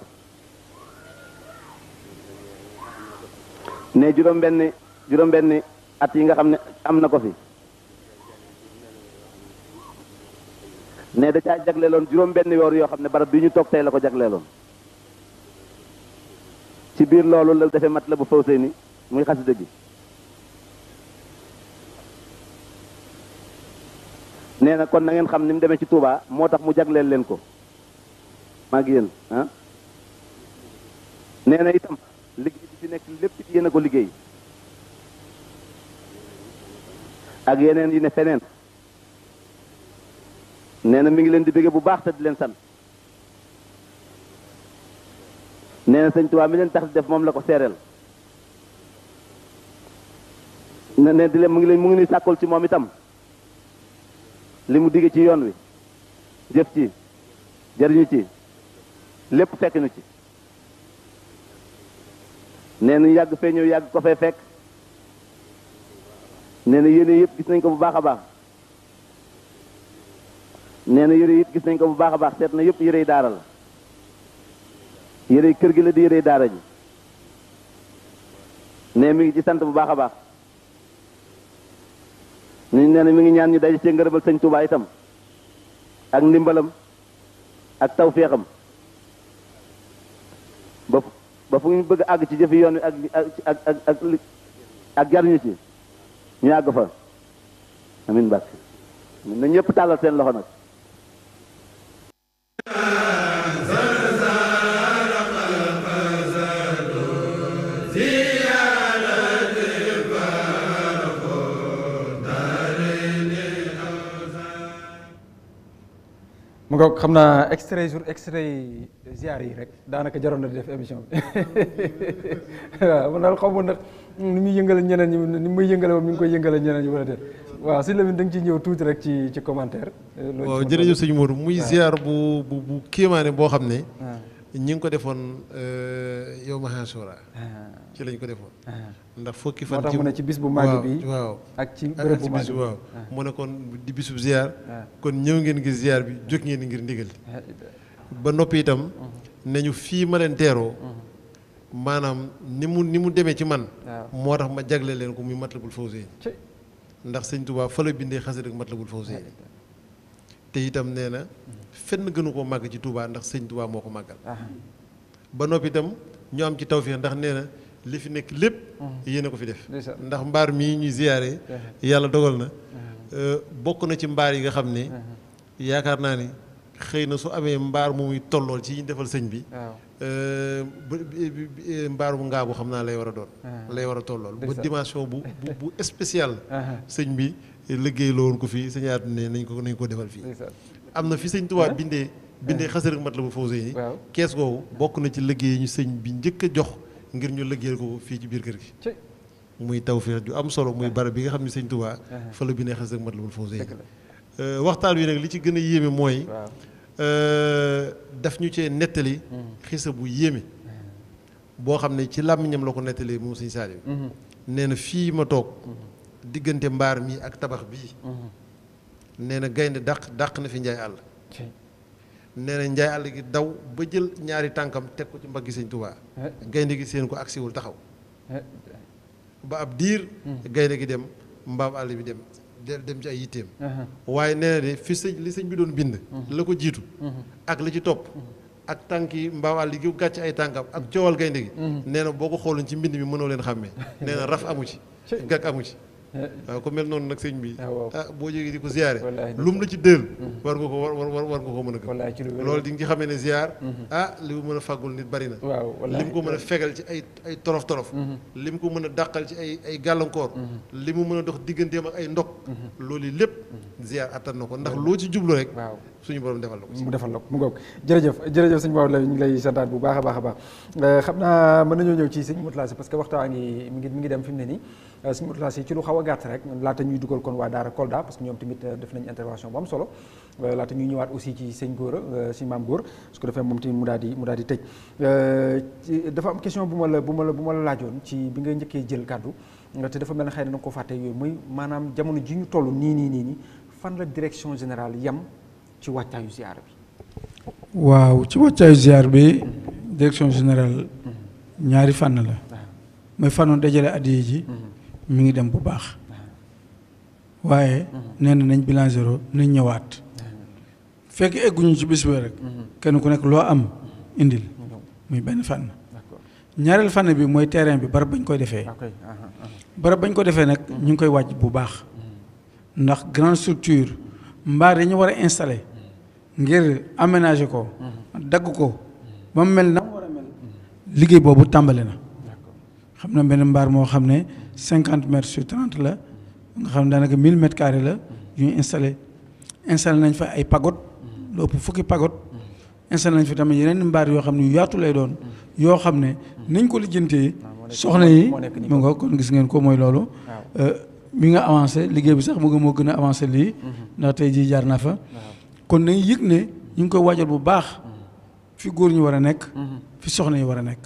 ne juróom-benni juróom-benni at yi nga xam ne am na ko fi ne da caa jagleeloon juróom-benni weer yoo xam ne barab bii ñu toog tey la ko jagleeloon ci biir loolu la defee mat la bu faw see ni muy xasida gi nee na kon nangeen xam ni mu demee ci Touba moo tax mu jagleel leen ko maag yéen ah nee na itam liggéey bi fi nekk lépp it yéen ko liggéey ak yeneen yi ne feneen nee na mi ngi leen di bëgge bu baax te di leen san nee na sëñ Touba mi leen tax di def moom la ko seereel ne ne di leen mu ngi leen mu ngi nuy sàkkul ci moom itam li mu digge ci yoon wi jëf ci jëriñu ci lépp fekk nu ci nee na yàgg fee ñëw yàgg ko fee fekk nee na yére yëpp gis nañ ko bu baax a baax nee na yére yëpp gis nañ ko bu baax a baax seet na yëpp yérey daara la yérey kër gi la di yérey daara ji nee mi ngi ci sant bu baax a baax ñu nee na mi ngi ñaan ñu day ci ngërëmal sëñ Touba itam ak ndimbalam ak tawféexam ba ba fu ñu bëgg àgg ci jëfi yoon wi ak ak ak ak jariñu ci ñu àgg fa amin mbàkk na ñëpp tàllal seen loxo nag mu nga xam naa extrait jour extrait ziar yi rek daanaka jaroon na def émission bi *laughs* waaw man daal xaw ma nag ni muy yëngale ñeneen ñi ni muy yëngale moom mi ngi koy yëngale ñeneen ñi wala déet waaw sëñ Lamine da nga ciy ñëw tuuti rek ci ci commentaire. loolu waaw jërëjëf sëñ Modou muy ziar bu bu bu kéemaane boo xam ne. ñi ngi ko defoon euh, yow ma ah. ci lañ ko defoon. Ah. ndax fokki fan. moo ci bis bu màgg bi waaw ak ci ah, bërëb bu màgg bi waaw. mu ne kon di bisub ziar. kon ñëw ngeen ngir ziar bi jóg ngeen ngir ndigal. ba noppi itam. Mm-hmm. ne ñu fii ma leen teeroo. Mm-hmm. maanaam ni mu ni mu demee ci man. moo tax ma jagle leen ko muy Matlabul Fawzayni ndax sëñ Tuubaa fa la bindee xasida ak Matlabul Fawzayni te itam nee na. Mm-hmm. fenn gënu koo màgg ci Touba ndax sëñ Touba moo ko màggal. ba noppi itam ñu am ci tawféex ndax nee na li fi nekk lépp. yéen ko fi def. ndax mbaar mii ñuy ziyaare. yàlla dogal na. Euh, bokk na ci mbaar yi nga xam ne. yaakaar naa ni xëy na su amee mbaar mu muy tollool ci ñu defal sëñ bi. Euh, euh, mbaaru ngaa bu xam naa lay war a doon. lay war a tollool ba dimension bu bu bu *laughs* sëñ bi liggéey la woon ko fii sëñaat ne nañ ko nañ ko defal fii. am na fi sëñ Tuubaa eh? bindee bindee eh. xasar mat la bu fawse yi kees googu bokk na ci liggéey ñu sëñ bi njëkk jox ngir ñu liggéey ko fii ci biir kër gi muy taw tawfeex ju am solo muy eh. barab bi nga xam ne sëñ Tuubaa fa la bindee xasar mat la bu fawse yi waxtaan wi nag li ci gën a yéeme mooy daf ñu cee nettali mm-hmm. xisa bu yéeme boo xam ne ci làmmiñam la ko nettalee moom sëñ Saliou mm-hmm. nee na fii ma toog mm-hmm. diggante mbaar mii ak tabax bii nee na gaynde dàq dàq na fi njaay àll nee na njaay àll gi daw ba jël ñaari tànkam teg ko ci mbaggi sëñ tubaa eh. gaynde gi seen ko agsiwul taxaw eh. ba ab diir hmm. gaynde gi dem mbaam àll bi dem dem ci ay yitteem eh, waaye nee de fi sëñ li sëñ bi doon bind hmm. la ko jiitu hmm. ak la ci topp ak tànk yi mbaaw àll gi gàcc ay tànkam ak coowal gaynde gi nee na boo ko xooloon ci mbind mi mënoo leen xàmmee *laughs* nee raf amu ci gag amu ci Eh. waaw ko mel noonu nag sëñ bi ah, ah boo jógee di ko ziyaare lum la ci dël mm-hmm. war nga ko war war war nga ko mën a gëm lool di nga ci ne ziyaar mm-hmm. ah li mu mën a fagul nit bari na li mu ko mën a fegal ci ay ay torof torof li mu ko mën a dàqal ci ay ay gàllankoor mm-hmm. li mu mën a dox digganteem ak ay ndok loolu lépp ziyaar attan na ko ndax loo ci jublu rek suñu borom defal la ko mu defal la ko mu ngoog jërëjëf jërëjëf sëñ Babou baax baax a eh, xam naa mën nañoo ñëw ci sëñ Moutalla Si parce que waxtaan ngi mi ngi dem fi mu ne nii eh, sëñ a gàtt rek laata ñuy dugal kon waa Daara Kolda parce que ñoom tamit eh, def nañ intervention bu am solo laata aussi ci sëñ Góora sëñ mu daal di mu daal di dafa am question bu ma la bu ma la bu ma la laajoon ci bi nga njëkkee jël kàddu te dafa mel ne xëy na da nga ko fàtte yooyu muy maanaam jamono ji ñu toll nii nii nii fan la direction général yam ci wàccaayu ziar waaw ci wàccaayu ziar bi direction général ñaari fànn la mooy fànnoon dajale addiya ji mm-hmm. mi ngi dem bu baax mm-hmm. waaye mm-hmm. nee na nañ bilan zéro nañ ñëwaat fekk egguñu ci bis bi rek kenn ku nekk loo am indil muy benn fànn ñaareel fànn bi mooy terrain bi barab bañ koy defee uh-huh, uh-huh. barab bañ ko defee nag ñu ngi koy wàcc bu baax ndax grande structure mbaa dañu war a installer ngir aménager ko dagg ko ba mu mel na war a liggéey boobu tàmbali na xam na benn mbaar moo xam ne cinquante mètres sur trente la nga xam ne daanaka mille mètres carrés la yu ñu installé nañ fa ay pagode lu ëpp fukki pagode installé nañ fa tamit yeneen mbaar yoo xam ne yu yaatu lay doon yoo xam ne nañ ko lijjantee soxna yi mu nga kon gis ngeen ko mooy loolu euh, mi nga avancé liggéey bi sax mu nga moo gën a avancé lii mhm. ndax jii jaar na fa kon nañ yëg ne ñu ngi koy waajal bu baax fi góor ñu war a nekk mhm. fi soxna yi war a nekk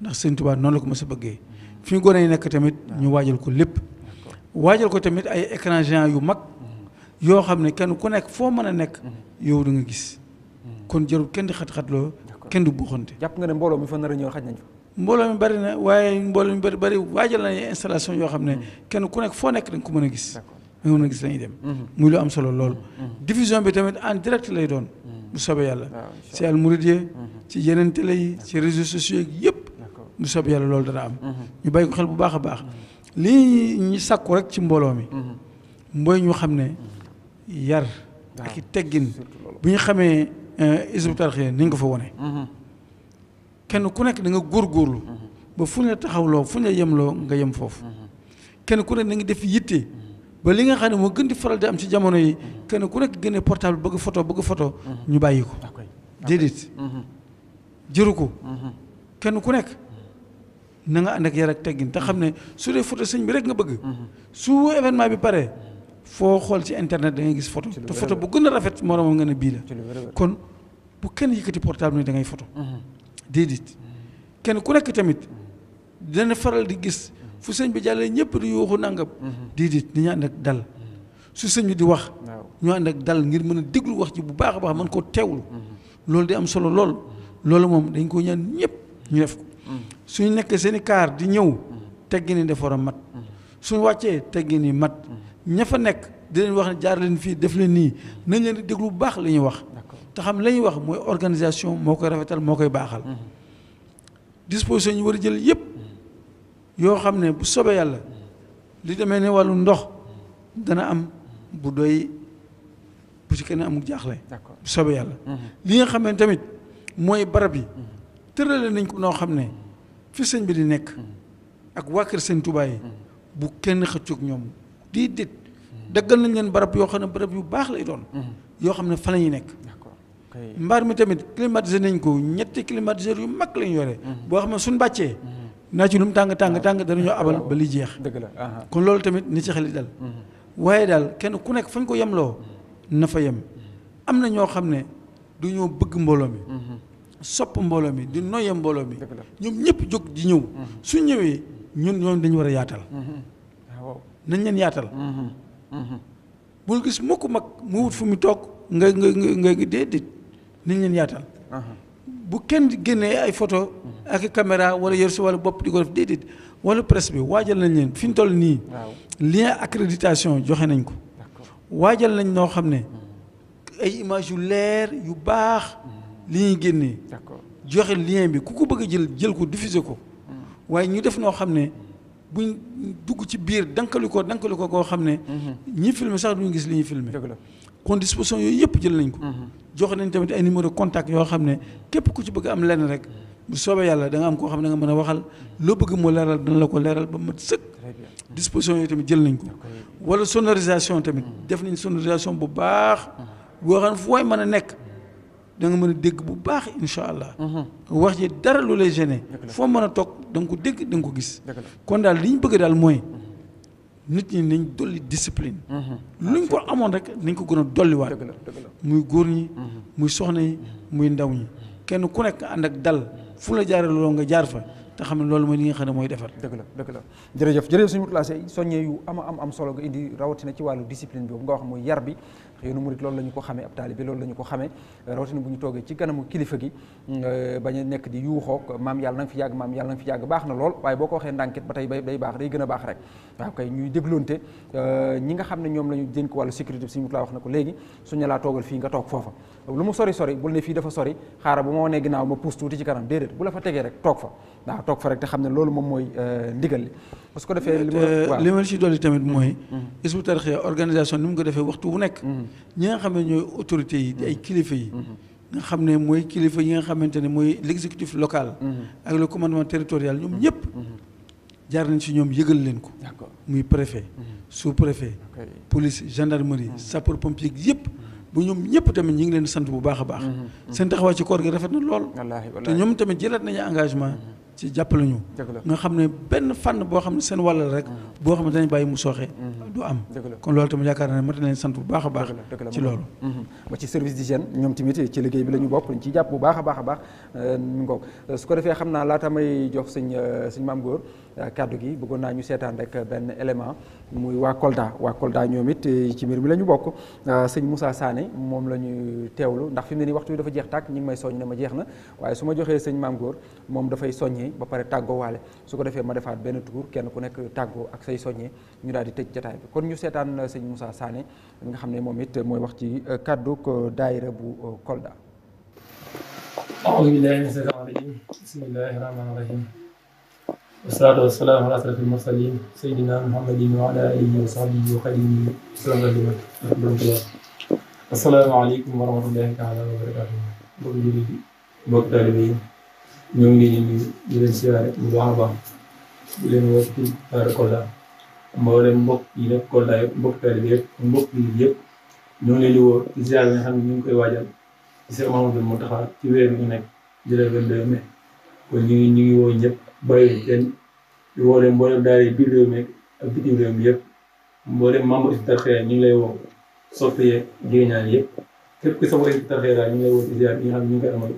ndax Sëñ Tuubaa noonu la ko mës a bëggee fi gone yi nekk tamit ñu waajal ko lépp waajal ko tamit ay écran yu mag mhm. yoo xam ne kenn ku nekk foo mën a nekk mhm. yow da nga gis kon jarul kenn di xat-xatloo kenn du buuxante jàpp nga ne mbooloo mi fa nar a ñëw xaj nañ fa mbooloo mi bari na waaye mbooloo mi bari bari waajal na installation yoo xam ne kenn ku nekk foo nekk da ko mën a gis ñoo mën a gis lañuy dem. Mm-hmm. muy lu am solo lool. Mm-hmm. diffusion bi tamit en direct lay doon. Mm-hmm. bu soobee yàlla. ci Al Mouridiyyah si yeneen télé yi ci réseaux sociaux yi yëpp. bu soobee yàlla loolu dana am. ñu bàyyi ko xel bu baax a baax. lii ñu sàkku rek ci mbooloo mi. mooy ñu xam ne yar. ak i teggin bu ñu xamee euh, Hizbut Tarqiyyah ni ñu ko fa wone kenn ku nekk da góor góorlu ba fu ne taxawloo fu ne loo nga yem foofu. kenn ku ne na ngi def yitte. ba li nga xam ne moo gën di faral di am ci jamono yi kenn ku nekk génne portable bëgg photo bëgg photo mhm. ñu bàyyi ko déedéet mhm. jëru ko mhm. kenn ku nekk na nga ànd ak yar ak teggin te xam ne su dee photo sëñ bi rek nga bëgg su événement bi paree foo xool ci internet da ngay gis photo te photo bu gën a rafet moroomam nga ne bii la kon bu kenn yëkkati portable ni da ngay photo déedéet kenn ku nekk tamit dana faral di gis fu sëñ bi jàllee ñëpp di yuuxu nangam. Mhm. déedéet nañu ànd ak dal mhm. su sëñ bi di wax. ñu ànd ak dal ngir mën a déglu wax ci bu baax a baax mën koo teewlu. Mhm. loolu di am solo lool. loolu moom dañ ko ñaan ñëpp ñu def ko. suñu nekkee seen i kaar di ñëw. teggi ni dafa war a mat. suñu wàccee teggi ni mat. ña fa nekk di leen wax ne jaar leen fii def leen nii nañ leen di déglu bu baax li ñuy wax. te xam la ñuy wax mooy organisation moo koy rafetal moo koy baaxal. disposition ñu jël yëpp. yoo xam ne bu sobe yàlla li deme ne wàllu ndox dana am bu doy bu ci kenn amul jaaxle bu sobe yàlla mhm. li nga xam ne tamit mooy barab yi mhm. tërale nañ ko noo xam ne fi sëñ bi di nekk mhm. ak waa kër sëñ Tuubaa bu kenn xëccoog ñoom dii dit daggal nañ leen barab yoo xam ne barab yu baax lay doon yoo xam ne fa la ñuy nekk mbaar mi tamit climatisé nañ ko ñetti climatiseur yu mag lañu yore boo xam ne suñ bàccee naa ci lu mu tàng tàng ah. tàng danañoo abal ba li jeex. dëgg la ah, ah. kon loolu tamit ni ci xel dal. Mm-hmm. waaye daal kenn ku nekk fañ ko yemloo mm-hmm. na fa yem mm-hmm. am na ñoo xam ne du ñoo bëgg mbooloo mi. sopp mbooloo mi di noyye mbooloo mi. ñoom ñëpp jóg di ñëw. su ñëwee ñun ñoom dañu war a yaatal. nañ leen yaatal. bul gis mukk mag mu wut fu mu toog nga nga nga nga déedéet nañ leen yaatal. Uh-huh. bu kenn génnee ay photo ak caméra wala yor si wala bopp di ko def déedéet wala presse bi waajal nañ leen fi ñu toll nii. lien accréditation joxe nañ ko. waajal nañ noo xam ne ay image yu leer yu baax mm. li ñuy génnee. joxe lien bi ku ko bëgg jël jël ko diffuser ko. Mm. waaye ñu def noo xam ne buñ dugg ci biir dankali ko dankali ko koo xam ne. Mm-hmm. ñi filmer sax duñu gis li ñu filmer kon disposition yooyu yëpp jël nañ ko. Mm-hmm. jox nañ tamit ay numéro contact yoo xam ne képp ku ci bëgg am lenn rek bu soobee yàlla da nga am koo xam ne da mën a waxal loo bëgg mu leeral dana la ko leeral ba mat sëkk disposition yooyu tamit jël nañ ko wala sonorisation tamit def nañ sonorisation bu baax boo xam ne fu waay mën a nekk danga mën a dégg bu baax incha allah mhm. wax ji dara lu lay gêné foo mën a toog da ko dégg da ko gis kon daal li bëgg daal mooy nit ñi nañ dolli discipline. Mhm. luñ ko amoon rek nañ ko gën a dolliwaat. muy góor ñi. Mhm. muy soxna yi muy ndaw ñi. kenn ku nekk ànd ak dal fu la jaaree loolu nga jaar fa te xam ne loolu mooy li nga xam ne mooy defar. dëgg la dëgg la jërëjëf jërëjëf suñu classé soññee yu ama am am solo nga indi rawatina ci wàllu discipline boobu nga wax mooy yar bi. yoonu mu loolu la ñu ko xamee ab taalibe loolu la ñu ko xamee rawatina bu ñu toogee ci kanamu kilifa gi bañ a nekk di yuuxoog maam yàlla na fi yàgg maam yàlla na nga fi yàgg baax na lool waaye boo ko waxee ndànkit ba tey bay day baax day gën a baax rek waaw kay ñuy dégloonte euh, ñi nga xam ne ñoom la ñu dénk wàllu sécurité bi suñu mut laa wax na ko léegi suñu laa toogal fii nga toog foofa lu mu sori sori bul ne fii dafa sori xaaral bu ma wanee ginnaaw ma pousse tuuti ci kanam déedéet bu la fa tegee rek toog fa waaw toog fa rek te xam ne loolu moom mooy euh, ndigal li parce que defee li ma euh, ci tamit mooy mm-hmm. Hizbut organisation ni mu ko defee waxtu bu nekk mm-hmm. ñi nga xam ne ñooy autorités yi di ay mm-hmm. kilifa yi nga xam ne mooy kilifa yi nga xamante ne mooy l'exécutif local ak le commandement territorial ñoom ñëpp jaar nañ si ñoom yëgal leen ko muy préfet sous préfet police gendarmerie sapeur pompier yëpp bu ñoom ñëpp tamit ñu ngi leen sant bu baax a baax. Mm-hmm. seen taxawaay ci koor gi rafet na lool. te ñoom tamit jëlaat nañu engagement. Mm-hmm. ci jàppale ñu nga xam ne benn fànn boo xam ne seen wàll rek mm-hmm. boo xam ne dañ bàyyi mu sooxe mm-hmm. du am kon loolu tamit yaakaar naa ne mat nañ bu baax a baax ci loolu mm-hmm. ba ci service d'hygiène ñoom tamit ci liggéey bi la ñu bopp dañ ciy jàpp bu baax a baax a baax mu euh, ngoog su ko defee xam naa laata may jox sëñ euh, sëñ maam góor euh, gi bëggoon naa ñu seetaan rek benn élément muy waa Kolda waa Kolda ñoom it ci mbir mi la ñu bokk sëñ Moussa Sané moom la ñu teewlu ndax fi ne nii waxtu bi dafa jeex tàkk ñi ngi may soññ ne ma jeex na waaye su ma joxee sañ maam góor moom dafay soññee ba pare tàggoo waale su ko defee ma defaat benn tour kenn ku nekk tàggoo ak say soññee ñu daal di tëj jataay bi kon ñu seetaan euh, sëñ Moussa Sané mi nga xam ne moom it mooy wax ci euh, kàddu euh, daayira bu Kolda. bismillahi rahmaani rahim wasalaatu wasalaamu ala asrafil mursalin sayyidina muhammadin wa ala alihi wa sahbihi wa xadimihi asalaamaaleykum wa rahmatullahi taala wa barakatuh mbokk jullit yi mbokk taalibe yi ñoo ngi leen di leen siyaare bu baax a baax di leen woo ci daara Kolda mbokk yi nag Kolda yëpp mbokk taalibe yëpp mbokk yi yëpp ñoo ngi leen di woo ci ziar nga xam ne ñu ngi koy waajal ci Seex Mamadu Muntaxa ci weer bi nekk di la vingt-deux mai ñu ngi ñu ngi woo ñëpp bàyyi kenn di woo leen mboolem daara yi biir réew mi ak bitim réew mi yëpp mboolem membre Hizbut Tarqiyyah ñu ngi lay woo soppi yeeg géeñaan yëpp képp ku sa yi Hizbut Tarqiyyah daal ñu nga xam ñu ngi koy amal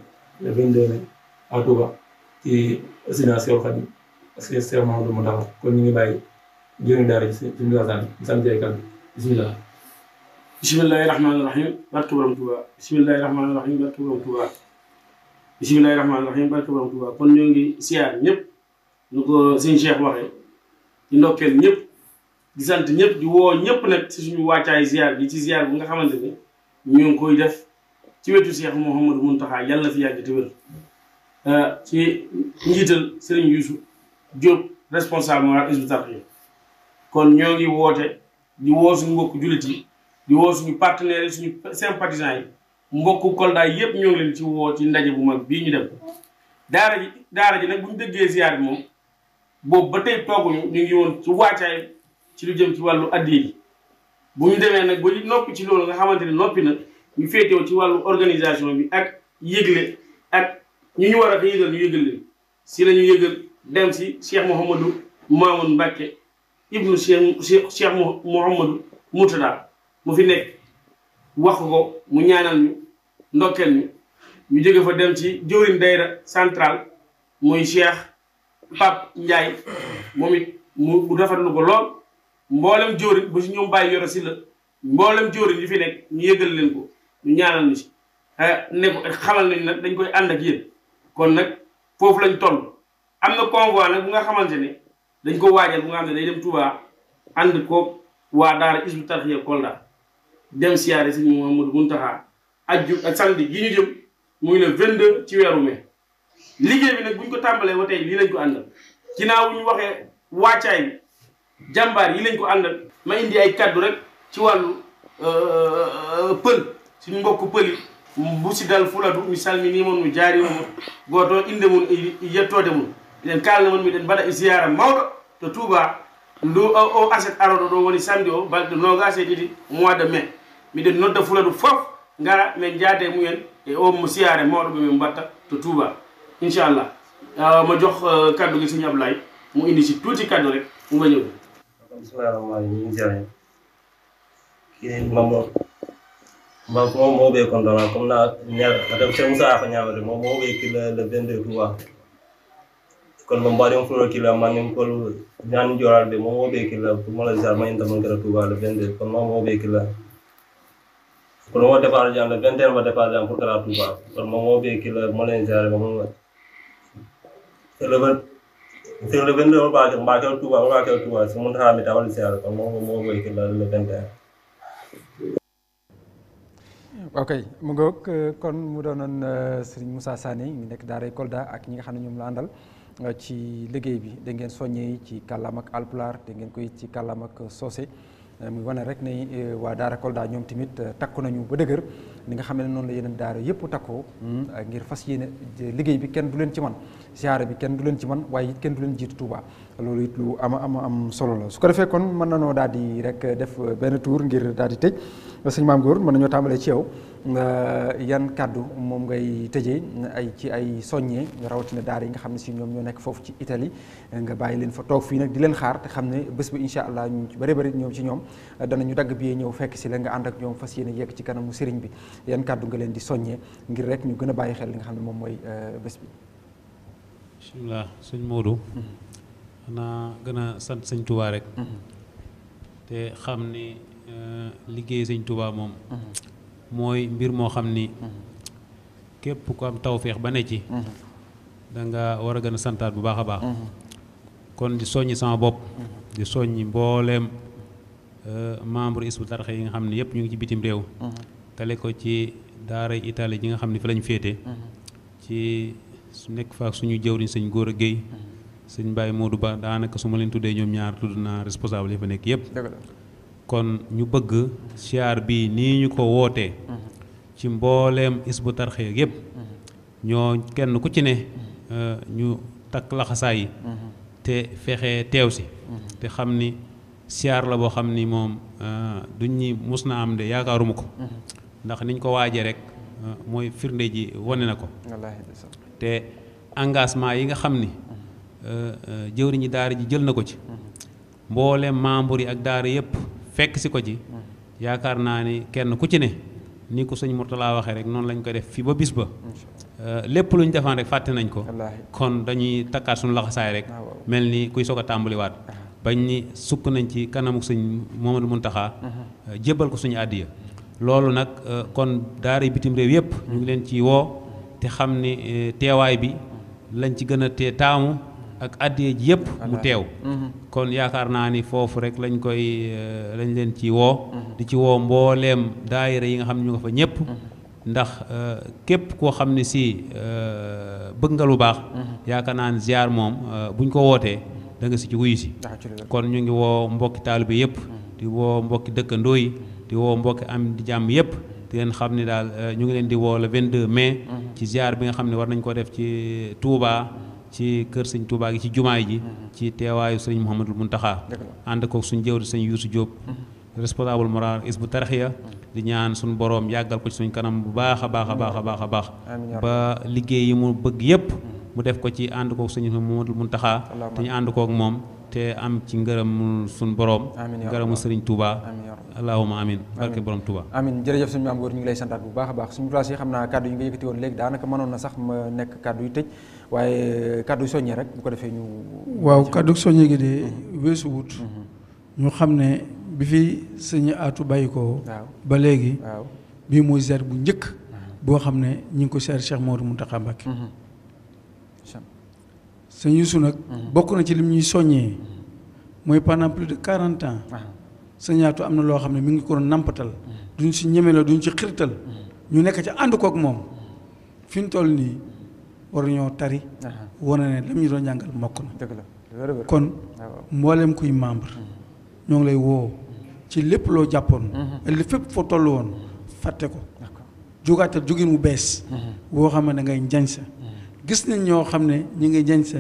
le vingt-deux à que Seydou Mahamadou Moutaha rahmaani rahiim barke borom Touba rahmaani rahiim barke borom Touba rahmaani rahiim barke borom kon ñoo ngi siyaar ñëpp ñu ko sëñ Cheikh waxee di ndokkeel ñëpp di sant ñëpp di woo ñëpp nag ci suñu wàccaay ziar bi ci ziar bi nga xamante ni ñu ngi koy def ci wetu Cheikh Mouhamadou Mountakha yàlla na yàgg te Euh, ci njiital Serigne Youssou Diop responsable moral Hizbut Tarqiyyah kon ñoo ngi woote di woosu suñu mbokk jullit yi di woo suñu partenaires yi suñu sympathisants yi mbokku Kolda yëpp ñoo ngi leen ci woo yi ndaje bu mag bii ñu dem daara ji daara ji nag buñ ñu dëggee ziar bi moom boobu ba tey tooguñu ñu ngi woon ci wàccaay ci lu jëm ci wàllu addiya yi bu ñu demee nag ba noppi ci loolu nga xamante ni noppi na ñu féetewoo ci wàllu organisation bi ak yëgle ak ñu ñu war a yëgal ñu yëgal leen si la ñu yëgal dem si Cheikh Mouhamadou Mamoun Mbacke ibnu Cheikh Cheikh Mouhamadou Moutada mu fi nekk wax ko mu ñaanal ñu ndokkeel ñu ñu jóge fa dem ci jëwriñ dayra central muy Cheikh Pape Ndiaye moom it mu rafetlu ko lool mboolem jëwriñ ba si ñoom bàyyi yoro si la mboolem jëwriñ yi fi nekk ñu yégal leen ko ñu ñaanal ñu si eh, ne xamal nañ nag dañ koy ànd ak yéen kon nag foofu lañ toll am na convoi nag bu nga xamante ne dañ ko waajal bu nga xam ne day dem Touba ànd ko waa daara isbu tarxiya Kolda dem siyaare sëñ Mouhamadou Mountakha ajju ak samedi gi ñu jëm muy le 22 ci weeru mai liggéey bi nag buñ ko tàmbalee ba tey lañ ko àndal ginnaaw ñu waxee wàccaay bi jàmbaar yi lañ ko àndal ma indi ay kaddu rek ci wàllu euh, euh, euh, pël suñ mbokk pël musidal fuladu mi salminima on mi jaarima mon goto inde mum e yettode mum eɗen kalna mon miɗen mbaɗa e ziyara mawɗo to touba ndu o aset aroɗo ɗo woni samedi o balɗe nogas e ɗiɗi mois de mi miɗen nodda fuladu foof gara min jaade mumen e o mo siyare mawɗo ɓe min mbatta to touba inchallah ah, mo jox eh, kaddu gi seigne ablaye mu indi si tuuti kaddu rek mu ma ñëw ma ko mo be kon dona na nyal adam fa nyama de mo mo be le le 22 quoi kon mo mbari on furo ki la man ko nyan joral be mo mo be ki la mo la jar ma inta mo kon mo mo be ki kon mo départ jam le 21 ma départ jam pour kera tuwa kon mo mo be ki la mo la jar mo mo le 22 le 22 ba ke ba ke tuwa ba ke tuwa so mo ta mi ta wal jar kon mo mo be ki le 21 ok mu nga euh, kon mu doonoon euh, Serigne Moussa Sané mi nekk daaray Kolda ak ñi nga xam ne ñoom la àndal euh, ci liggéey bi dangeen ngeen soññee ci kàllaam ak alpulaar da ngeen koy ci kàllaam soose muy wane rek ne waa daara Kolda ñoom tamit takku nañu ba dëgër ni nga xam ne noonu la yeneen daara yëpp takkoo hmm, ngir fas yéene liggéey bi kenn du leen ci man siyaare bi kenn du leen ci man waaye it kenn du leen jiitu Touba loolu it lu ama ama am solo la su ko defee kon mën nanoo daal di rek def benn tour ngir daal di tëj sëñ maam góor mën nañoo tàmbalee ci yow yan kàddu moom ngay tëjee ay ci ay soññee rawatina daara yi nga xam ne si ñoom ñoo nekk foofu ci Italie nga bàyyi leen fa toog fii nag di leen xaar te xam ne bés ba incha allah ñu ci bëri bëri ñoom ci ñoom danañu dagg bi ñëw fekk si la nga ànd ak ñoom fas yéene yegg ci kanamu sëriñ bi yan kàddu nga leen di soññee ngir rek ñu gën a bàyyi xel li nga xam ne moom mooy euh, bés bi. suñ sëñ Modou. Mm-hmm. xanaa gën a sant sëñ Tuubaa Euh, liggéey sëñ Touba moom mm-hmm. mooy mbir moo xam ni mm-hmm. képp ko am tawféex ba ne ci mm-hmm. da nga war a gën a santaat bu baax a baax kon di soññi sama bopp di soññi mbooleem euh, membre Hizbut Tarqiyyah yi nga xam ne yëpp ñu ngi ci bitim réew tale ko ci daara Italie ji nga xam ne fi lañu féete ci su nekk fa suñu jëwriñ sëñ góor a géey sëñ moo Modou Ba daanaka su ma leen tuddee ñoom ñaar tudd naa responsable yi nekk yëpp kon ñu bëgg siyaar bii nii ñu ko wootee ci mbooleem isbu tarxiya yépp ñoo kenn ku ci ne euh, ñu takk laxasaay yi te fexe teew si te xam ni siyaar la boo xam ni moom euh, duñ ñi mus na am de yaakaaruma ko ndax niñ ko waajee rek euh, mooy firnde ji wane na ko te engagement yi nga xam ni jëwriñi daara ji jël na ko ci mm-hmm. mboolem membre yi ak daara yépp fekk si ko ci yaakaar naa ni kenn ku ci ne ni ko sëñ Mourtala waxee rek noonu lañ koy def fii ba bis ba lépp lu ñu defaan rek fàtte nañ ko kon dañuy takkaat suñu laxasaay rek ah, mel ni kuy soog a tàmbaliwaat ah. bañ ni sukk nañ ci kanamu sëñ Momadou Muntaxa mm-hmm. euh, jébbal ko suñu àddiya loolu nag euh, kon daara bitim réew yëpp ñu ngi leen ci woo te xam ni euh, teewaay bi mm-hmm. lañ ci gën a tee taamu ak addiye ji yëpp mu teew mhm. kon yaakaar naa ni foofu rek lañ koy euh, lañ leen ci woo mhm. di ci woo mbooleem daayira yi nga xam ne ñu nga fa ñëpp mhm. ndax euh, képp koo xam ne si euh, bëgg nga lu baax yaakaar naa ne ziar moom buñ ko wootee da si ci wuyu si kon ñu ngi woo mbokki taalibe yëpp di woo mbokki dëkkandoo yi di woo mbokki am jàmm yëpp di leen xam ne daal ñu ngi leen di woo le 22 ci ziar bi nga xam ne war nañ ko def ci Touba ci kër sëñ Touba gi ci jumaay ji mhm. ci teewaayu sëñ Mouhamadul Muntaxa ànd kook suñ jëwri sëñ Youssou Diop mhm. responsable moral Hizbut ya mhm. di ñaan suñ boroom yàggal ko ci suñ kanam bu baax a baax a baax a baax a baax ba liggéey yi mu bëgg yépp mu def ko ci ànd kook sëñ Mouhamadul Muntaxa te ñu ànd kook moom te am ci ngërëm suñ borom ngërëmu sëriñ Touba allahuma amin barke borom Touba amin jërëjëf suñu am góor ñu ngi lay santaat bu baax a baax suñu place yi xam naa kàddu yi nga yëkkati woon léegi daanaka mënoon na sax ma nekk kàddu yu tëj waaye euh, kaddu soññe rek bu ko defee ñu waaw kàddu soññe gi de mm-hmm. weesu wut mm-hmm. ñu xam ne bi fi sëñ atu bàyyi ko ba léegi bii mooy zer bu njëkk mm-hmm. boo xam ne ñu ngi ko seer Cheikh Modou Mountakha Mbacké sëñ Youssou nag. bokk na ci lim ñuy soññee mooy pendant plus de quarante ans. Ah. sëñ Atou am na loo xam ne mu ngi kon doon nampatal. duñ si ñeme la duñ ci xirtal. ñu nekk ci ànd koog moom fi ñu toll nii war ñoo tari. Ah. wane ne lam ñu doon jàngal mokk na. kon ah, mboolem kuy membre. Mm. ñoo ngi lay woo ci lépp loo jàppoon. Mm-hmm. li fépp foo toll woon fàtte ko. jógaatal jógin wu bees. Mm-hmm. woo xam ne da njañ sa gis nañ ñoo xam ne ñu ngi sa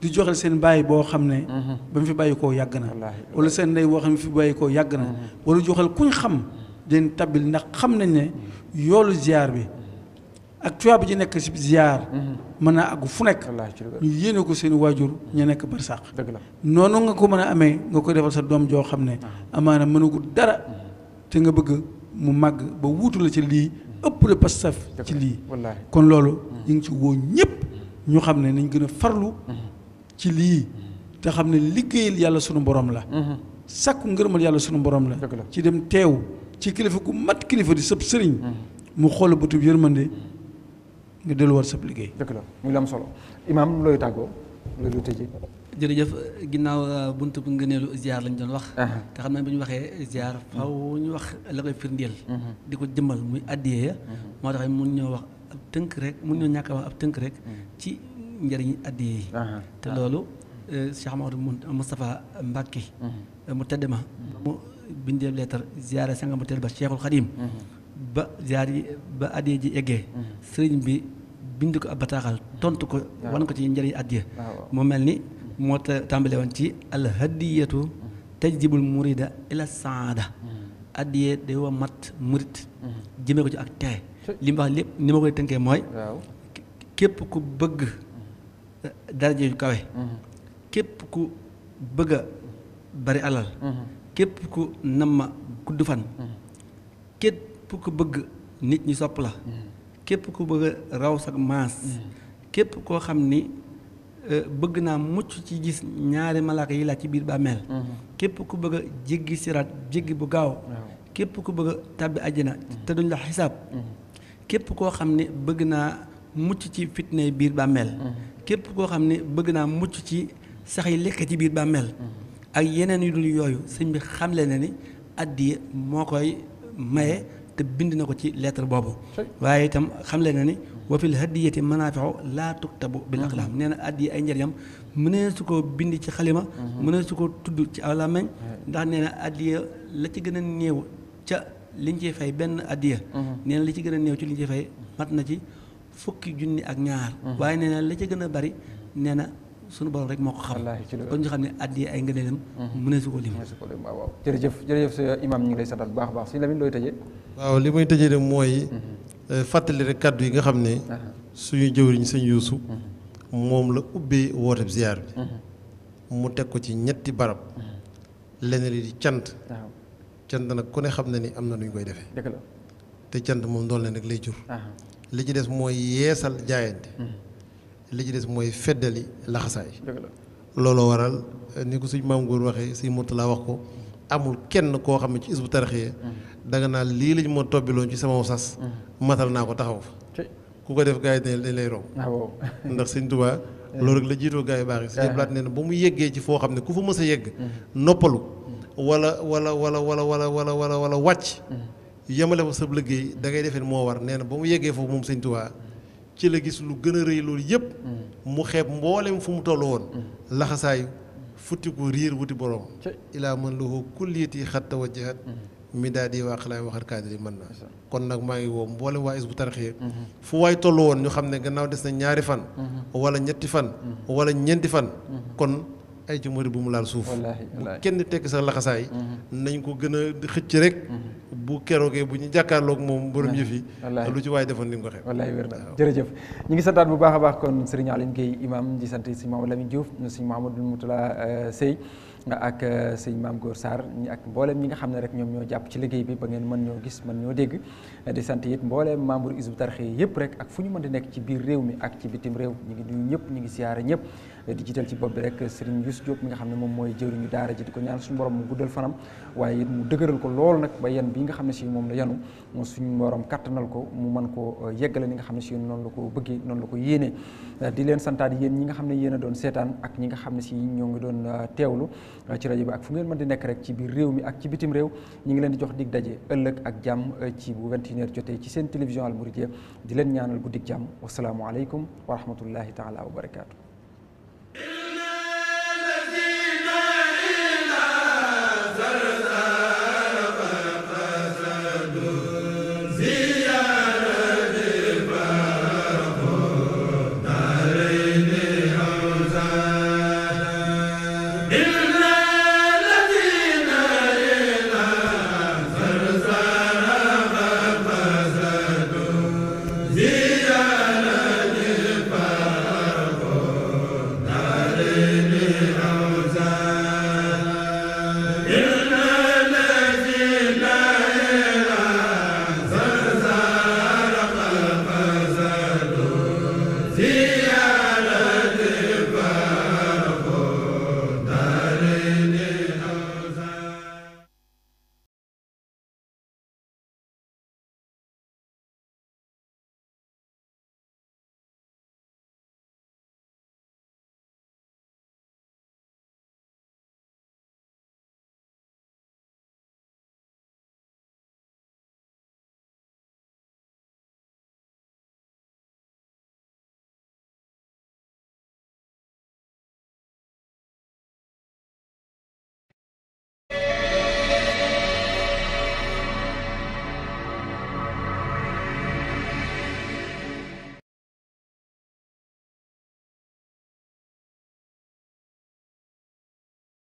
di joxel seen bàyyi mhm. boo xam ne ba mu fi bàyyi koo yàgg na wala seen mhm. ndey wax xam fi bàyyi koo yàgg na wala joxel kuñ xam den tabbil ndax xam nañ ne yoolu ziar bi ak tuyaa bi ji nekk si ziar mhm. mën naa àgg fu nekk ñu yéene ko seen waajur ñu nekk barsàq noonu nga ko mën a amee nga ko defal sa doom joo xam ne amaana mënagu dara te nga bëgg mu màgg ba wuutu la ci lii ëpp la pastaf ci lii kon loolu ñu nga ci woo ñëpp ñu xam ne nañ gën a farlu ci lii te xam ne liggéeyal yàlla sunu borom la mhm. sàkku ngërëmal yàlla sunu borom la ci dem teew ci kilifa ku mat kilifa di sëb sëriñ mhm. mu xool bëtub yërmande nga delluwaat sab liggéey dëgg la muy la am jërëjëf ginnaaw euh, buntu bu ngëneelu ziar lañ doon wax. te xam naa bu ñu waxee ziar faaw ñu wax la koy firndeel. Mhm. di ko jëmmal muy addiya. Mhm. moo tax mun ñoo wax ab tënk rek mun ñoo ñàkk a wax ab tënk rek. Mhm. ci njëriñ addiya yi. te loolu euh, Cheikh Maodo Moustapha Mbacke. mu tedd ma. mu bindee leetar ziare sanga mu tedd ba Cheikhul Khadim. ba ziar yi ba addiya ji eggee. sëriñ bi bind ko ab bataaxal tontu ko wan ko ci njëriñ addiya. mu mel ni. moo tàmbale woon ci alhadiyatu tajjibul murida ila saada mm. addiyee day wa mat murit mm. jëmee ko ci ak texe li mu wax lépp ni ma koy tënkee mooy képp ku bëgg daraje yu kawe mm. képp ku bëgg a bari alal képp ku namma gudd fan képp ku bëgg nit ñi sopp la képp ku bëgg raw sag maas képp koo xam ni Euh, bëgg naa mucc ci gis ñaari malaaka yi laaj ci biir bàmmeel mhm. képp ku bëgg a jéggi siraat jéggi bu gaaw képp ku bëgg a tàbbi àjjana mhm. te duñ la xisaab mhm. képp koo xam ne bëgg naa mucc ci fitne biir bàmmeel képp koo xam ne bëgg naa mucc ci sax yi lekk ci biir bàmmeel ak yeneen yu dul yooyu sëñ bi xamle na ni addiye moo koy maye te bind na ko ci lettre boobu waaye itam xamle na ni wa fil hadiyati manaafiu laa tuktabu bil aqlaam mm-hmm. nee na addiya ay njëriñam mënee su ko bind ci xalima mm-hmm. mënee su ko tudd ci aw làmmiñ ndax nee na la ci gën a néew ca liñ ciy fay benn addiya mm-hmm. nee na li ci gën a ci liñ ciy fay mat na ci fukki junni ak ñaar waaye nee na la ci gën a bari nee na suñu borom rek moo ko xam kon ñu xam ne addiya ay ngëneelam mëneesu ko lim waaw waaw jërëjëf jërëjëf sa imam ñu a li muy tëjee de mooy Euh, fàttali rek kàddu yi nga xam ne suñu jëwriñ sëñ Yuusu moom la ubbee woote ziar bi mu teg ko ci ñetti barab leneen li di cant cant nag ku ne xam na ni am na nu ñu koy defee te cant moom doon leen rek lay jur li ci des mooy yeesal jaayante li ci des mooy feddali laxasaay looloo waral eh, ni ko suñ maam góor waxee suñ Murtala wax ko amul kenn koo xam ne ci isbu taraxee danga naan lii lañ ma tobbiloon ci sama sas matal naa ko taxaw fa ku ko def gars yi dañ lay romb ah, ndax sëñ Tuubaa eh. loolu rek la jiitoo gars yi baax yi sëñ eh. nee na ba mu yeggee ci foo xam ne ku fa mës yegg mm-hmm. noppalu wala wala wala wala wala wala wala wala wàcc mm-hmm. yemale fa sab liggéey da ngay defee moo war nee na ba mu yeggee foofu moom sëñ Tuubaa ci la gis lu gën a rëy loolu yëpp mm-hmm. mu xeeb mboolem fu mu toll woon laxasaayu futti ko riir wuti borom. ilaa man lahu kulliyati xatta wajahat mhm. mi daal di waa xalaat waxar kaadiri man na kon nag maa ngi woo mboolem waa is bu tarxee fu waay toll woon ñu xam ne gannaaw des na ñaari fan mhm. wala ñetti fan mhm. wala ñeenti fan kon ay ci murit bu mu laal suuf bu kenn tekk sa laxasaay mm-hmm. nañ ko gën xëcc rek mm-hmm. bu keroogee bu ñu jàkkaarloog moom borom yëf yi lu ci waaye defoon ni nga ko xeeb wallaahi wér na jërëjëf ñu ngi santaat bu baax a baax kon sëriñ Aline Gueye imam di sant sëñ Mamadou Lamine Diouf sëñ Mamadou Moutala euh, Sey ak euh, sëñ Maam Góor Sarr ak mbooleem ñi nga xam ne rek ñoom ñoo jàpp ci liggéey bi ba ngeen mën ñoo gis mën ñoo dégg di sant it mbooleem membre Hizbut Tarqiyyah yëpp rek ak fu ñu mën di nekk ci biir réew mi ak ci bitim réew ñu ngi nuyu ñëpp ñu ngi siyaare ñëpp di jiital ci bopp bi rek Serigne Youssou Diop mi nga xam ne moom mooy jëwriñu daara ji di ko ñaan suñu borom mu guddal fanam waaye it mu dëgëral ko lool nag ba yen bi nga xam ne si moom la yanu moom suñu borom kattanal ko mu mën koo uh, yeggale ni nga xam ne si noonu la ko bëggee noonu la ko yéenee uh, di leen santaat yéen ñi nga xam ne yéen a doon seetaan ak ñi nga xam ne si ñoo ngi doon uh, teewlu ci rajo bi ak fu ngeen mën di nekk rek ci biir réew mi ak ci bitim réew ñi ngi leen di jox dig daje ëllëg ak jàmm ci bu 21h ci seen télévision Al Mouridiyyah di leen ñaanal guddik jàmm wasalaamualeykum wa rahmatullahi taala wa barakaatu